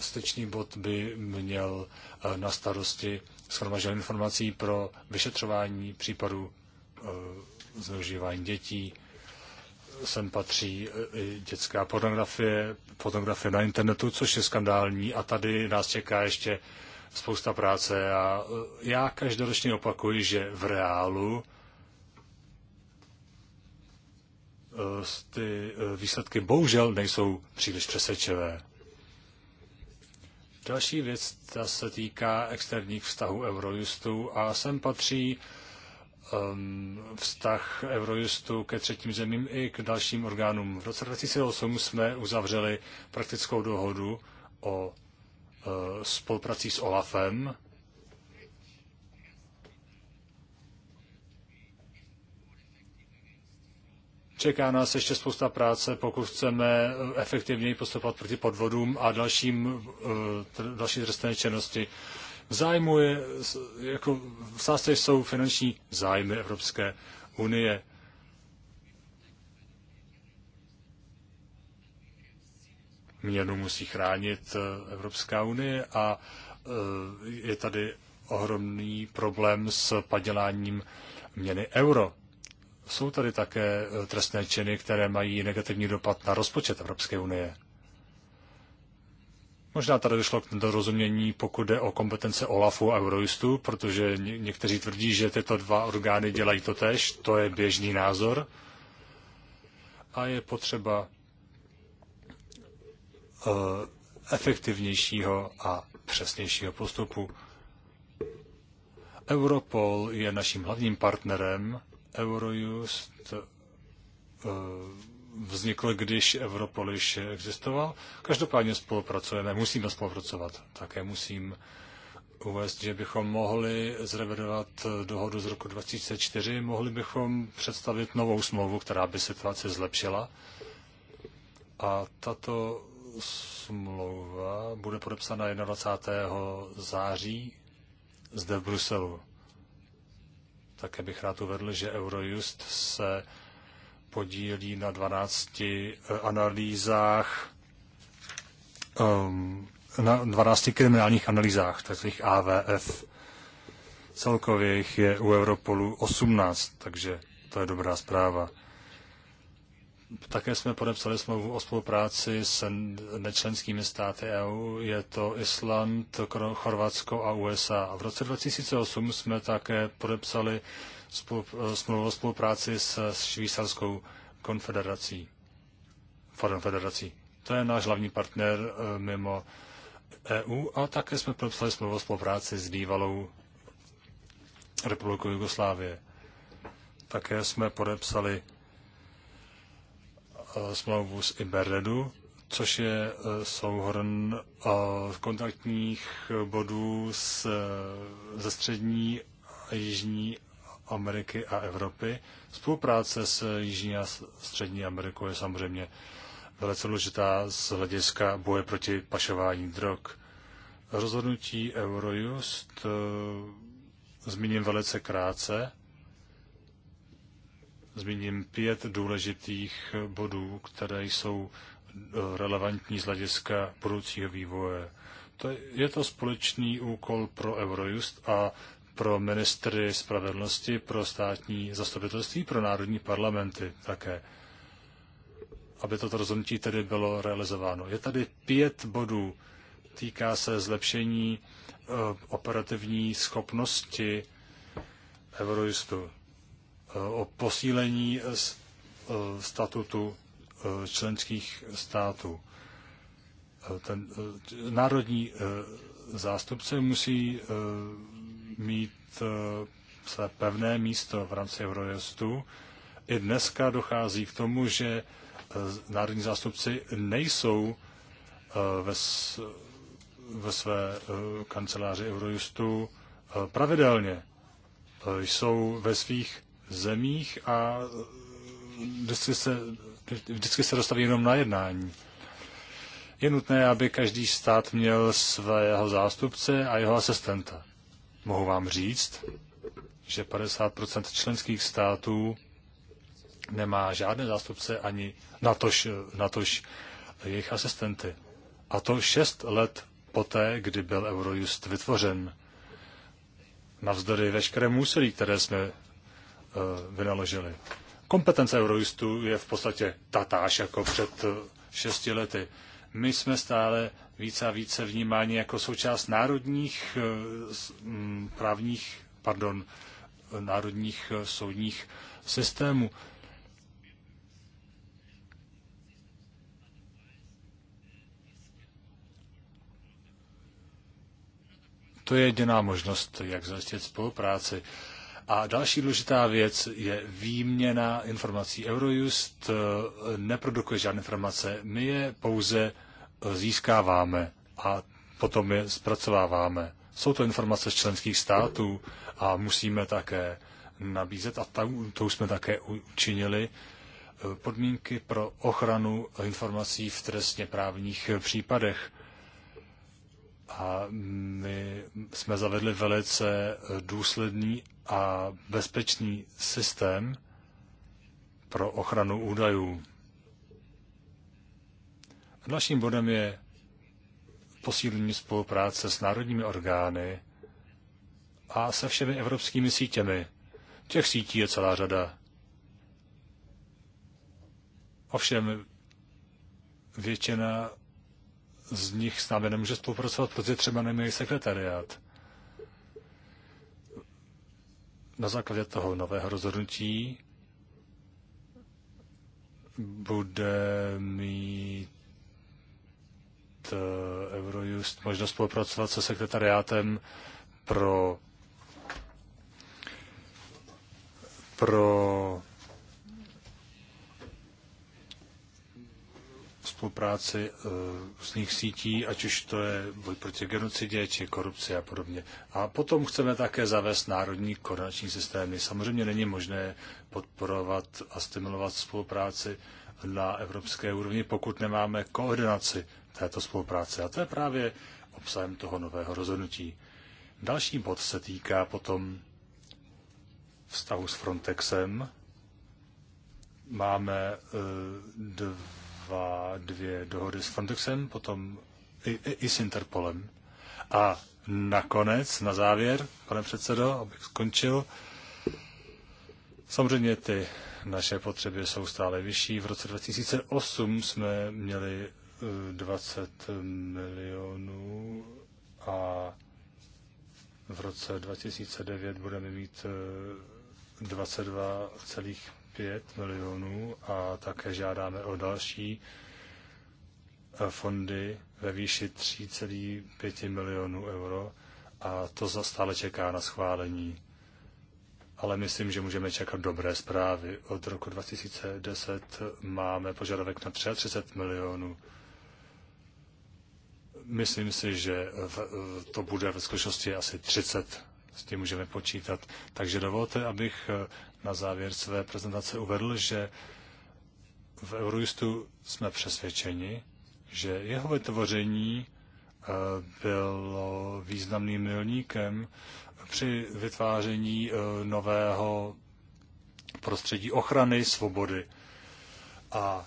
S1: styčný bod by měl eh, na starosti schromažděl informací pro vyšetřování případů eh, zneužívání dětí. Sem patří eh, dětská pornografie, fotografie na internetu, což je skandální. A tady nás čeká ještě spousta práce a e, já každoročně opakuji, že v reálu e, ty e, výsledky bohužel nejsou příliš přesvědčivé. Další věc ta se týká externích vztahů Eurojustu a sem patří um, vztah Eurojustu ke třetím zemím i k dalším orgánům. V roce 2008 jsme uzavřeli praktickou dohodu o Eh, spoluprací s OLAFem. Čeká nás ještě spousta práce, pokud chceme eh, efektivněji postupovat proti podvodům a dalším, eh, další trestné činnosti. zájmu je, jako v jsou finanční zájmy Evropské unie. měnu musí chránit eh, Evropská unie a eh, je tady ohromný problém s paděláním měny euro. Jsou tady také eh, trestné činy, které mají negativní dopad na rozpočet Evropské unie. Možná tady došlo k nedorozumění, pokud jde o kompetence OLAFu a Eurojustu, protože někteří tvrdí, že tyto dva orgány dělají to tež, to je běžný názor. A je potřeba Eh, efektivnějšího a přesnějšího postupu. Europol je naším hlavním partnerem. Eurojust eh, vznikl, když Europol již existoval. Každopádně spolupracujeme, musíme spolupracovat. Také musím uvést, že bychom mohli zrevidovat dohodu z roku 2004, mohli bychom představit novou smlouvu, která by situaci zlepšila. A tato smlouva bude podepsána 21. září zde v Bruselu. Také bych rád uvedl, že Eurojust se podílí na 12 eh, analýzách, ehm, na 12 kriminálních analýzách, takových AVF. Celkově jich je u Europolu 18, takže to je dobrá zpráva. Také jsme podepsali smlouvu o spolupráci s nečlenskými státy EU, je to Island, Chorvatsko a USA. A v roce 2008 jsme také podepsali eh, smlouvu o spolupráci s Švýcarskou konfederací. Forum federací. To je náš hlavní partner eh, mimo EU a také jsme podepsali smlouvu o spolupráci s bývalou republikou Jugoslávie. Také jsme podepsali Eh, smlouvu z Iberredu, což je eh, souhrn eh, kontaktních bodů z, ze střední a jižní Ameriky a Evropy. Spolupráce s Jižní a Střední Amerikou je samozřejmě velice důležitá z hlediska boje proti pašování drog. Rozhodnutí Eurojust zmíním velice krátce zmíním pět důležitých bodů, které jsou e, relevantní z hlediska budoucího vývoje. To je to společný úkol pro Eurojust a pro ministry spravedlnosti, pro státní zastupitelství, pro národní parlamenty také, aby toto rozhodnutí tedy bylo realizováno. Je tady pět bodů. Týká se zlepšení e, operativní schopnosti Eurojustu o posílení eh, eh, statutu eh, členských států. Ten národní zástupce musí mít své pevné místo v rámci Eurojustu. I dneska dochází k tomu, že národní zástupci nejsou ve, ve své kanceláři Eurojustu pravidelně. Jsou ve svých zemích a eh, vždycky se, vždycky se dostaví jenom na jednání. Je nutné, aby každý stát měl svého zástupce a jeho asistenta. Mohu vám říct, že 50% členských států nemá žádné zástupce ani natož, natož jejich asistenty. A to šest let poté, kdy byl Eurojust vytvořen. Navzdory veškerému úsilí, které jsme Eh, vynaložili. Kompetence Eurojustu je v podstatě tatáž jako před eh, šesti lety. My jsme stále více a více vnímáni jako součást národních eh, mm, právních, pardon, národních soudních systémů. To je jediná možnost, jak zajistit spolupráci. A další důležitá věc je výměna informací. Eurojust eh, neprodukuje žádné informace, my je pouze eh, získáváme a potom je zpracováváme. Jsou to informace z členských států a musíme také nabízet, a tam, to jsme také učinili, eh, podmínky pro ochranu informací v trestně právních případech a my jsme zavedli velice důsledný a bezpečný systém pro ochranu údajů. Dalším bodem je posílení spolupráce s národními orgány a se všemi evropskými sítěmi. Těch sítí je celá řada. Ovšem většina z nich s námi nemůže spolupracovat, protože třeba nemají sekretariát. Na základě toho nového rozhodnutí bude mít eh, Eurojust možnost spolupracovat se sekretariátem pro pro spolupráci eh, různých sítí, ať už to je boj proti genocidě, či korupci a podobně. A potom chceme také zavést národní koordinační systémy. Samozřejmě není možné podporovat a stimulovat spolupráci na evropské úrovni, pokud nemáme koordinaci této spolupráce. A to je právě obsahem toho nového rozhodnutí. Další bod se týká potom vztahu s Frontexem. Máme eh, dva, dvě dohody s Frontexem, potom i, i, i s Interpolem. A nakonec, na závěr, pane předsedo, abych skončil, samozřejmě ty naše potřeby jsou stále vyšší. V roce 2008 jsme měli 20 eh, milionů a v roce 2009 budeme mít 22,5 eh, 5 milionů a také žádáme o další eh, fondy ve výši 3,5 milionů euro a to za stále čeká na schválení. Ale myslím, že můžeme čekat dobré zprávy. Od roku 2010 máme požadavek na 33 milionů. Myslím si, že to bude ve skutečnosti asi 30 s tím můžeme počítat. Takže dovolte, abych eh, na závěr své prezentace uvedl, že v Eurojustu jsme přesvědčeni, že jeho vytvoření eh, bylo významným milníkem při vytváření eh, nového prostředí ochrany svobody a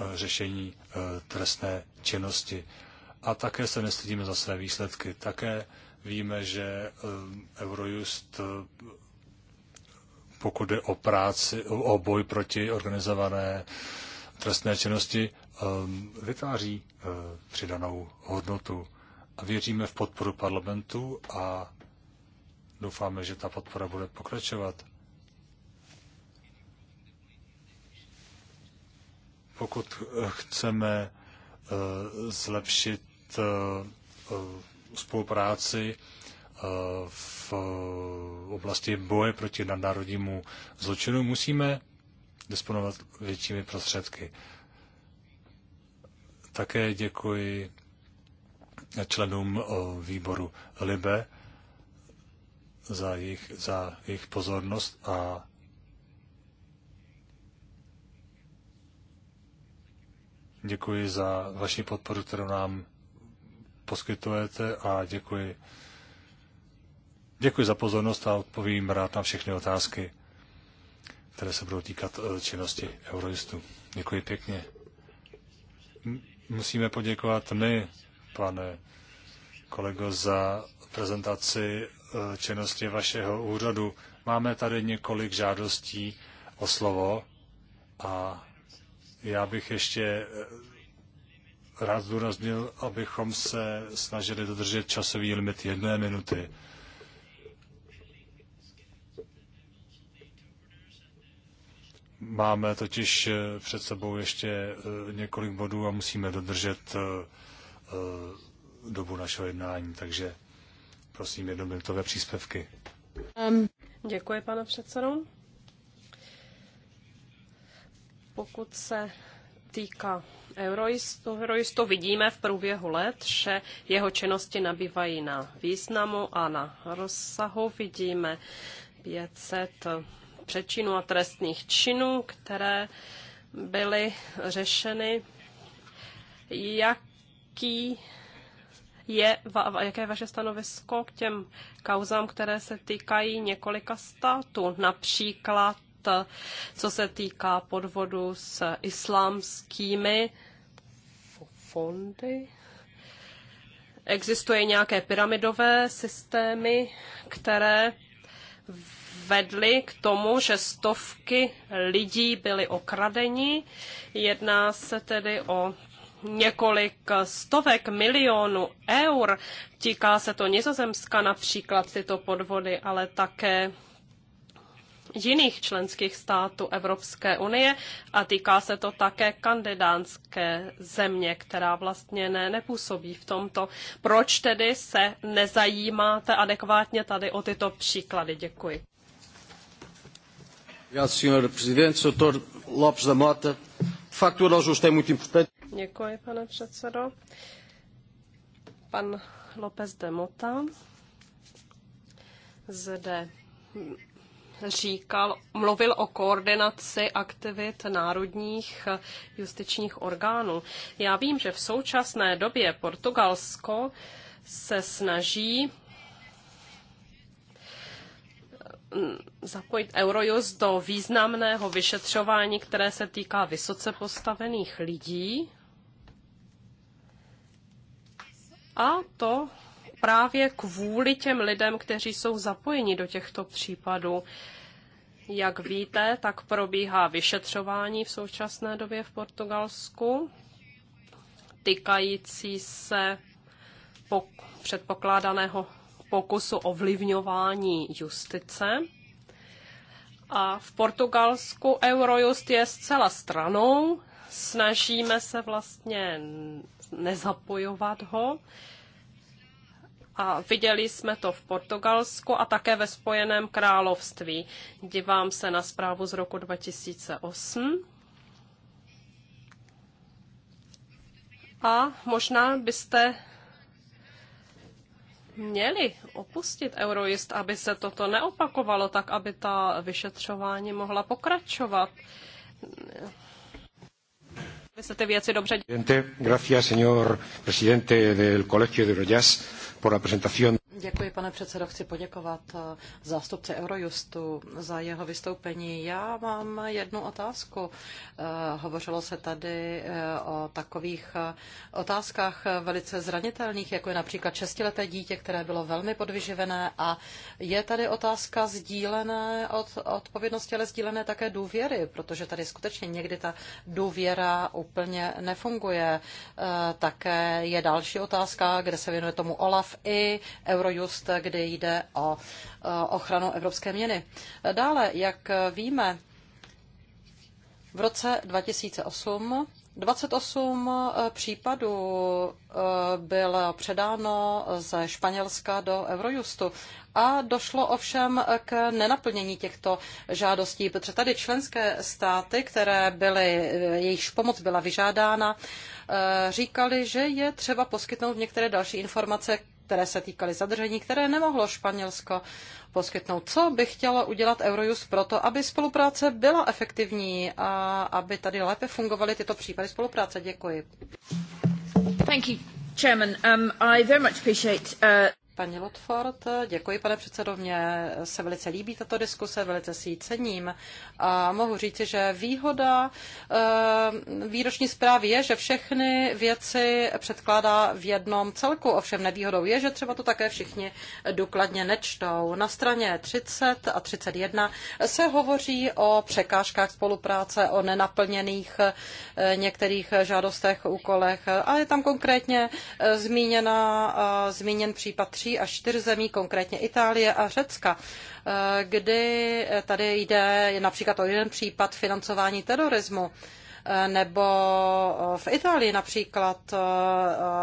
S1: eh, řešení trestné činnosti. A také se nestydíme za své výsledky. Také víme, že Eurojust pokud je o práci, o boj proti organizované trestné činnosti, ehm, vytváří eh, přidanou hodnotu. A věříme v podporu parlamentu a doufáme, že ta podpora bude pokračovat. Pokud eh, chceme eh, zlepšit spolupráci v oblasti boje proti nadnárodnímu zločinu, musíme disponovat většími prostředky. Také děkuji členům eh, výboru LIBE za jejich, za jejich pozornost a děkuji za vaši podporu, kterou nám poskytujete a děkuji Děkuji za pozornost a odpovím rád na všechny otázky, které se budou týkat eh, činnosti Eurojustu. Děkuji pěkně. Musíme poděkovat my, pane kolego, za prezentaci eh, činnosti vašeho úřadu. Máme tady několik žádostí o slovo a já bych ještě eh, rád zdůraznil, abychom se snažili dodržet časový limit jedné minuty. Máme totiž eh, před sebou ještě eh, několik bodů a musíme dodržet eh, dobu našeho jednání, takže prosím jednominutové příspěvky.
S3: Um, děkuji, pane předsedo. Pokud se týká Euroistu, Euroistu vidíme v průběhu let, že jeho činnosti nabývají na významu a na rozsahu. Vidíme 500 přečinů a trestných činů, které byly řešeny. Jaký je, jaké je vaše stanovisko k těm kauzám, které se týkají několika států, například co se týká podvodu s islámskými fondy? Existuje nějaké pyramidové systémy, které vedly k tomu, že stovky lidí byly okradeni. Jedná se tedy o několik stovek milionů eur. Týká se to Nizozemska například tyto podvody, ale také jiných členských států Evropské unie a týká se to také kandidánské země, která vlastně ne, nepůsobí v tomto. Proč tedy se nezajímáte adekvátně tady o tyto příklady? Děkuji. Děkuji, pane předsedo. Pan López de Mota zde říkal, mluvil o koordinaci aktivit národních justičních orgánů. Já vím, že v současné době Portugalsko se snaží mm, zapojit Eurojust do významného vyšetřování, které se týká vysoce postavených lidí. A to právě kvůli těm lidem, kteří jsou zapojeni do těchto případů. Jak víte, tak probíhá vyšetřování v současné době v Portugalsku týkající se pok- předpokládaného pokusu ovlivňování justice. A v Portugalsku Eurojust je zcela stranou, snažíme se vlastně nezapojovat ho a viděli jsme to v Portugalsku a také ve Spojeném království. Dívám se na zprávu z roku 2008. A možná byste měli opustit Eurojist, aby se toto neopakovalo, tak aby ta vyšetřování mohla pokračovat vy ty věci dobře.
S1: Gracias, señor presidente del Colegio de Eurojust por la presentación.
S3: Děkuji, pane
S2: předsedo. Chci poděkovat eh, zástupci Eurojustu za jeho vystoupení. Já mám jednu otázku. Eh, hovořilo se tady eh, o takových otázkách velice zranitelných, jako je například šestileté dítě, které bylo velmi podvyživené a je tady otázka sdílené od odpovědnosti, ale sdílené také důvěry, protože tady skutečně někdy ta důvěra úplně nefunguje. Také je další otázka, kde se věnuje tomu OLAF i Euro Eurojust, kde jde o e, ochranu evropské měny. Dále, jak víme, v roce 2008 28 e, případů e, bylo předáno ze Španělska do Eurojustu a došlo ovšem k nenaplnění těchto žádostí, protože tady členské státy, které byly, jejichž pomoc byla vyžádána, říkali, že je třeba poskytnout některé další informace které se týkaly zadržení, které nemohlo Španělsko poskytnout. Co by chtělo udělat Eurojust proto, aby spolupráce byla efektivní a aby tady lépe fungovaly tyto případy spolupráce? Děkuji. Thank you, Chairman. Um, I very much appreciate, uh... Paní Lotford, děkuji, pane předsedo. Mně se velice líbí tato diskuse, velice si ji cením. A mohu říci, že výhoda eh, výroční zprávy je, že všechny věci předkládá v jednom celku. Ovšem nevýhodou je, že třeba to také všichni důkladně nečtou. Na straně 30 a 31 se hovoří o překážkách spolupráce, o nenaplněných eh, některých žádostech, úkolech a je tam konkrétně eh, zmíněna, zmíněn případ tří tří až čtyř zemí, konkrétně Itálie a Řecka, eh, kdy tady jde například o jeden případ financování terorismu. Eh, nebo eh, v Itálii například eh,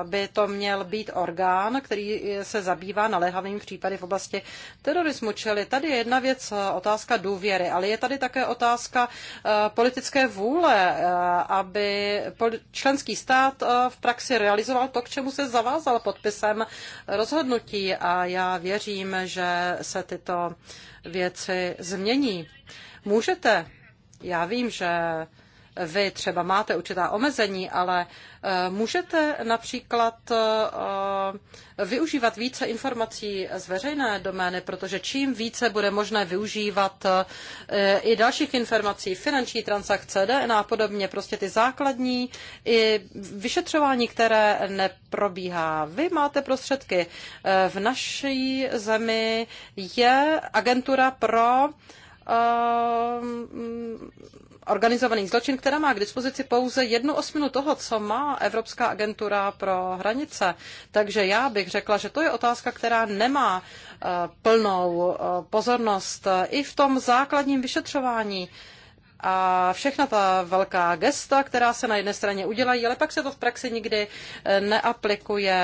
S2: by to měl být orgán, který se zabývá naléhavými případy v oblasti terorismu. Čili tady je jedna věc otázka důvěry, ale je tady také otázka politické vůle, aby členský stát v praxi realizoval to, k čemu se zavázal podpisem rozhodnutí a já věřím, že se tyto věci změní. Můžete, já vím, že vy třeba máte určitá omezení, ale eh, můžete například eh, využívat více informací z veřejné domény, protože čím více bude možné využívat eh, i dalších informací, finanční transakce, DNA a podobně, prostě ty základní i vyšetřování, které neprobíhá. Vy máte prostředky. V naší zemi je agentura pro organizovaný zločin, která má k dispozici pouze jednu osminu toho, co má Evropská agentura pro hranice. Takže já bych řekla, že to je otázka, která nemá eh, plnou eh, pozornost eh, i v tom základním vyšetřování. A všechna ta velká gesta, která se na jedné straně udělají, ale pak se to v praxi nikdy neaplikuje,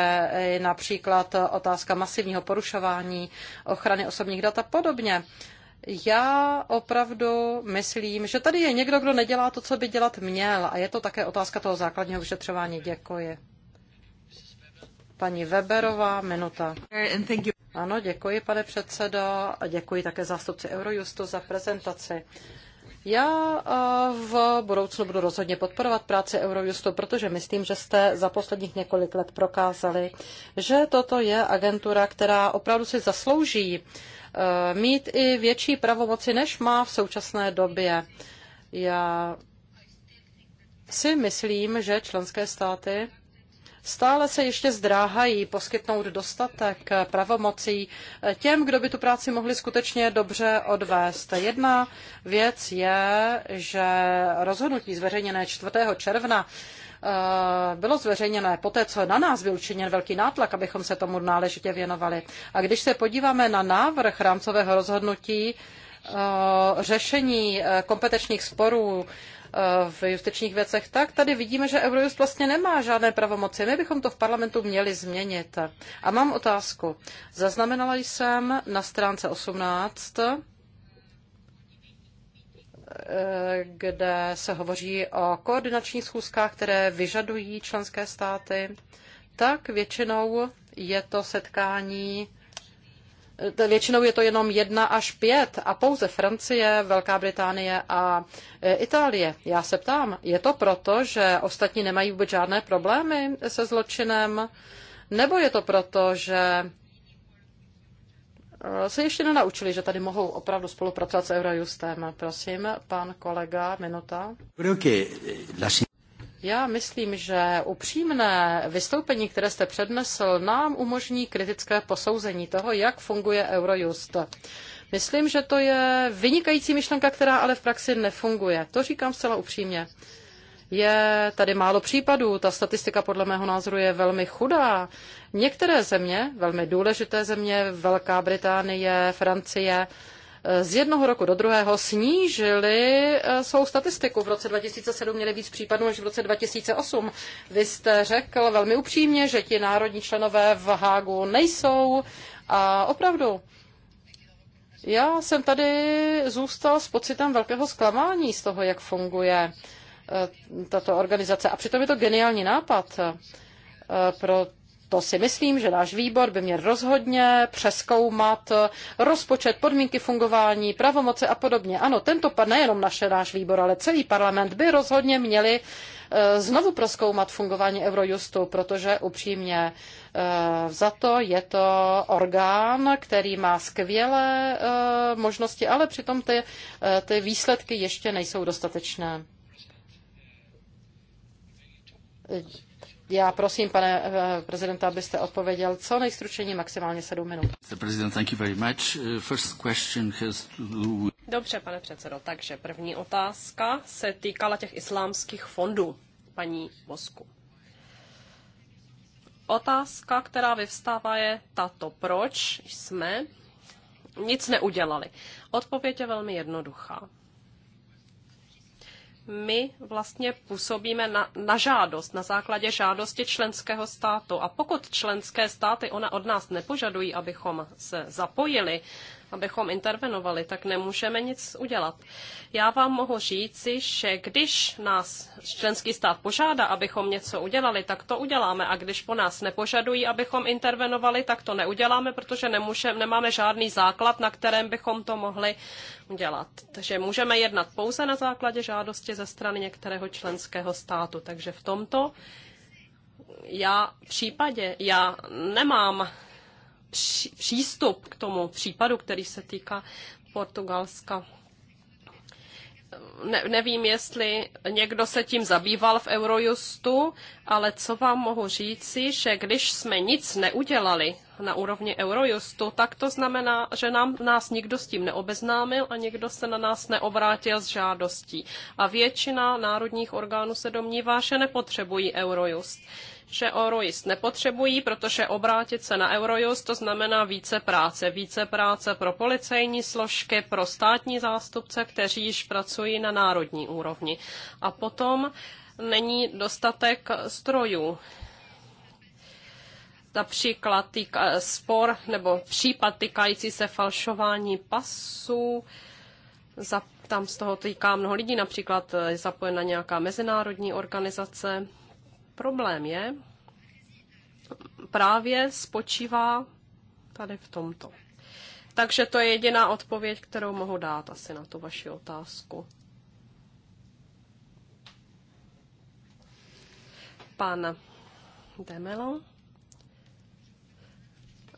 S2: například otázka masivního porušování ochrany osobních dat a podobně já opravdu myslím, že tady je někdo, kdo nedělá to, co by dělat měl. A je to také otázka toho základního vyšetřování. Děkuji. Paní Weberová, minuta. Ano, děkuji, pane předsedo, a děkuji také zástupci Eurojustu za prezentaci. Já eh, v budoucnu budu rozhodně podporovat práci Eurojustu, protože myslím, že jste za posledních několik let prokázali, že toto je agentura, která opravdu si zaslouží Eh, mít i větší pravomoci, než má v současné době. Já si myslím, že členské státy stále se ještě zdráhají poskytnout dostatek pravomocí těm, kdo by tu práci mohli skutečně dobře odvést. Jedna věc je, že rozhodnutí zveřejněné 4. června Eh, bylo zveřejněné poté, co na nás byl učiněn velký nátlak, abychom se tomu náležitě věnovali. A když se podíváme na návrh rámcového rozhodnutí eh, řešení eh, kompetenčních sporů v justičních věcech, tak tady vidíme, že Eurojust vlastně nemá žádné pravomoci. My bychom to v parlamentu měli změnit. A mám otázku. Zaznamenala jsem na stránce 18 kde se hovoří o koordinačních schůzkách, které vyžadují členské státy, tak většinou je to setkání eh, Většinou je to jenom jedna až pět a pouze Francie, Velká Británie a eh, Itálie. Já se ptám, je to proto, že ostatní nemají vůbec žádné problémy se zločinem? Nebo je to proto, že Eh, se ještě nenaučili, že tady mohou opravdu spolupracovat s Eurojustem. Prosím, pan kolega, minuta.
S1: Eh,
S2: Já myslím, že upřímné vystoupení, které jste přednesl, nám umožní kritické posouzení toho, jak funguje Eurojust. Myslím, že to je vynikající myšlenka, která ale v praxi nefunguje. To říkám zcela upřímně je tady málo případů. Ta statistika podle mého názoru je velmi chudá. Některé země, velmi důležité země, Velká Británie, Francie, eh, z jednoho roku do druhého snížili eh, svou statistiku. V roce 2007 měli víc případů než v roce 2008. Vy jste řekl velmi upřímně, že ti národní členové v Hágu nejsou a opravdu já jsem tady zůstal s pocitem velkého zklamání z toho, jak funguje Eh, tato organizace. A přitom je to geniální nápad. Eh, pro to si myslím, že náš výbor by měl rozhodně přeskoumat eh, rozpočet, podmínky fungování, pravomoci a podobně. Ano, tento, par, nejenom naše, náš výbor, ale celý parlament by rozhodně měli znovu proskoumat fungování Eurojustu, protože upřímně za to je to orgán, který má skvělé možnosti, ale přitom ty, ty výsledky ještě nejsou dostatečné. Já prosím, pane eh, prezidenta, abyste odpověděl co nejstručněji, maximálně sedm minut.
S1: Eh,
S3: Dobře, pane předsedo, takže první otázka se týkala těch islámských fondů, paní Bosku. Otázka, která vyvstává, je tato. Proč jsme nic neudělali? Odpověď je velmi jednoduchá my vlastně působíme na, na žádost, na základě žádosti členského státu. A pokud členské státy ona od nás nepožadují, abychom se zapojili, abychom intervenovali, tak nemůžeme nic udělat. Já vám mohu říci, že když nás členský stát požádá, abychom něco udělali, tak to uděláme. A když po nás nepožadují, abychom intervenovali, tak to neuděláme, protože nemůžeme, nemáme žádný základ, na kterém bychom to mohli udělat. Takže můžeme jednat pouze na základě žádosti ze strany některého členského státu. Takže v tomto já v případě, já nemám přístup k tomu případu, který se týká Portugalska. Ne, nevím, jestli někdo se tím zabýval v Eurojustu, ale co vám mohu říci, že když jsme nic neudělali na úrovni Eurojustu, tak to znamená, že nám, nás nikdo s tím neobeznámil a nikdo se na nás neobrátil s žádostí. A většina národních orgánů se domnívá, že nepotřebují Eurojust že Eurojust nepotřebují, protože obrátit se na Eurojust to znamená více práce. Více práce pro policejní složky, pro státní zástupce, kteří již pracují na národní úrovni. A potom není dostatek strojů například týka, eh, spor nebo případ týkající se falšování pasů. Za, tam z toho týká mnoho lidí, například eh, je zapojena nějaká mezinárodní organizace problém je, právě spočívá tady v tomto. Takže to je jediná odpověď, kterou mohu dát asi na tu vaši otázku. Pan Demelo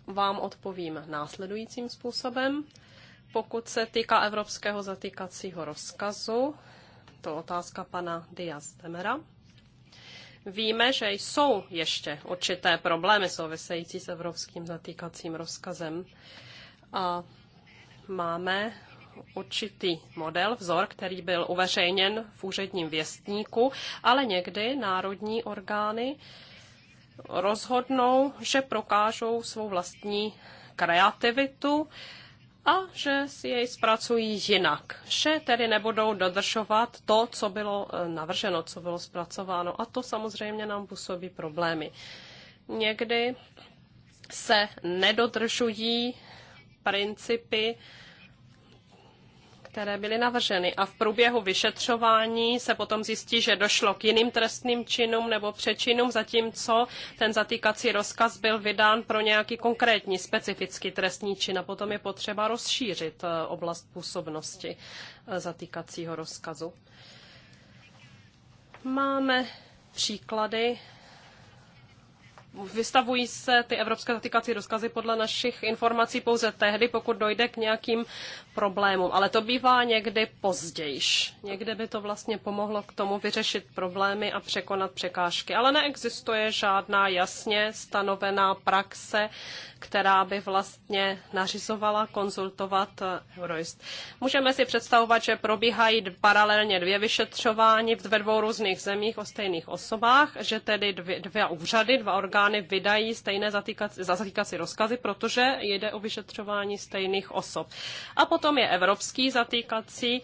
S3: vám odpovím následujícím způsobem. Pokud se týká evropského zatýkacího rozkazu, to otázka pana Diaz Demera, Víme, že jsou ještě určité problémy související s evropským zatýkacím rozkazem. A máme určitý model, vzor, který byl uveřejněn v úředním věstníku, ale někdy národní orgány rozhodnou, že prokážou svou vlastní kreativitu a že si jej zpracují jinak. Že tedy nebudou dodržovat to, co bylo e, navrženo, co bylo zpracováno. A to samozřejmě nám působí problémy. Někdy se nedodržují principy které byly navrženy. A v průběhu vyšetřování se potom zjistí, že došlo k jiným trestným činům nebo přečinům, zatímco ten zatýkací rozkaz byl vydán pro nějaký konkrétní specifický trestní čin. A potom je potřeba rozšířit eh, oblast působnosti eh, zatýkacího rozkazu. Máme příklady vystavují se ty evropské zatýkací rozkazy podle našich informací pouze tehdy, pokud dojde k nějakým problémům, ale to bývá někdy pozdějiš. Někde by to vlastně pomohlo k tomu vyřešit problémy a překonat překážky, ale neexistuje žádná jasně stanovená praxe, která by vlastně nařizovala konzultovat eh, Eurojist. Můžeme si představovat, že probíhají paralelně dvě vyšetřování ve dvou různých zemích o stejných osobách, že tedy dvě, dvě úřady, dva orgány vydají stejné zatýkací, zatýkací rozkazy, protože jde o vyšetřování stejných osob. A potom potom je evropský zatýkací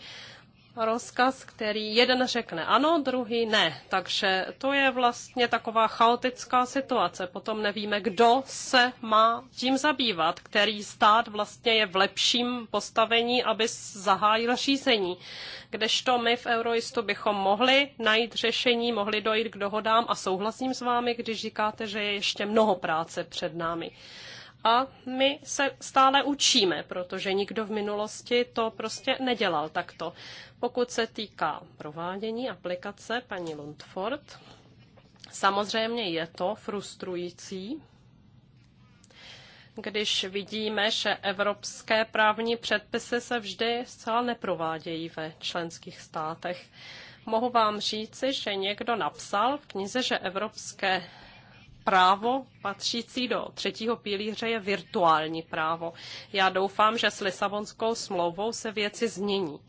S3: rozkaz, který jeden řekne ano, druhý ne. Takže to je vlastně taková chaotická situace. Potom nevíme, kdo se má tím zabývat, který stát vlastně je v lepším postavení, aby zahájil řízení. Kdežto my v Euroistu bychom mohli najít řešení, mohli dojít k dohodám a souhlasím s vámi, když říkáte, že je ještě mnoho práce před námi. A my se stále učíme, protože nikdo v minulosti to prostě nedělal takto. Pokud se týká provádění aplikace paní Lundford, samozřejmě je to frustrující, když vidíme, že evropské právní předpisy se vždy zcela neprovádějí ve členských státech. Mohu vám říci, že někdo napsal v knize, že evropské právo patřící do třetího pilíře je virtuální právo. Já doufám, že s Lisabonskou smlouvou se věci změní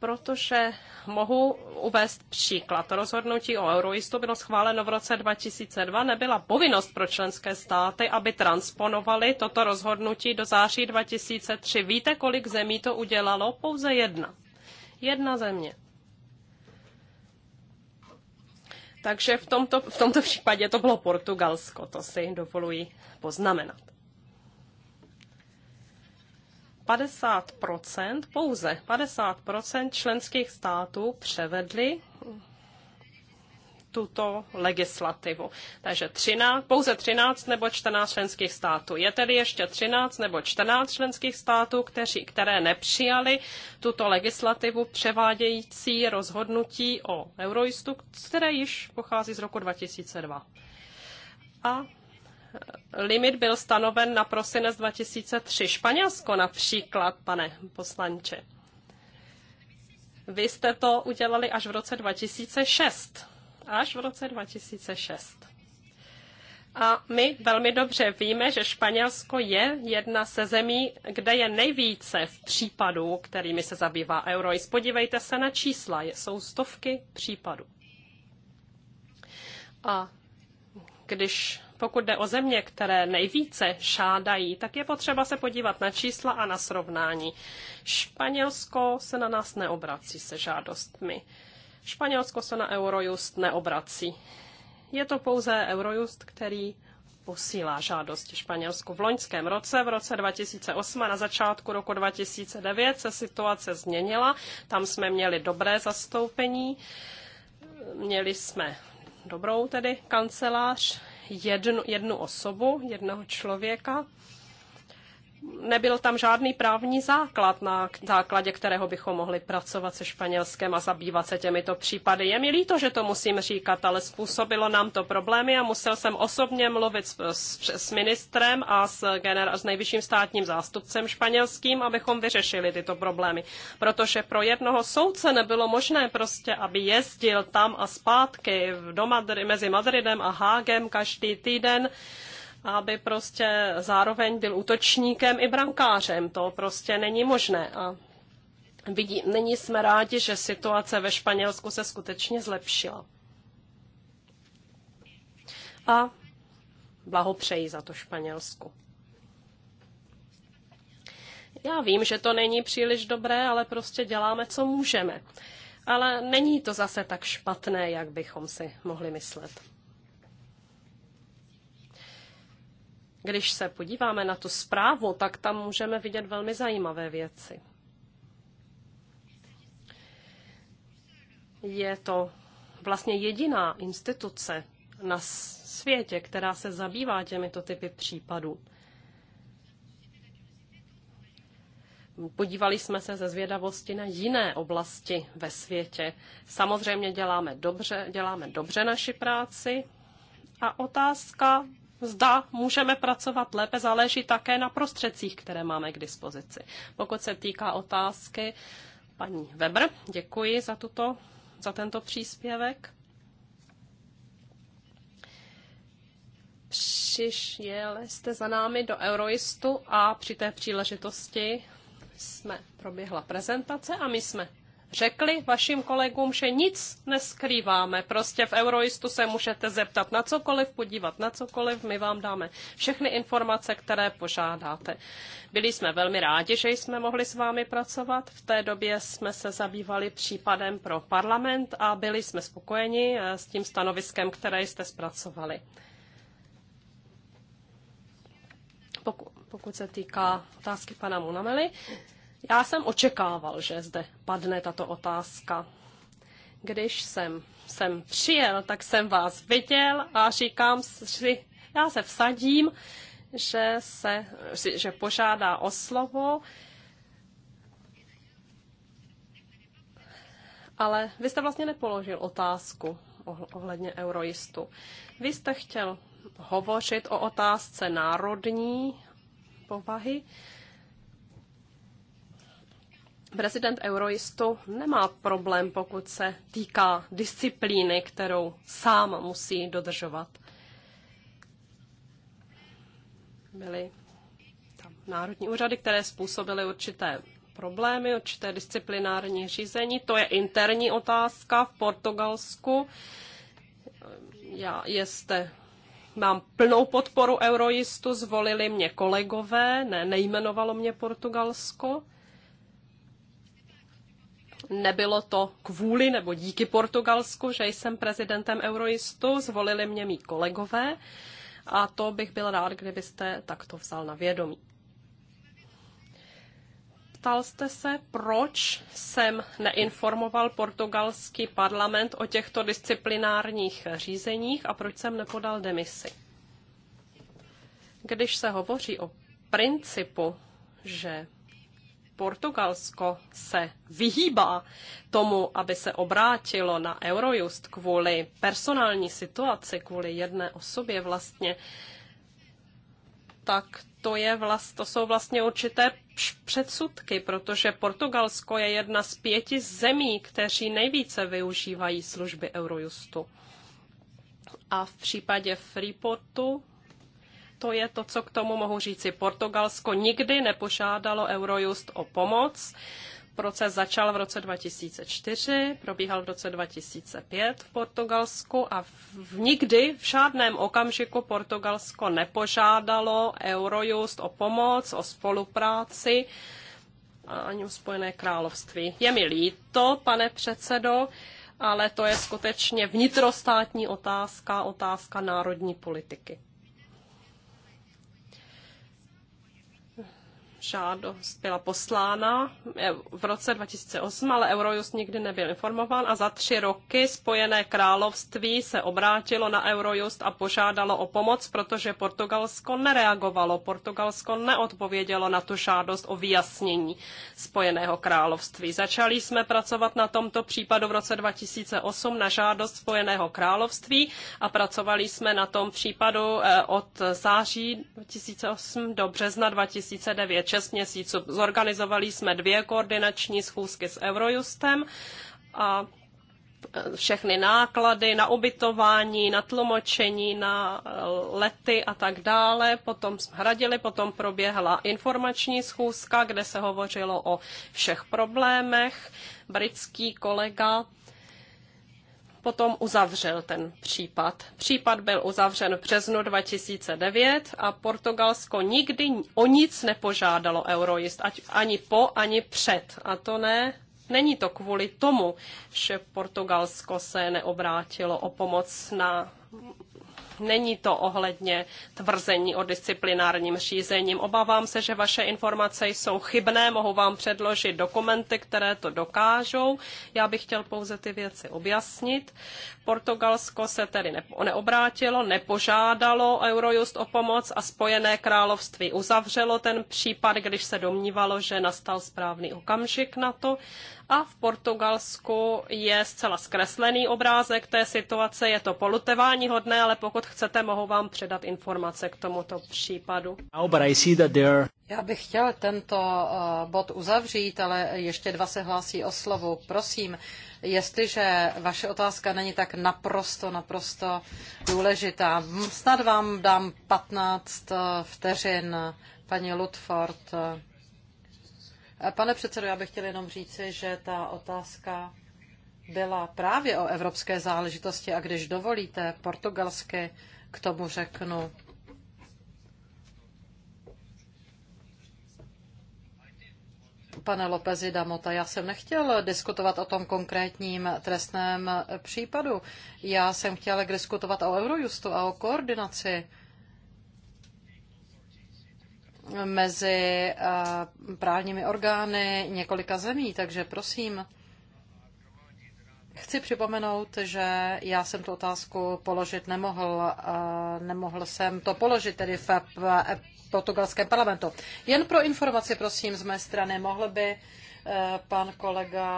S3: protože mohu uvést příklad. Rozhodnutí o Euroistu bylo schváleno v roce 2002. Nebyla povinnost pro členské státy, aby transponovali toto rozhodnutí do září 2003. Víte, kolik zemí to udělalo? Pouze jedna. Jedna země. Takže v tomto, v tomto případě to bylo Portugalsko, to si dovoluji poznamenat. 50 pouze 50 členských států převedli tuto legislativu. Takže 13, pouze 13 nebo 14 členských států. Je tedy ještě 13 nebo 14 členských států, kteří, které nepřijali tuto legislativu převádějící rozhodnutí o Euroistu, které již pochází z roku 2002. A e, limit byl stanoven na prosinec 2003. Španělsko například, pane poslanče. Vy jste to udělali až v roce 2006 až v roce 2006. A my velmi dobře víme, že Španělsko je jedna ze zemí, kde je nejvíce v případů, kterými se zabývá Eurois. Podívejte se na čísla, jsou stovky případů. A když pokud jde o země, které nejvíce šádají, tak je potřeba se podívat na čísla a na srovnání. Španělsko se na nás neobrací se žádostmi. Španělsko se na Eurojust neobrací. Je to pouze Eurojust, který posílá žádost. Španělsku. V loňském roce, v roce 2008 a na začátku roku 2009 se situace změnila. Tam jsme měli dobré zastoupení. Měli jsme dobrou tedy kancelář, jednu, jednu osobu, jednoho člověka, nebyl tam žádný právní základ, na základě kterého bychom mohli pracovat se Španělskem a zabývat se těmito případy. Je mi líto, že to musím říkat, ale způsobilo nám to problémy a musel jsem osobně mluvit s, s, s ministrem a s, gener- s nejvyšším státním zástupcem španělským, abychom vyřešili tyto problémy. Protože pro jednoho soudce nebylo možné prostě, aby jezdil tam a zpátky do Madry- mezi Madridem a Hágem každý týden aby prostě zároveň byl útočníkem i brankářem. To prostě není možné. A vidí, nyní jsme rádi, že situace ve Španělsku se skutečně zlepšila. A blahopřeji za to Španělsku. Já vím, že to není příliš dobré, ale prostě děláme, co můžeme. Ale není to zase tak špatné, jak bychom si mohli myslet. když se podíváme na tu zprávu, tak tam můžeme vidět velmi zajímavé věci. Je to vlastně jediná instituce na světě, která se zabývá těmito typy případů. Podívali jsme se ze zvědavosti na jiné oblasti ve světě. Samozřejmě děláme dobře, děláme dobře naši práci. A otázka Zda můžeme pracovat lépe, záleží také na prostředcích, které máme k dispozici. Pokud se týká otázky paní Weber, děkuji za, tuto, za tento příspěvek. Přišel jste za námi do Euroistu a při té příležitosti jsme proběhla prezentace a my jsme řekli vašim kolegům, že nic neskrýváme. Prostě v Euroistu se můžete zeptat na cokoliv, podívat na cokoliv, my vám dáme všechny informace, které požádáte. Byli jsme velmi rádi, že jsme mohli s vámi pracovat. V té době jsme se zabývali případem pro parlament a byli jsme spokojeni eh, s tím stanoviskem, které jste zpracovali. Pokud, pokud se týká otázky pana Munameli. Já jsem očekával, že zde padne tato otázka. Když jsem sem přijel, tak jsem vás viděl a říkám si, já se vsadím, že, se, že požádá o slovo, ale vy jste vlastně nepoložil otázku ohledně euroistu. Vy jste chtěl hovořit o otázce národní povahy, Prezident Eurojistu nemá problém, pokud se týká disciplíny, kterou sám musí dodržovat. Byly tam národní úřady, které způsobily určité problémy, určité disciplinární řízení. To je interní otázka v Portugalsku. Já jste mám plnou podporu eurojistu, zvolili mě kolegové, ne, nejmenovalo mě Portugalsko. Nebylo to kvůli nebo díky Portugalsku, že jsem prezidentem Euroistu, zvolili mě mý kolegové a to bych byl rád, kdybyste takto vzal na vědomí. Ptal jste se, proč jsem neinformoval portugalský parlament o těchto disciplinárních řízeních a proč jsem nepodal demisi. Když se hovoří o principu, že Portugalsko se vyhýbá tomu, aby se obrátilo na Eurojust kvůli personální situaci, kvůli jedné osobě vlastně, tak to, je vlast, to jsou vlastně určité předsudky, protože Portugalsko je jedna z pěti zemí, kteří nejvíce využívají služby Eurojustu. A v případě Freeportu to je to, co k tomu mohu říci. Portugalsko nikdy nepožádalo Eurojust o pomoc. Proces začal v roce 2004, probíhal v roce 2005 v Portugalsku a v, nikdy v žádném okamžiku Portugalsko nepožádalo Eurojust o pomoc, o spolupráci ani o Spojené království. Je mi líto, pane předsedo, ale to je skutečně vnitrostátní otázka, otázka národní politiky. žádost byla poslána eh, v roce 2008, ale Eurojust nikdy nebyl informován a za tři roky Spojené království se obrátilo na Eurojust a požádalo o pomoc, protože Portugalsko nereagovalo, Portugalsko neodpovědělo na tu žádost o vyjasnění Spojeného království. Začali jsme pracovat na tomto případu v roce 2008 na žádost Spojeného království a pracovali jsme na tom případu eh, od září 2008 do března 2009. 6 měsíců. Zorganizovali jsme dvě koordinační schůzky s Eurojustem a e, všechny náklady na ubytování, na tlumočení, na e, lety a tak dále. Potom jsme hradili, potom proběhla informační schůzka, kde se hovořilo o všech problémech. Britský kolega potom uzavřel ten případ. Případ byl uzavřen v březnu 2009 a Portugalsko nikdy o nic nepožádalo Eurojist, ať ani po, ani před. A to ne, není to kvůli tomu, že Portugalsko se neobrátilo o pomoc na Není to ohledně tvrzení o disciplinárním řízením. Obávám se, že vaše informace jsou chybné, mohu vám předložit dokumenty, které to dokážou. Já bych chtěl pouze ty věci objasnit. Portugalsko se tedy neobrátilo, nepožádalo Eurojust o pomoc a Spojené království uzavřelo ten případ, když se domnívalo, že nastal správný okamžik na to. A v Portugalsku je zcela zkreslený obrázek té situace, je to polutevání hodné, ale pokud chcete, mohu vám předat informace k tomuto případu. Já bych chtěl
S2: tento eh, bod uzavřít, ale ještě dva se hlásí o slovu. Prosím, jestliže vaše otázka není tak naprosto, naprosto důležitá, snad vám dám 15 eh, vteřin, paní Ludford. Pane předsedo, já bych chtěl jenom říci, že ta otázka byla právě o evropské záležitosti a když dovolíte portugalsky, k tomu řeknu. Pane Lopezi Damota, já jsem nechtěl diskutovat o tom konkrétním trestném případu. Já jsem chtěl diskutovat o Eurojustu a o koordinaci mezi eh, právními orgány několika zemí, takže prosím. Chci připomenout, že já jsem tu otázku položit nemohl. Eh, nemohl jsem to položit tedy v portugalském parlamentu. Jen pro informaci, prosím, z mé strany, mohl by eh, pan kolega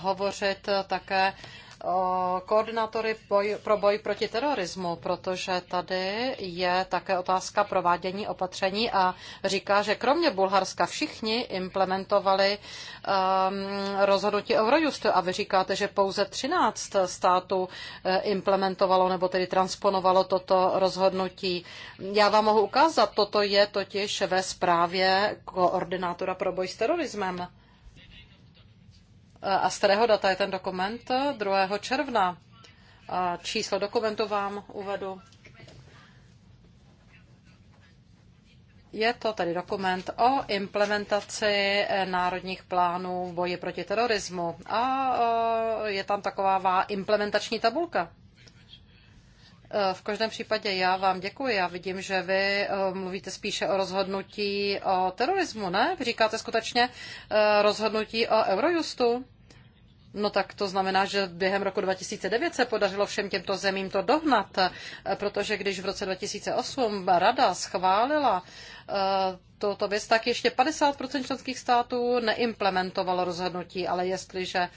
S2: hovořit také koordinátory boj, pro boj proti terorismu, protože tady je také otázka provádění opatření a říká, že kromě Bulharska všichni implementovali um, rozhodnutí Eurojustu a vy říkáte, že pouze 13 států eh, implementovalo nebo tedy transponovalo toto rozhodnutí. Já vám mohu ukázat, toto je totiž ve zprávě koordinátora pro boj s terorismem a starého data je ten dokument? 2. června. A číslo dokumentu vám uvedu. Je to tedy dokument o implementaci eh, národních plánů v boji proti terorismu a eh, je tam taková implementační tabulka. Eh, v každém případě já vám děkuji. Já vidím, že vy eh, mluvíte spíše o rozhodnutí o terorismu, ne? Vy říkáte skutečně eh, rozhodnutí o Eurojustu? No tak to znamená, že během roku 2009 se podařilo všem těmto zemím to dohnat, protože když v roce 2008 rada schválila toto věc, tak ještě 50% členských států neimplementovalo rozhodnutí, ale jestliže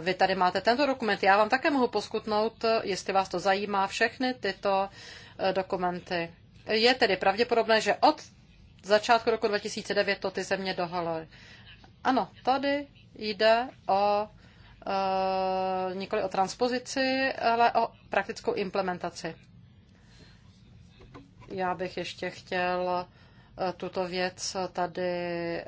S2: vy tady máte tento dokument, já vám také mohu poskutnout, jestli vás to zajímá, všechny tyto eh, dokumenty. Je tedy pravděpodobné, že od začátku roku 2009 to ty země dohaly. Ano, tady jde o e, nikoli o transpozici, ale o praktickou implementaci. Já bych ještě chtěl eh, tuto věc tady e,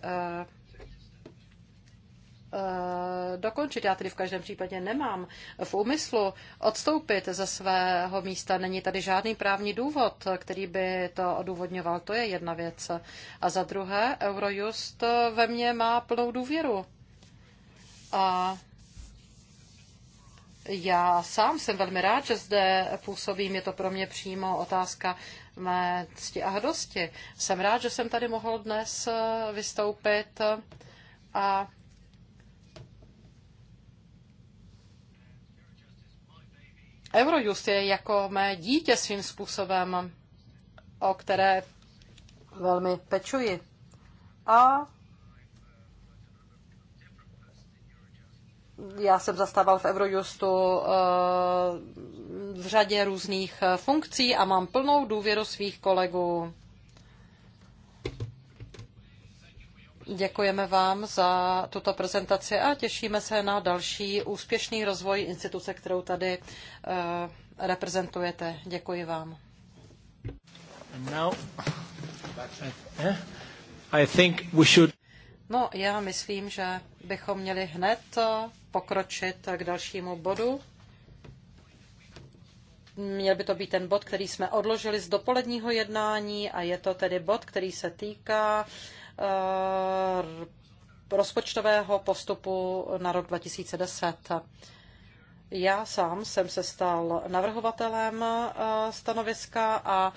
S2: Eh, dokončit. Já tedy v každém případě nemám v úmyslu odstoupit ze svého místa. Není tady žádný právní důvod, který by to odůvodňoval. To je jedna věc. A za druhé, Eurojust ve mně má plnou důvěru. A já sám jsem velmi rád, že zde působím. Je to pro mě přímo otázka mé cti a hrdosti. Jsem rád, že jsem tady mohl dnes vystoupit a Eurojust je jako mé dítě svým způsobem, o které velmi pečuji. A já jsem zastával v Eurojustu eh, v řadě různých eh, funkcí a mám plnou důvěru svých kolegů. Děkujeme vám za tuto prezentaci a těšíme se na další úspěšný rozvoj instituce, kterou tady eh, reprezentujete. Děkuji vám. Eh, no, já myslím, že bychom měli hned eh, pokročit k dalšímu bodu. Měl by to být ten bod, který jsme odložili z dopoledního jednání a je to tedy bod, který se týká Eh, rozpočtového postupu na rok 2010. Já sám jsem se stal navrhovatelem eh, stanoviska a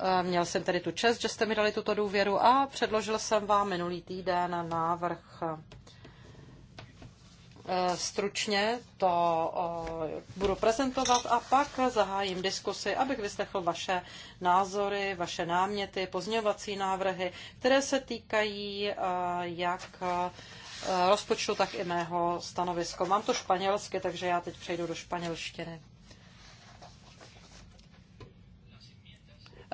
S2: eh, měl jsem tedy tu čest, že jste mi dali tuto důvěru a předložil jsem vám minulý týden návrh Eh, stručně to budu prezentovat a pak zahájím diskusi, abych vyslechl vaše názory, vaše náměty, pozměňovací návrhy, které se týkají eh, jak eh, rozpočtu, tak i mého stanovisko. Mám to španělsky, takže já teď přejdu do španělštiny.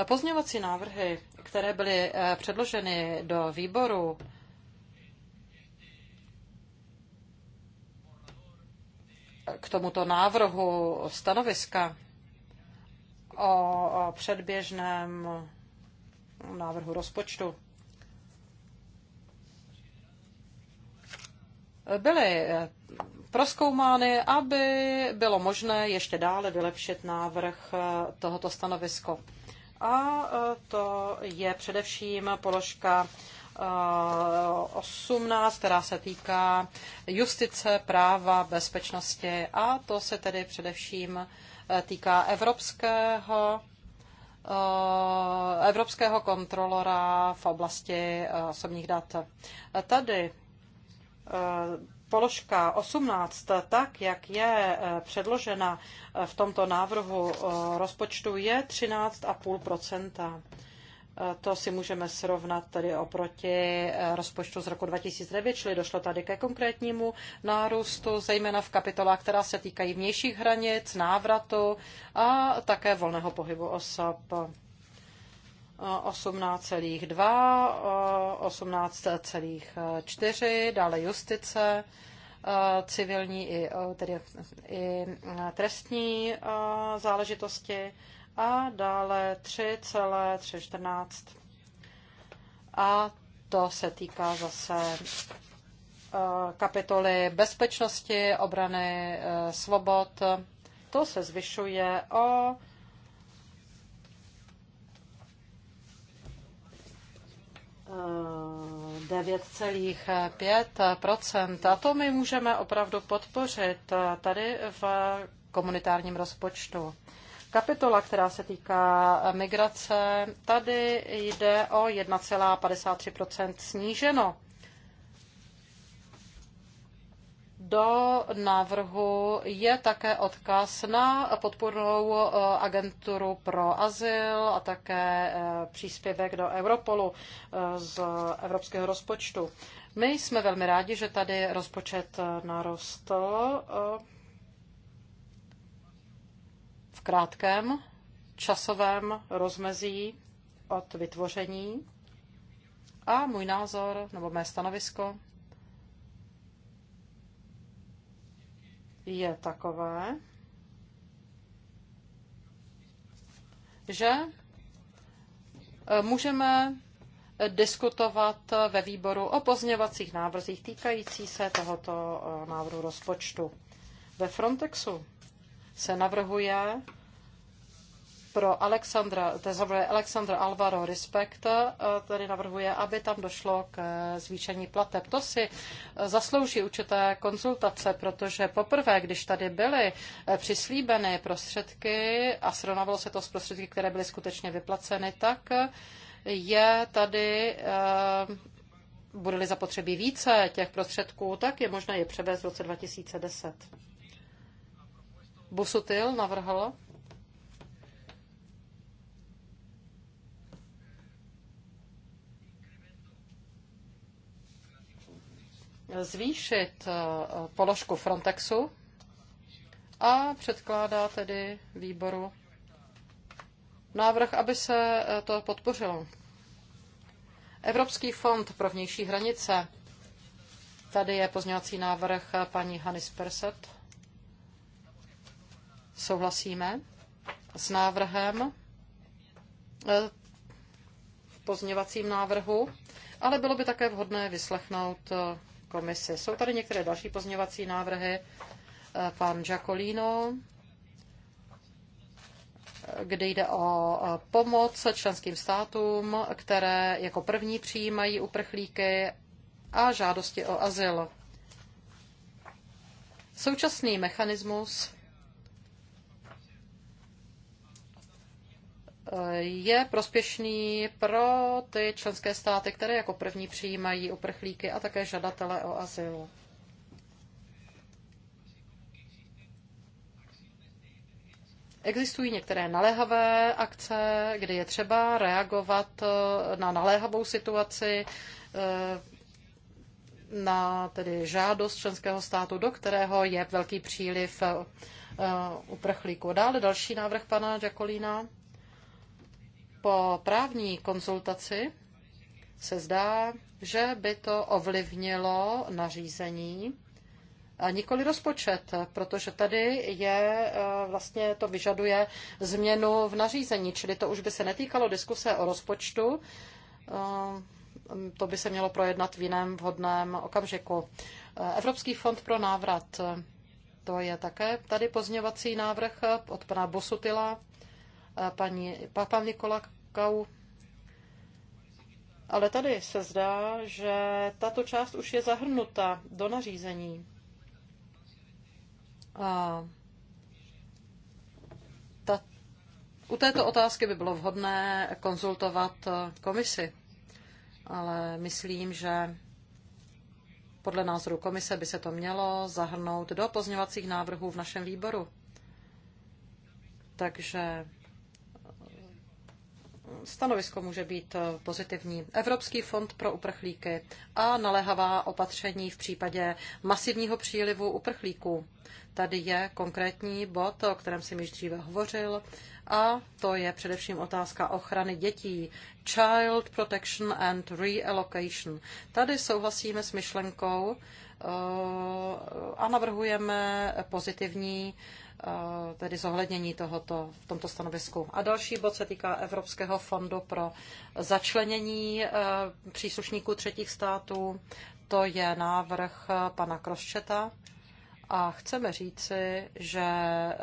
S2: Pozměňovací návrhy, které byly předloženy do výboru, k tomuto návrhu stanoviska o předběžném návrhu rozpočtu. Byly eh, proskoumány, aby bylo možné ještě dále vylepšit návrh eh, tohoto stanovisko. A eh, to je především položka 18, která se týká justice, práva, bezpečnosti a to se tedy především eh, týká evropského eh, evropského kontrolora v oblasti eh, osobních dat. Tady položka 18, tak jak je předložena v tomto návrhu rozpočtu, je 13,5 to si můžeme srovnat tedy oproti eh, rozpočtu z roku 2009, čili došlo tady ke konkrétnímu nárůstu, zejména v kapitolách, která se týkají vnějších hranic, návratu a také volného pohybu osob. 18,2, eh, 18,4, eh, dále justice, civilní i, tedy i trestní záležitosti a dále 3,314. A to se týká zase eh, kapitoly bezpečnosti, obrany, eh, svobod. To se zvyšuje o eh, devět celých pět procent. A to my můžeme opravdu podpořit tady v komunitárním rozpočtu. Kapitola, která se týká eh, migrace, tady jde o 1,53 sníženo do návrhu je také odkaz na podpornou eh, agenturu pro azyl a také eh, příspěvek do Europolu z evropského rozpočtu. My jsme velmi rádi, že tady rozpočet narostl krátkém časovém rozmezí od vytvoření a můj názor nebo mé stanovisko je takové, že e, můžeme diskutovat ve výboru o pozněvacích návrzích týkající se tohoto e, návrhu rozpočtu. Ve Frontexu se navrhuje pro Alexandra, to znamená Alexandra Alvaro Respect, eh, tedy navrhuje, aby tam došlo k zvýšení plateb. To si eh, zaslouží určité konzultace, protože poprvé, když tady byly eh, přislíbeny prostředky a srovnávalo se to s prostředky, které byly skutečně vyplaceny, tak je tady bude-li zapotřebí více těch prostředků, tak je možné je převést v roce 2010. Bosotil navrhl. zvýšit eh, položku Frontexu a předkládá tedy výboru návrh, aby se eh, to podpořilo. Evropský fond pro vnější hranice. Tady je pozněvací návrh eh, paní Hanis Perset. Souhlasíme s návrhem v e, pozměvacím návrhu, ale bylo by také vhodné vyslechnout e, komisi. Jsou tady některé další pozměvací návrhy. E, pan Giacolino, kde jde o pomoc členským státům, které jako první přijímají uprchlíky a žádosti o azyl. Současný mechanismus je prospěšný pro ty členské státy, které jako první přijímají uprchlíky a také žadatele o azyl. Existují některé naléhavé akce, kdy je třeba reagovat eh, na naléhavou situaci, eh, na tedy žádost členského státu, do kterého je velký příliv eh, uprchlíků. Dále další návrh pana Jacolina. Po právní konzultaci se zdá, že by to ovlivnilo nařízení a nikoli rozpočet, protože tady je e, vlastně to vyžaduje změnu v nařízení, čili to už by se netýkalo diskuse o rozpočtu, e, to by se mělo projednat v jiném vhodném okamžiku. E, Evropský fond pro návrat, to je také tady pozněvací návrh od pana Bosutila paní Papa Nikola Kau. Ale tady se zdá, že tato část už je zahrnuta do nařízení. A ta, u této otázky by bylo vhodné konzultovat komisi, ale myslím, že podle názoru komise by se to mělo zahrnout do pozněvacích návrhů v našem výboru. Takže stanovisko může být eh, pozitivní. Evropský fond pro uprchlíky a naléhavá opatření v případě masivního přílivu uprchlíků. Tady je konkrétní bod, o kterém jsem již dříve hovořil, a to je především otázka ochrany dětí. Child Protection and Reallocation. Tady souhlasíme s myšlenkou eh, a navrhujeme pozitivní Eh, tedy zohlednění tohoto v tomto stanovisku. A další bod se týká Evropského fondu pro začlenění eh, příslušníků třetích států. To je návrh eh, pana Kroščeta, a chceme říci, že eh,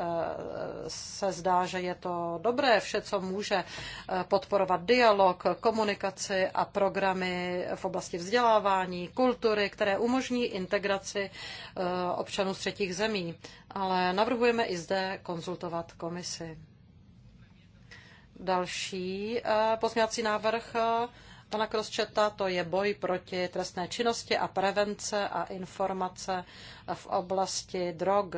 S2: se zdá, že je to dobré vše, co může eh, podporovat dialog, komunikaci a programy v oblasti vzdělávání, kultury, které umožní integraci eh, občanů z třetích zemí. Ale navrhujeme i zde konzultovat komisi. Další pozměňovací návrh pana Krosčeta, to je boj proti trestné činnosti a prevence a informace v oblasti drog.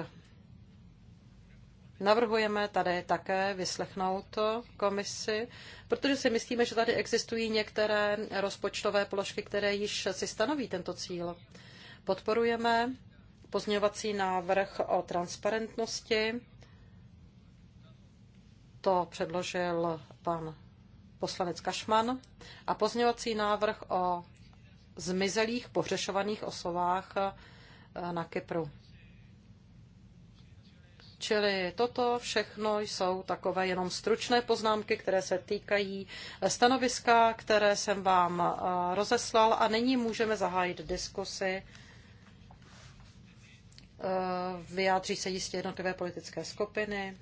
S2: Navrhujeme tady také vyslechnout komisi, protože si myslíme, že tady existují některé rozpočtové položky, které již si stanoví tento cíl. Podporujeme pozměňovací návrh o transparentnosti. To předložil pan poslanec Kašman a pozněvací návrh o zmizelých pohřešovaných osobách eh, na Kypru. Čili toto všechno jsou takové jenom stručné poznámky, které se týkají eh, stanoviska, které jsem vám eh, rozeslal a nyní můžeme zahájit diskusy. Vyjádří se jistě jednotlivé politické skupiny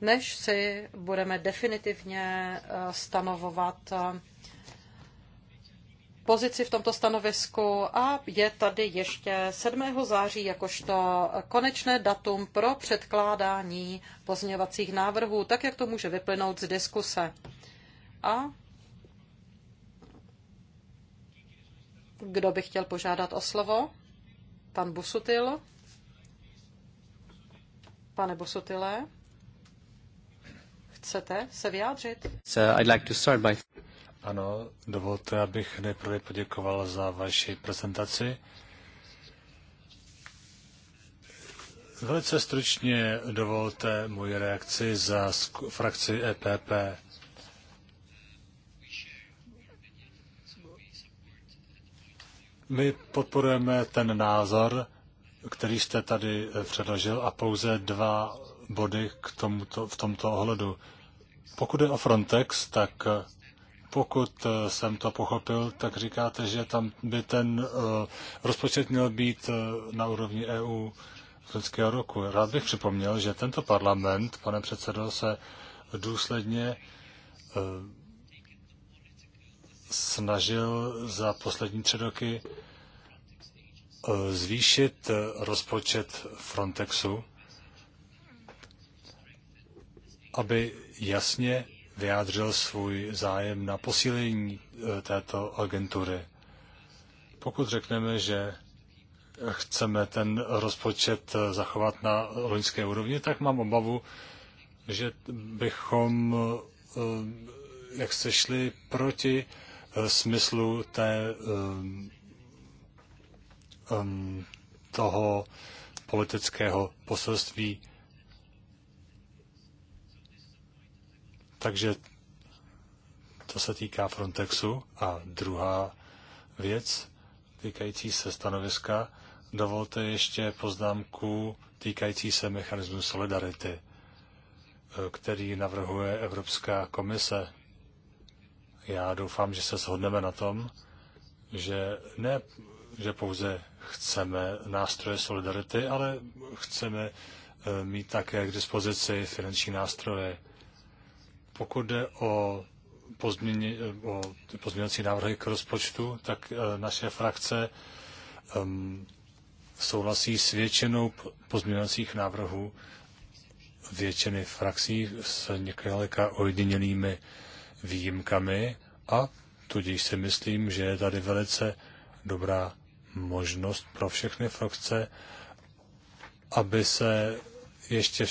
S2: než si budeme definitivně eh, stanovovat eh, pozici v tomto stanovisku a je tady ještě 7. září jakožto konečné datum pro předkládání pozměňovacích návrhů, tak jak to může vyplynout z diskuse. A kdo by chtěl požádat o slovo? Pan Busutil? Pane Busutile? Chcete se vyjádřit?
S1: So I'd like to start by... Ano, dovolte, abych nejprve poděkoval za vaši prezentaci. Velice stručně dovolte moji reakci za frakci EPP. My podporujeme ten názor, který jste tady předložil a pouze dva body k tomuto, v tomto ohledu. Pokud je o Frontex, tak eh, pokud eh, jsem to pochopil, tak říkáte, že tam by ten eh, rozpočet měl být na úrovni EU lidského roku. Rád bych připomněl, že tento parlament, pane předsedo, se důsledně snažil za poslední tři roky zvýšit rozpočet Frontexu, aby jasně vyjádřil svůj zájem na posílení e, této agentury. Pokud řekneme, že chceme ten rozpočet e, zachovat na loňské úrovni, tak mám obavu, že bychom e, jak se šli proti smyslu té, toho politického poselství Takže to se týká Frontexu. A druhá věc týkající se stanoviska, dovolte ještě poznámku týkající se mechanismu solidarity, který navrhuje Evropská komise. Já doufám, že se shodneme na tom, že ne, že pouze chceme nástroje solidarity, ale chceme eh, mít také k dispozici finanční nástroje. Pokud jde o, pozměně, o pozměňovací návrhy k rozpočtu, tak eh, naše frakce um, souhlasí s většinou pozměňovacích návrhů většiny frakcí s několika ojedinělými výjimkami a tudíž si myslím, že je tady velice dobrá možnost pro všechny frakce, aby se ještě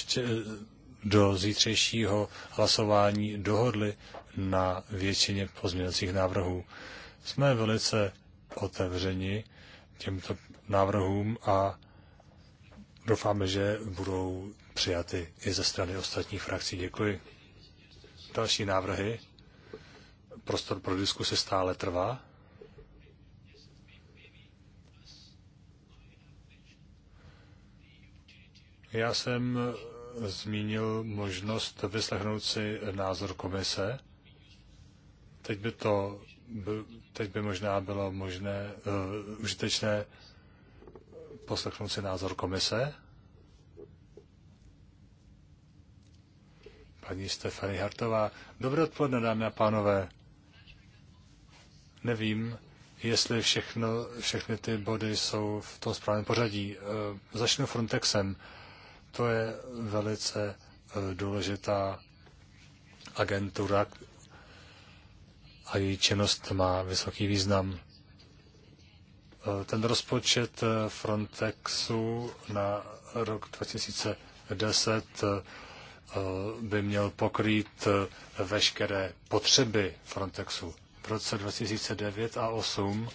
S1: do zítřejšího hlasování dohodli na většině pozměňovacích návrhů. Jsme velice otevřeni těmto návrhům a doufáme, že budou přijaty i ze strany ostatních frakcí. Děkuji. Další návrhy. Prostor pro diskusi stále trvá. Já jsem zmínil možnost vyslechnout si názor komise. Teď by to, teď by možná bylo možné, uh, užitečné poslechnout si názor komise. Paní Stefany Hartová. Dobré odpoledne, dámy a pánové. Nevím, jestli všechno, všechny ty body jsou v tom správném pořadí. Eh, začnu Frontexem. To je velice eh, důležitá agentura a její činnost má vysoký význam. Eh, ten rozpočet eh, Frontexu na rok 2010 by měl pokrýt veškeré potřeby Frontexu. V roce 2009 a 2008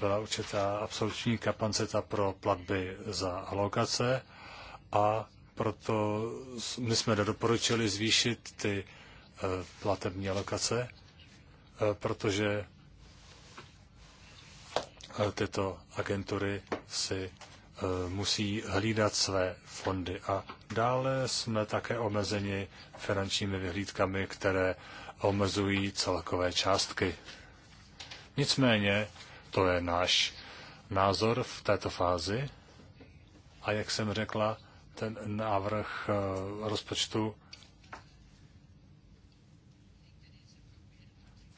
S1: byla určitá absolutní kapacita pro platby za alokace a proto my jsme nedoporučili zvýšit ty eh, platební alokace, eh, protože eh, tyto agentury si musí hlídat své fondy. A dále jsme také omezeni finančními vyhlídkami, které omezují celkové částky. Nicméně to je náš názor v této fázi. A jak jsem řekla, ten návrh eh, rozpočtu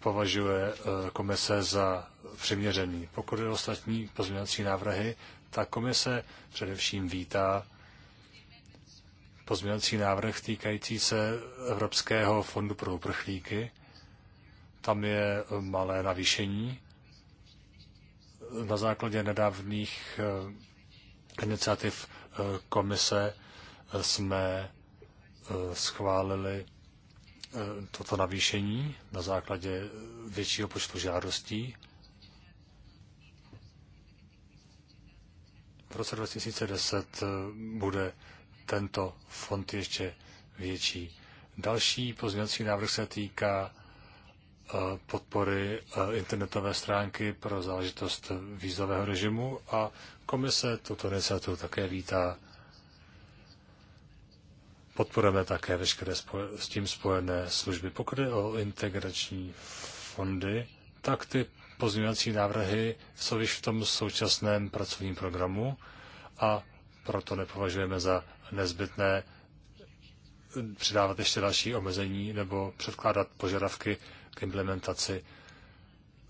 S1: považuje eh, komise za přiměřený. Pokud je ostatní pozměňovací návrhy, tak komise především vítá pozměňovací návrh týkající se Evropského fondu pro uprchlíky. Tam je malé navýšení. Na základě nedávných eh, iniciativ komise eh, jsme eh, schválili eh, toto navýšení na základě většího počtu žádostí. V roce 2010 bude tento fond ještě větší. Další pozměňovací návrh se týká podpory internetové stránky pro záležitost vízového režimu a Komise tuto iniciativu také vítá. Podporujeme také veškeré s tím spojené služby. Pokud je o integrační fondy, tak ty pozměňovací návrhy jsou již v tom současném pracovním programu a proto nepovažujeme za nezbytné přidávat ještě další omezení nebo předkládat požadavky k implementaci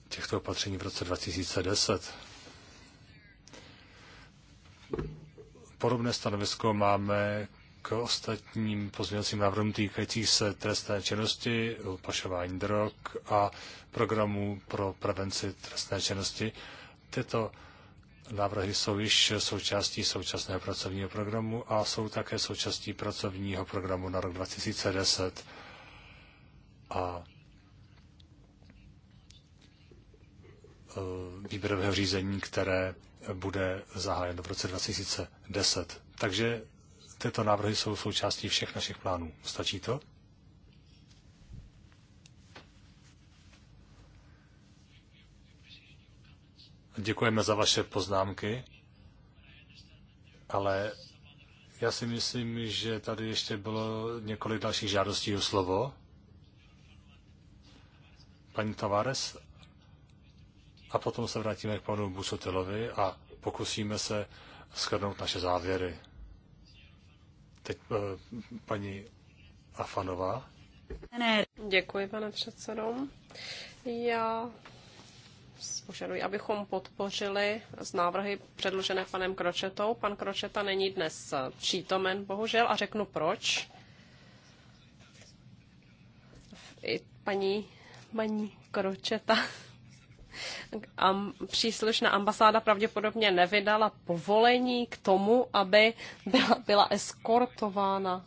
S1: těchto opatření v roce 2010. Podobné stanovisko máme k ostatním pozměňovacím návrhům týkajících se trestné činnosti, pašování drog a programů pro prevenci trestné činnosti. Tyto návrhy jsou již součástí současného pracovního programu a jsou také součástí pracovního programu na rok 2010. A e, výběrového řízení, které bude zahájen v roce 2010. Takže tyto návrhy jsou součástí všech našich plánů. Stačí to? Děkujeme za vaše poznámky, ale já si myslím, že tady ještě bylo několik dalších žádostí o slovo. Paní Tavares a potom se vrátíme k panu Busotelovi a pokusíme se shrnout naše závěry. Teď eh, paní Afanová.
S3: Děkuji, pane předsedo. Já požaduji, abychom podpořili z návrhy předložené panem Kročetou. Pan Kročeta není dnes přítomen, bohužel, a řeknu proč. I paní, paní Kročeta příslušná ambasáda pravděpodobně nevydala povolení k tomu, aby byla, byla eskortována.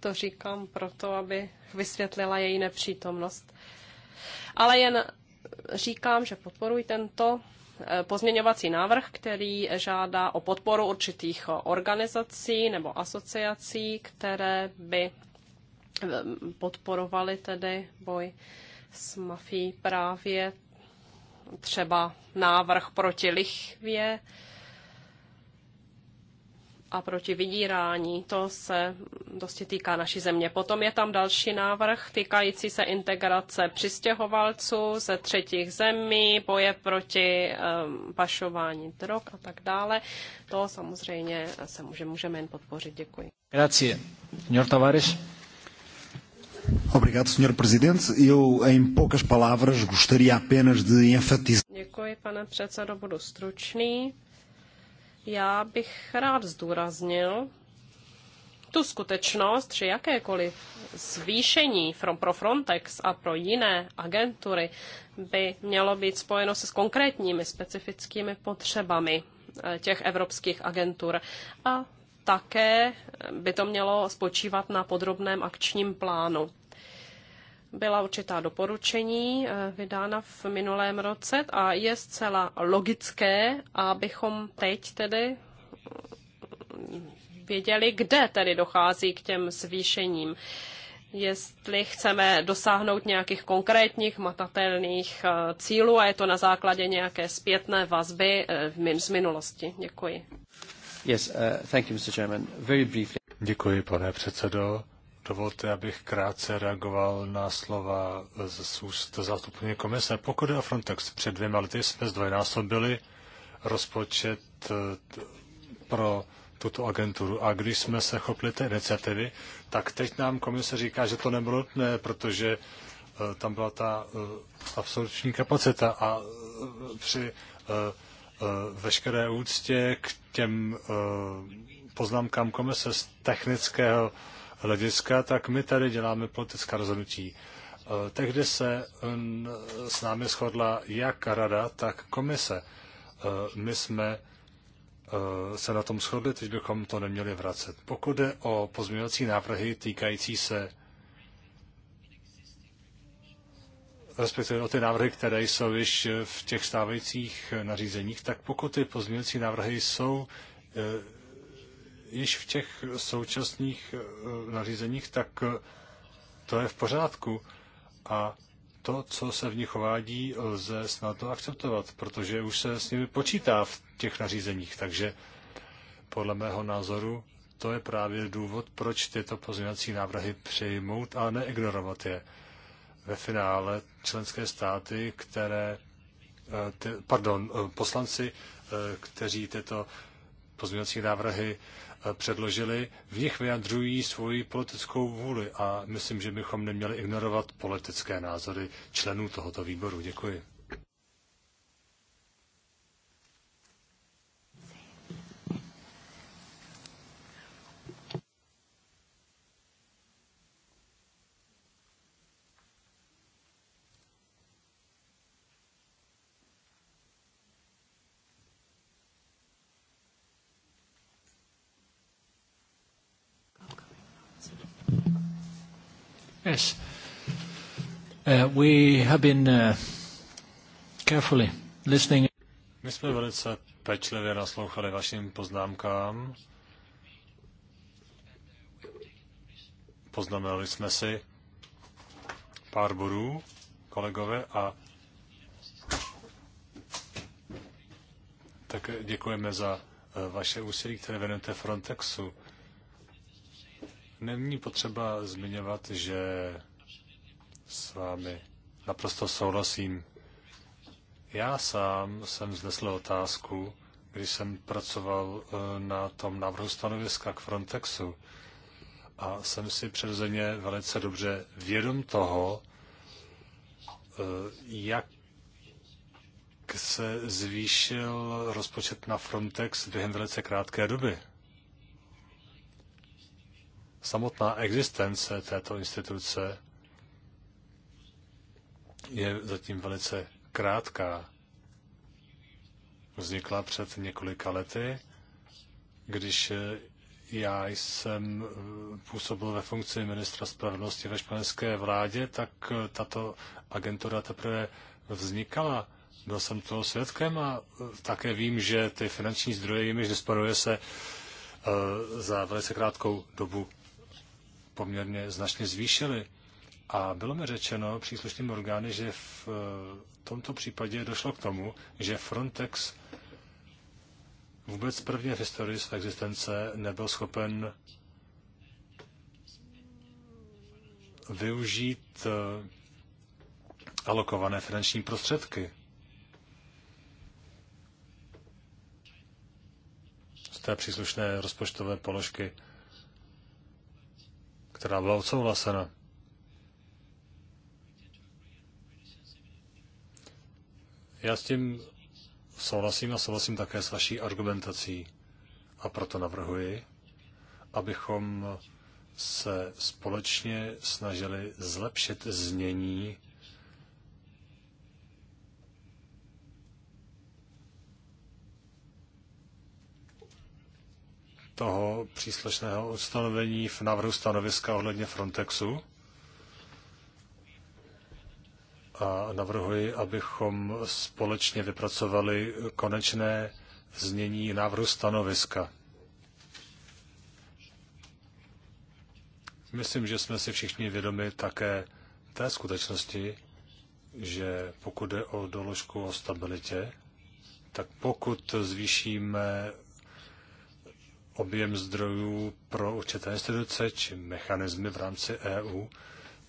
S3: To říkám proto, aby vysvětlila její nepřítomnost. Ale jen říkám, že podporuji tento eh, pozměňovací návrh, který žádá o podporu určitých organizací nebo asociací, které by eh, podporovaly tedy boj s mafí právě třeba návrh proti lichvě a proti vydírání. To se dosti týká naší země. Potom je tam další návrh týkající se integrace přistěhovalců ze třetích zemí, boje proti um, pašování drog a tak dále. To samozřejmě se může, můžeme jen podpořit. Děkuji.
S1: Grazie. Signor Tavares. Obrigado, Sr. Presidente. Eu, em poucas palavras, gostaria apenas de enfatizar.
S3: Děkuji, pane předsedo, budu stručný. Já bych rád zdůraznil tu skutečnost, že jakékoliv zvýšení pro Frontex a pro jiné agentury by mělo být spojeno se s konkrétními specifickými potřebami eh, těch evropských agentur. A také by to mělo spočívat na podrobném akčním plánu byla určitá doporučení eh, vydána v minulém roce a je zcela logické, abychom teď tedy mm, věděli, kde tedy dochází k těm zvýšením. Jestli chceme dosáhnout nějakých konkrétních matatelných eh, cílů a je to na základě nějaké zpětné vazby eh, z minulosti. Děkuji.
S1: Yes, uh, thank you, Mr. Chairman. Very briefly. Děkuji, pane předsedo. Dovolte, abych krátce reagoval na slova z úst zástupně komise. Pokud je o Frontex, před dvěma lety jsme zdvojnásobili rozpočet eh, pro tuto agenturu. A když jsme se chopili té iniciativy, tak teď nám komise říká, že to nebylo nutné, protože eh, tam byla ta eh, absolutní kapacita a při veškeré úctě k těm poznámkám komise z technického hlediska, tak my tady děláme politická rozhodnutí. Eh, tehdy se s námi shodla jak rada, tak komise. Eh, my jsme eh, se na tom shodli, teď bychom to neměli vracet. Pokud jde o pozměňovací návrhy týkající se respektive o ty návrhy, které jsou již v těch stávajících nařízeních, tak pokud ty pozměňovací návrhy jsou již v těch současných eh, nařízeních, tak eh, to je v pořádku. A to, co se v nich uvádí, lze snad to akceptovat, protože už se s nimi počítá v těch nařízeních. Takže podle mého názoru to je právě důvod, proč tyto pozměňovací návrhy přejmout a neignorovat je. Ve finále členské státy, které, eh, ty, pardon, poslanci, kteří tyto pozměňovací návrhy předložili, v nich vyjadřují svoji politickou vůli a myslím, že bychom neměli ignorovat politické názory členů tohoto výboru. Děkuji. Yes. Uh, we have been uh, carefully listening. My jsme velice pečlivě naslouchali vašim poznámkám. Poznamenali jsme si pár bodů, kolegové, a také děkujeme za eh, vaše úsilí, které věnujete Frontexu. Není potřeba zmiňovat, že s vámi naprosto souhlasím. Já sám jsem vznesl otázku, když jsem pracoval e, na tom návrhu stanoviska k Frontexu. A jsem si přirozeně velice dobře vědom toho, e, jak se zvýšil rozpočet na Frontex během velice krátké doby samotná existence této instituce je zatím velice krátká. Vznikla před několika lety, když já jsem působil ve funkci ministra spravedlnosti ve španělské vládě, tak tato agentura teprve vznikala. Byl jsem toho svědkem a také vím, že ty finanční zdroje, jimiž disponuje se eh, za velice krátkou dobu poměrně značně zvýšily. A bylo mi řečeno příslušným orgány, že v eh, tomto případě došlo k tomu, že Frontex vůbec prvně v historii své existence nebyl schopen využít eh, alokované finanční prostředky. Z té příslušné rozpočtové položky která byla odsouhlasena. Já s tím souhlasím a souhlasím také s vaší argumentací a proto navrhuji, abychom se společně snažili zlepšit znění toho příslušného ustanovení v návrhu stanoviska ohledně Frontexu. A navrhuji, abychom společně vypracovali konečné znění návrhu stanoviska. Myslím, že jsme si všichni vědomi také té skutečnosti, že pokud jde o doložku o stabilitě, tak pokud zvýšíme objem zdrojů pro určité instituce či mechanismy v rámci EU,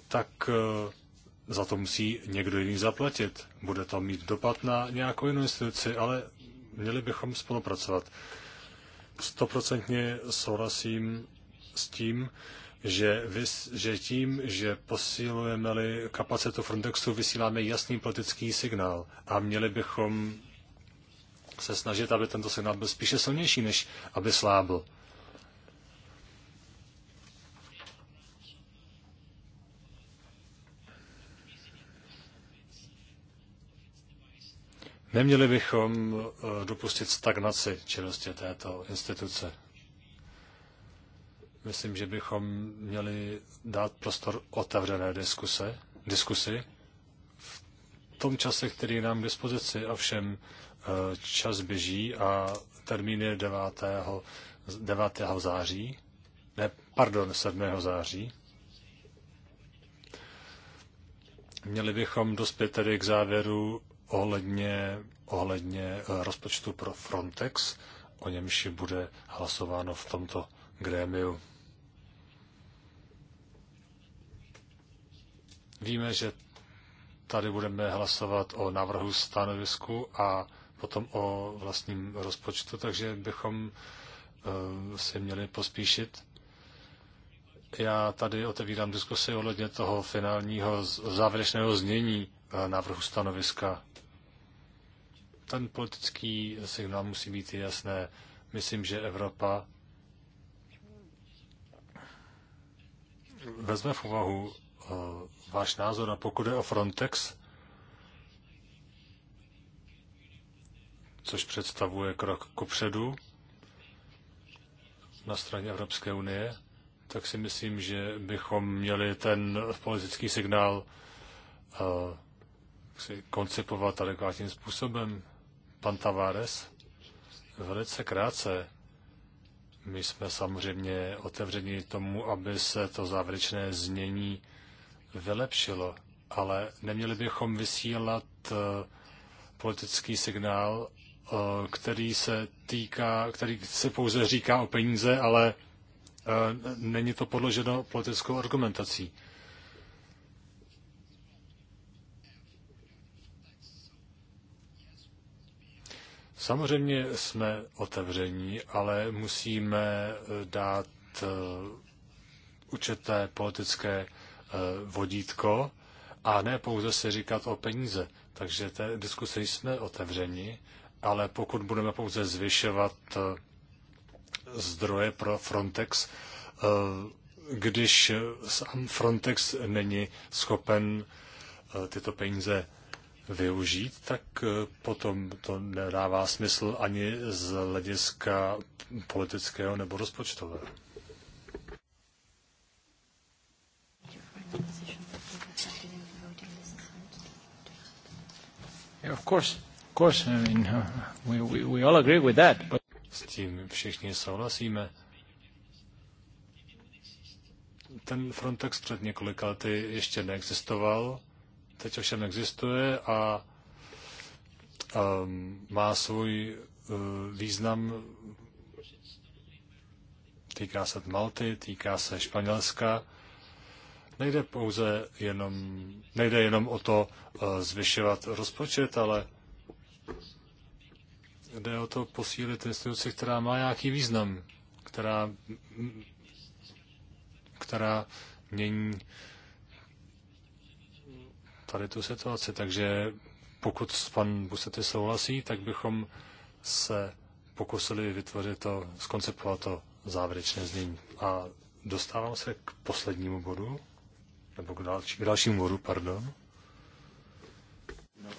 S1: tak eh, za to musí někdo jiný zaplatit. Bude to mít dopad na nějakou jinou instituci, ale měli bychom spolupracovat. Stoprocentně souhlasím s tím, že, vys, že tím, že posilujeme-li kapacitu Frontexu, vysíláme jasný politický signál a měli bychom se snažit, aby tento signál byl spíše silnější, než aby slábl. Neměli bychom eh, dopustit stagnaci činnosti této instituce. Myslím, že bychom měli dát prostor otevřené diskuse, diskusy v tom čase, který je nám k dispozici, a všem čas běží a termín je 9. 9. září, ne, pardon, 7. září. Měli bychom dospět tedy k závěru ohledně, ohledně eh, rozpočtu pro Frontex, o němž bude hlasováno v tomto grémiu. Víme, že tady budeme hlasovat o návrhu stanovisku a potom o vlastním rozpočtu, takže bychom eh, si měli pospíšit. Já tady otevírám diskusi ohledně toho finálního závěrečného znění eh, návrhu stanoviska. Ten politický signál musí být jasné. Myslím, že Evropa vezme v úvahu eh, váš názor a pokud je o Frontex, což představuje krok kupředu na straně Evropské unie, tak si myslím, že bychom měli ten politický signál uh, si koncipovat adekvátním způsobem. Pan Tavares, velice krátce, my jsme samozřejmě otevřeni tomu, aby se to závěrečné znění vylepšilo, ale neměli bychom vysílat eh, politický signál Eh, který se týká, který se pouze říká o peníze, ale eh, není to podloženo politickou argumentací. Samozřejmě jsme otevření, ale musíme eh, dát určité politické vodítko a ne pouze se říkat o peníze. Takže té diskuse jsme otevřeni ale pokud budeme pouze zvyšovat eh, zdroje pro Frontex, eh, když sám Frontex není schopen eh, tyto peníze využít, tak potom to nedává smysl ani z hlediska politického nebo rozpočtového. Yeah, of course. S tím všichni souhlasíme. Ten Frontex před několika lety ještě neexistoval, teď ovšem existuje a a um, má svůj uh, význam. Týká se Malty, týká se Španělska. Nejde pouze jenom, nejde jenom o to uh, zvyšovat rozpočet, ale Jde o to posílit instituci, která má nějaký význam, která, která mění tady tu situaci. Takže pokud pan Busety souhlasí, tak bychom se pokusili vytvořit to, skonceptovat to závěrečné znění. A dostávám se k poslednímu bodu, nebo k, další, k dalšímu bodu, pardon. No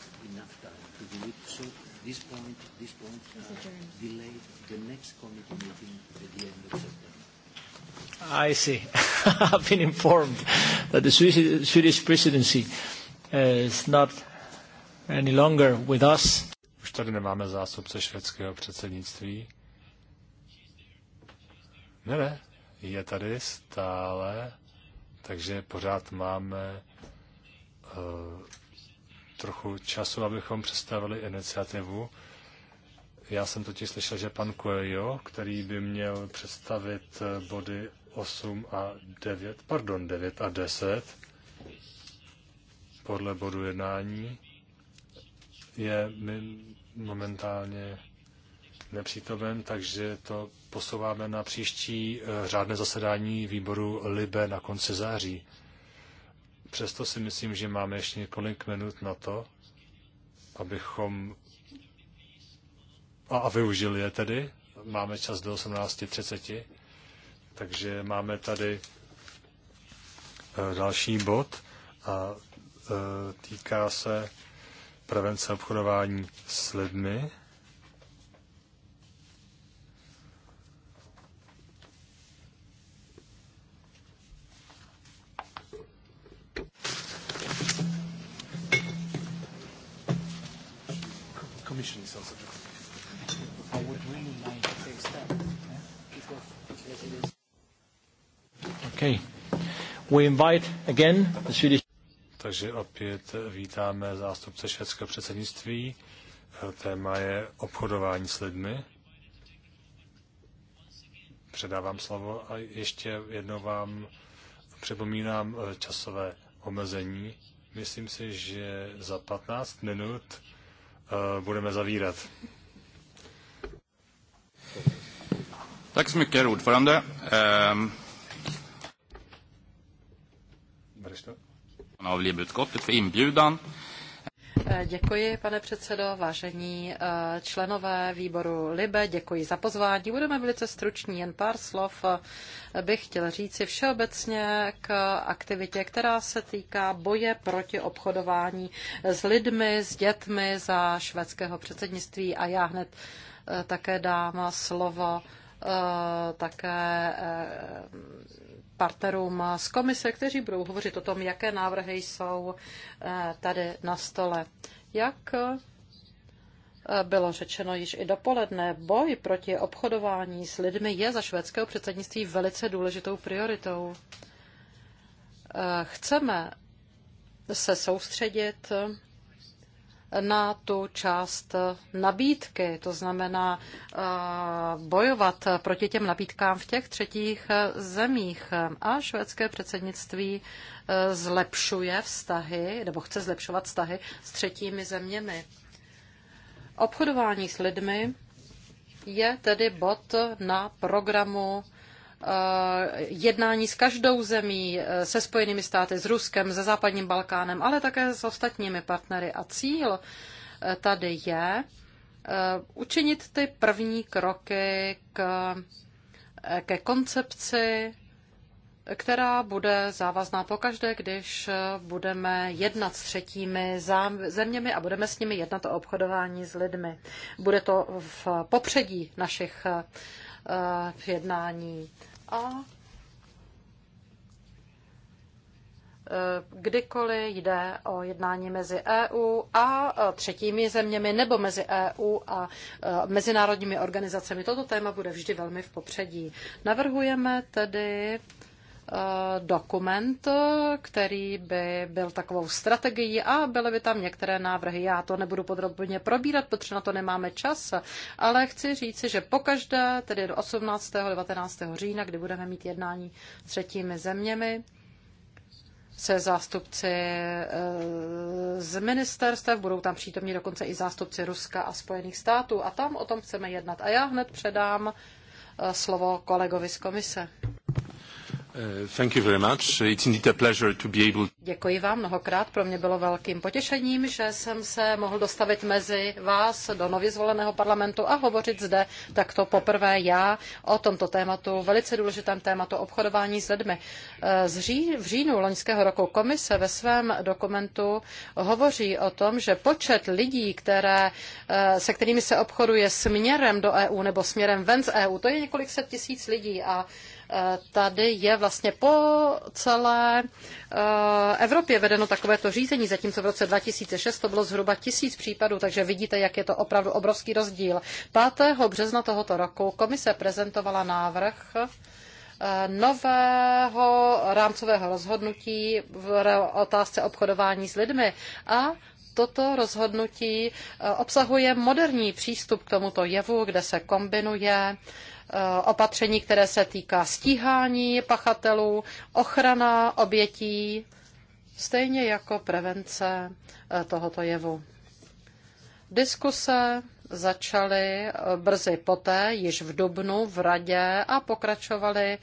S1: delete. So this point, this point uh, delayed the next committee meeting at the end of September. I see. (laughs) I've been informed that the Swiss, Swedish presidency uh, is not any longer with us. Už tady nemáme zástupce švédského předsednictví. Ne, ne, je tady stále, takže pořád máme uh, trochu času, abychom představili iniciativu. Já jsem totiž slyšel, že pan Coelho, který by měl představit eh, body 8 a 9, pardon, 9 a 10, podle bodu jednání, je momentálně nepřítomen, takže to posouváme na příští eh, řádné zasedání výboru LIBE na konci září. Přesto si myslím, že máme ještě několik minut na to, abychom a, a využili je tedy. Máme čas do 18.30, takže máme tady eh, další bod a eh, týká se prevence obchodování s lidmi. Commission is also the committee. I would really like to take step, yeah? because as it is. Okay. We invite again the Swedish... Takže opět vítáme zástupce švédského předsednictví. Téma je obchodování s lidmi. Předávám slovo a ještě jednou vám připomínám časové omezení. Myslím si, že za 15 minut Eh, budeme zavírat. Tak jsme så mycket, ordförande. Ehm, av LIB-utskottet för inbjudan.
S2: Eh, děkuji, pane předsedo, vážení eh, členové výboru LIBE, děkuji za pozvání. Budeme velice struční, jen pár slov eh, bych chtěl říci všeobecně k aktivitě, která se týká boje proti obchodování s lidmi, s dětmi za švédského předsednictví a já hned také dám slovo také partnerům z komise, kteří budou hovořit o tom, jaké návrhy jsou eh, tady na stole. Jak eh, bylo řečeno již i dopoledne, boj proti obchodování s lidmi je za švédského předsednictví velice důležitou prioritou. Eh, chceme se soustředit na tu část nabídky, to znamená eh, bojovat proti těm nabídkám v těch třetích eh, zemích. A švédské předsednictví eh, zlepšuje vztahy, nebo chce zlepšovat vztahy s třetími zeměmi. Obchodování s lidmi je tedy bod na programu Eh, jednání s každou zemí, eh, se Spojenými státy, s Ruskem, se Západním Balkánem, ale také s ostatními partnery. A cíl eh, tady je učinit ty první kroky k, ke koncepci, která bude závazná pokaždé, když budeme jednat s třetími zeměmi a budeme s nimi jednat o obchodování s lidmi. Bude to v popředí našich jednání a e, kdykoliv jde o jednání mezi EU a e, třetími zeměmi nebo mezi EU a e, mezinárodními organizacemi. Toto téma bude vždy velmi v popředí. Navrhujeme tedy Eh, dokument, který by byl takovou strategií a byly by tam některé návrhy. Já to nebudu podrobně probírat, protože na to nemáme čas, ale chci říci, že pokaždé, tedy do 18. 19. října, kdy budeme mít jednání s třetími zeměmi, se zástupci eh, z ministerstev, budou tam přítomní dokonce i zástupci Ruska a Spojených států a tam o tom chceme jednat. A já hned předám eh, slovo kolegovi z komise. Děkuji vám mnohokrát. Pro mě bylo velkým potěšením, že jsem se mohl dostavit mezi vás do nově zvoleného parlamentu a hovořit zde takto poprvé já o tomto tématu, velice důležitém tématu obchodování s lidmi. Eh, v říjnu loňského roku komise ve svém dokumentu hovoří o tom, že počet lidí, které, eh, se kterými se obchoduje směrem do EU nebo směrem ven z EU, to je několik set tisíc lidí a Tady je vlastně po celé eh, Evropě vedeno takovéto řízení, zatímco v roce 2006 to bylo zhruba tisíc případů, takže vidíte, jak je to opravdu obrovský rozdíl. 5. března tohoto roku komise prezentovala návrh eh, nového rámcového rozhodnutí v otázce obchodování s lidmi a toto rozhodnutí eh, obsahuje moderní přístup k tomuto jevu, kde se kombinuje uh, Eh, opatření, které se týká stíhání pachatelů, ochrana obětí, stejně jako prevence eh, tohoto jevu. Diskuse začaly brzy poté, již v Dubnu v Radě a pokračovaly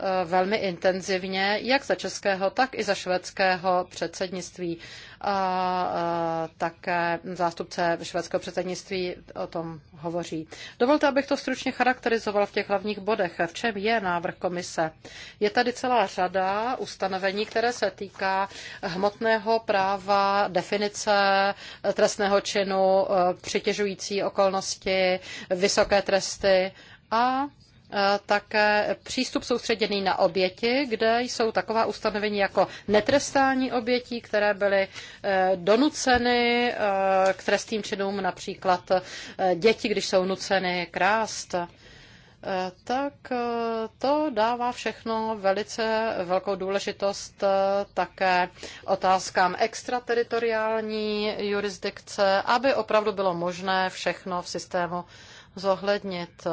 S2: Eh, velmi intenzivně, jak za českého, tak i za švédského předsednictví. A eh, také zástupce švédského předsednictví o tom hovoří. Dovolte, abych to stručně charakterizoval v těch hlavních bodech. V čem je návrh komise? Je tady celá řada ustanovení, které se týká hmotného práva, definice trestného činu, eh, přitěžující okolnosti, vysoké tresty a také přístup soustředěný na oběti, kde jsou taková ustanovení jako netrestání obětí, které byly e, donuceny e, k trestným činům, například e, děti, když jsou nuceny krást tak to dává všechno velice velkou důležitost také otázkám extrateritoriální jurisdikce, aby opravdu bylo možné všechno v systému zohlednit.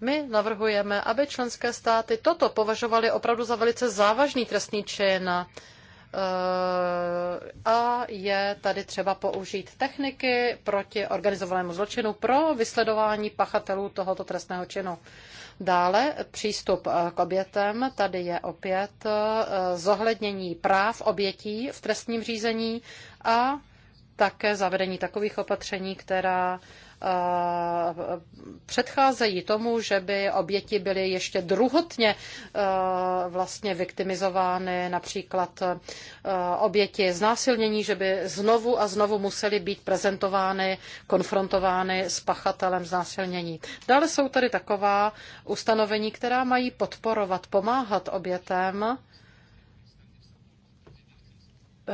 S2: My navrhujeme, aby členské státy toto považovaly opravdu za velice závažný trestný čin eh, a je tady třeba použít techniky proti organizovanému zločinu pro vysledování pachatelů tohoto trestného činu. Dále přístup eh, k obětem. Tady je opět eh, zohlednění práv obětí v trestním řízení a také zavedení takových opatření, která předcházejí tomu, že by oběti byly ještě druhotně eh, vlastně viktimizovány, například eh, oběti znásilnění, že by znovu a znovu musely být prezentovány, konfrontovány s pachatelem znásilnění. Dále jsou tady taková ustanovení, která mají podporovat, pomáhat obětem,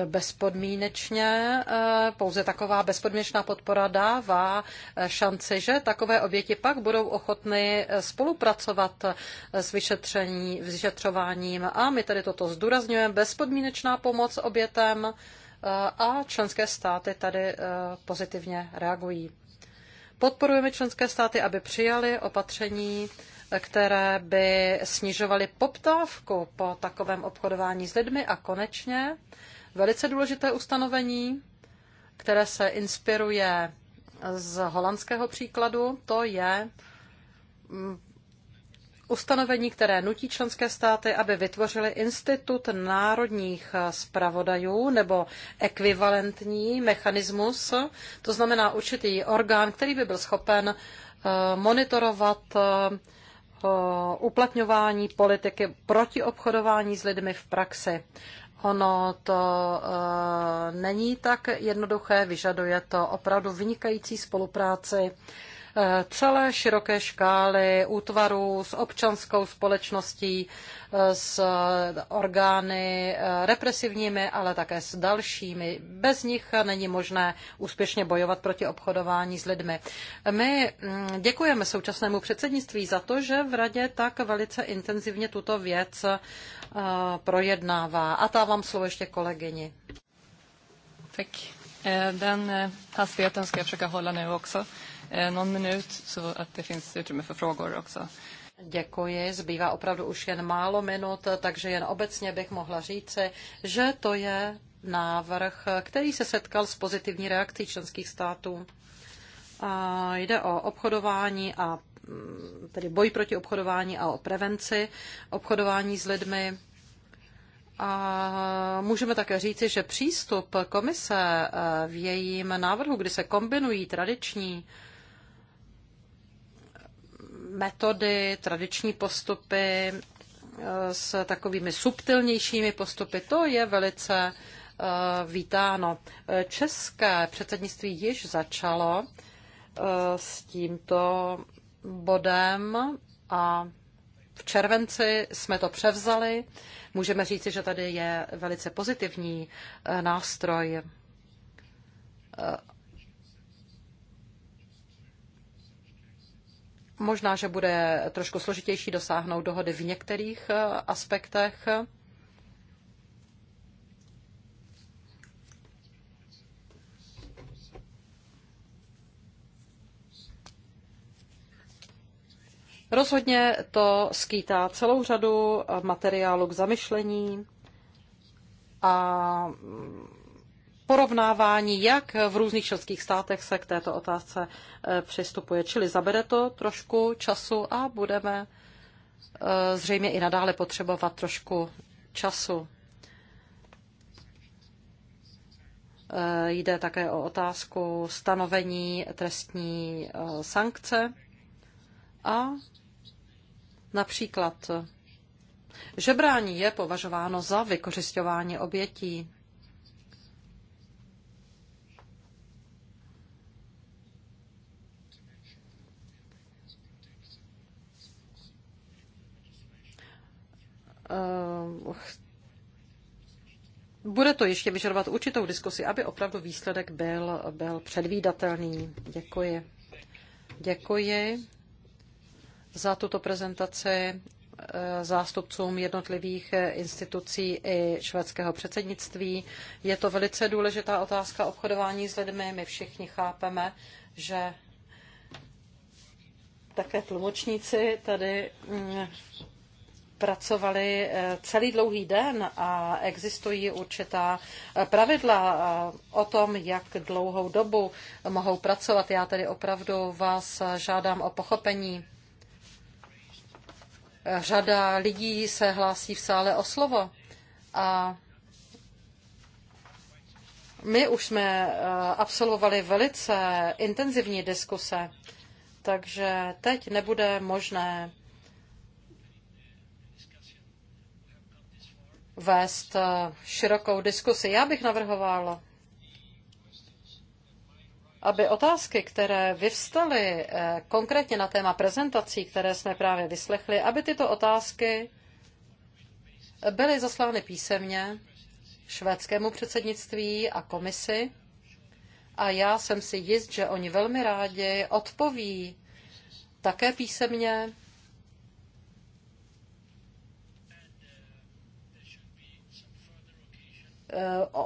S2: bezpodmínečně, eh, pouze taková bezpodmínečná podpora dává eh, šanci, že takové oběti pak budou ochotny eh, spolupracovat s vyšetření, vyšetřováním. A my tedy toto zdůrazňujeme, bezpodmínečná pomoc obětem a členské státy tady pozitivně reagují. Podporujeme členské státy, aby přijali opatření, které by snižovaly poptávku po takovém obchodování s lidmi a konečně velice důležité ustanovení, které se inspiruje z holandského příkladu. To je mm, ustanovení, které nutí členské státy, aby vytvořili institut národních zpravodajů nebo ekvivalentní mechanismus, to znamená určitý orgán, který by byl schopen eh, monitorovat eh, uplatňování politiky proti obchodování s lidmi v praxi. Ono to eh, není tak jednoduché, vyžaduje to opravdu vynikající spolupráci celé široké škály útvarů s občanskou společností, s orgány represivními, ale také s dalšími. Bez nich není možné úspěšně bojovat proti obchodování s lidmi. My mm, děkujeme současnému předsednictví za to, že v radě tak velice intenzivně tuto věc eh, projednává. A dávám slovo ještě kolegyni. Tack. Eh,
S3: den hastigheten eh, ska jag försöka hålla nu också. Eh, någon minut så att det finns utrymme för frågor också.
S2: Děkuji, zbývá opravdu už jen málo minut, takže jen obecně bych mohla říci, že to je návrh, který se setkal s pozitivní reakcí členských států. A jde o obchodování a mm, tedy boj proti obchodování a o prevenci obchodování s lidmi. A můžeme také říci, že přístup komise eh, v jejím návrhu, kdy se kombinují tradiční metody, tradiční postupy eh, s takovými subtilnějšími postupy, to je velice eh, vítáno. Eh, české předsednictví již začalo s tímto bodem a v červenci jsme to převzali. Můžeme říci, že tady je velice pozitivní nástroj Možná, že bude trošku složitější dosáhnout dohody v některých eh, aspektech. Rozhodně to skýtá celou řadu eh, materiálu k zamyšlení a mm, porovnávání, jak v různých členských státech se k této otázce eh, přistupuje. Čili zabere to trošku času a budeme eh, zřejmě i nadále potřebovat trošku času. Eh, jde také o otázku stanovení trestní sankce a například žebrání je považováno za vykořišťování obětí. Eh, bude to ještě vyžadovat určitou diskusi, aby opravdu výsledek byl, byl předvídatelný. Děkuji. Děkuji za tuto prezentaci eh, zástupcům jednotlivých institucí i švédského předsednictví. Je to velice důležitá otázka obchodování s lidmi. My všichni chápeme, že také tlumočníci tady mm, pracovali eh, celý dlouhý den a existují určitá eh, pravidla eh, o tom, jak dlouhou dobu mohou pracovat. Já tedy opravdu vás žádám o pochopení. Řada lidí se hlásí v sále o slovo a my už jsme absolvovali velice intenzivní diskuse, takže teď nebude možné vést eh, širokou diskusi. Já bych navrhovala, aby otázky, které vyvstaly eh, konkrétně na téma prezentací, které jsme právě vyslechli, aby tyto otázky byly zaslány písemně švédskému předsednictví a komisi. A já jsem si jist, že oni velmi rádi odpoví také písemně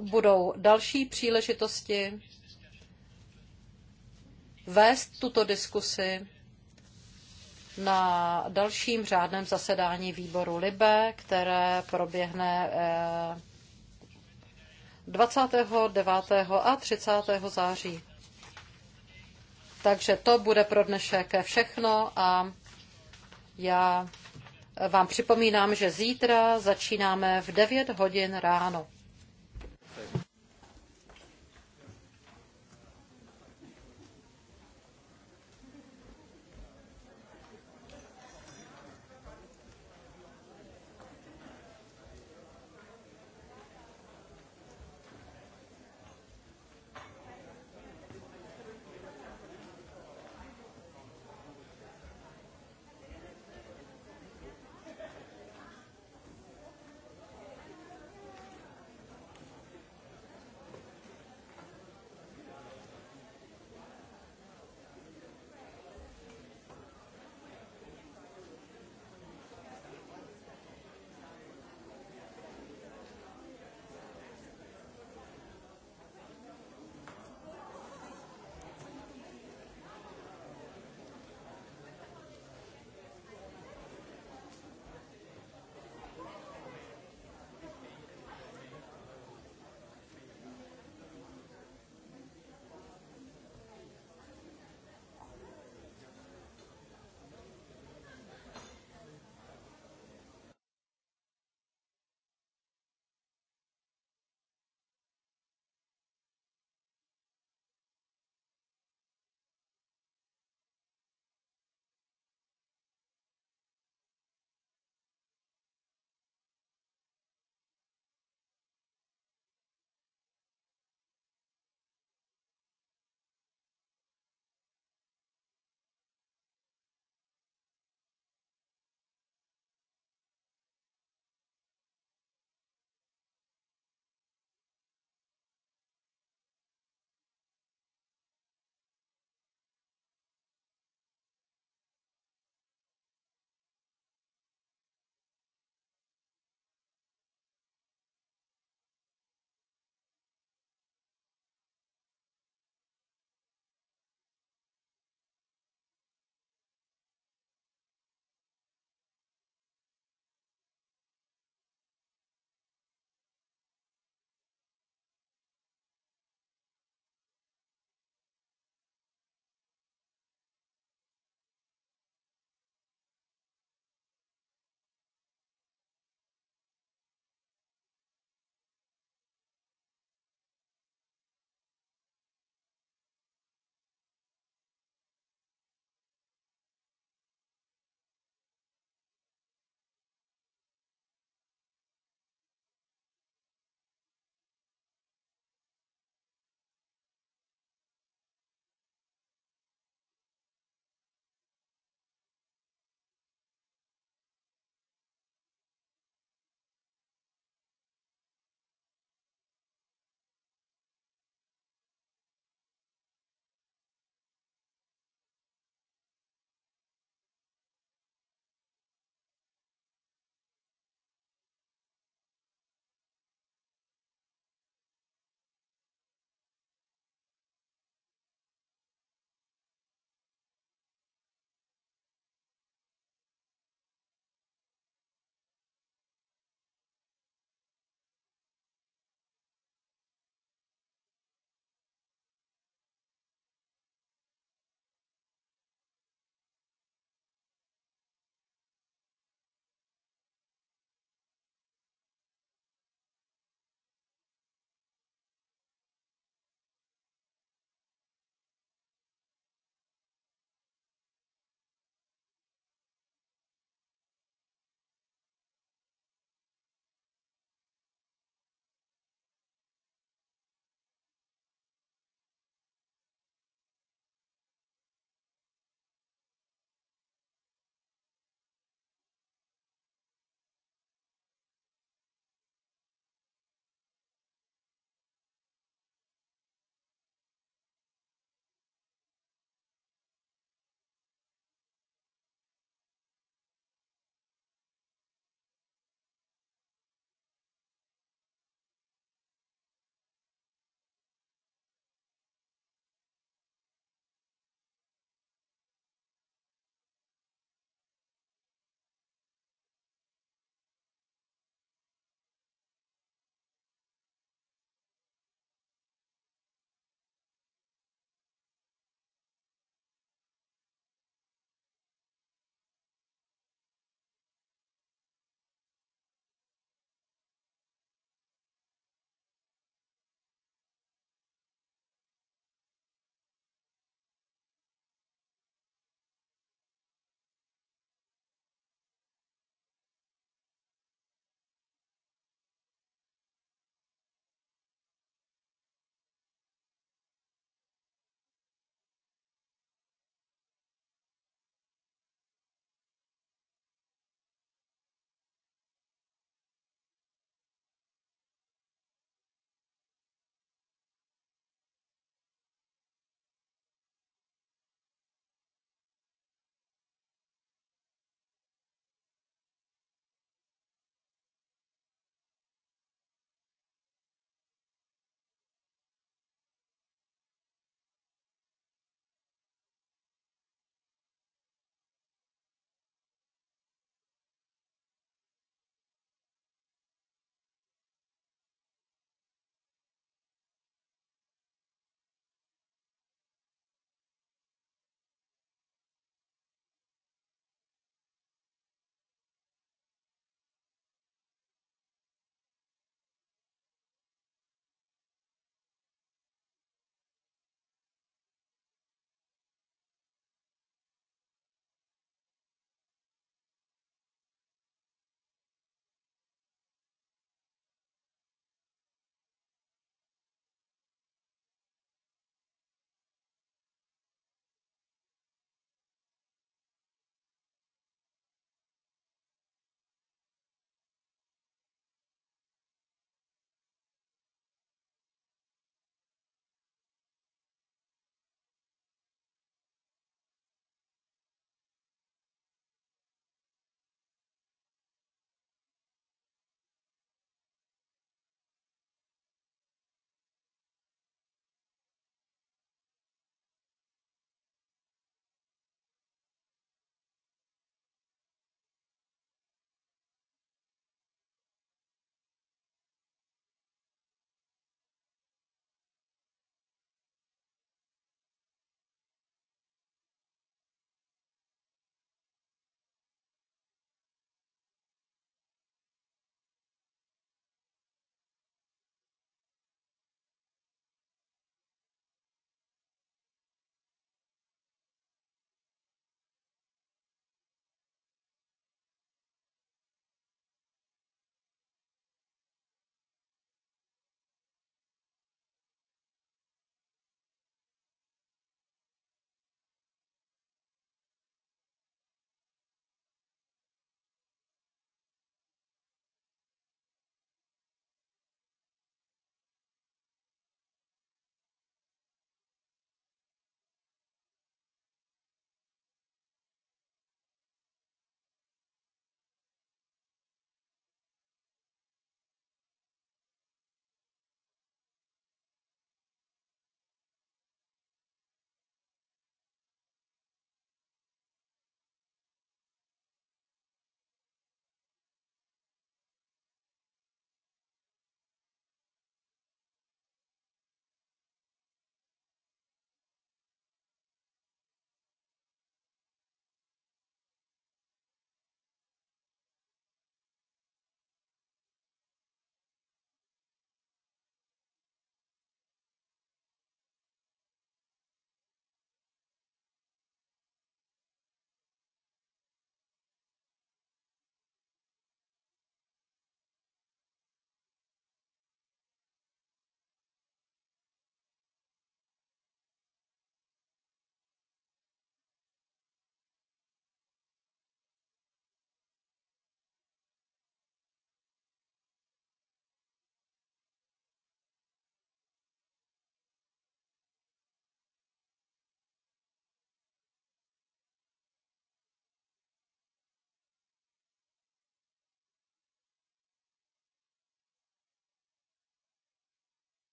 S2: budou další příležitosti vést tuto diskusi na dalším řádném zasedání výboru LIBE, které proběhne 29. Eh, a 30. září. Takže to bude pro dnešek všechno a já vám připomínám, že zítra začínáme v 9 hodin ráno.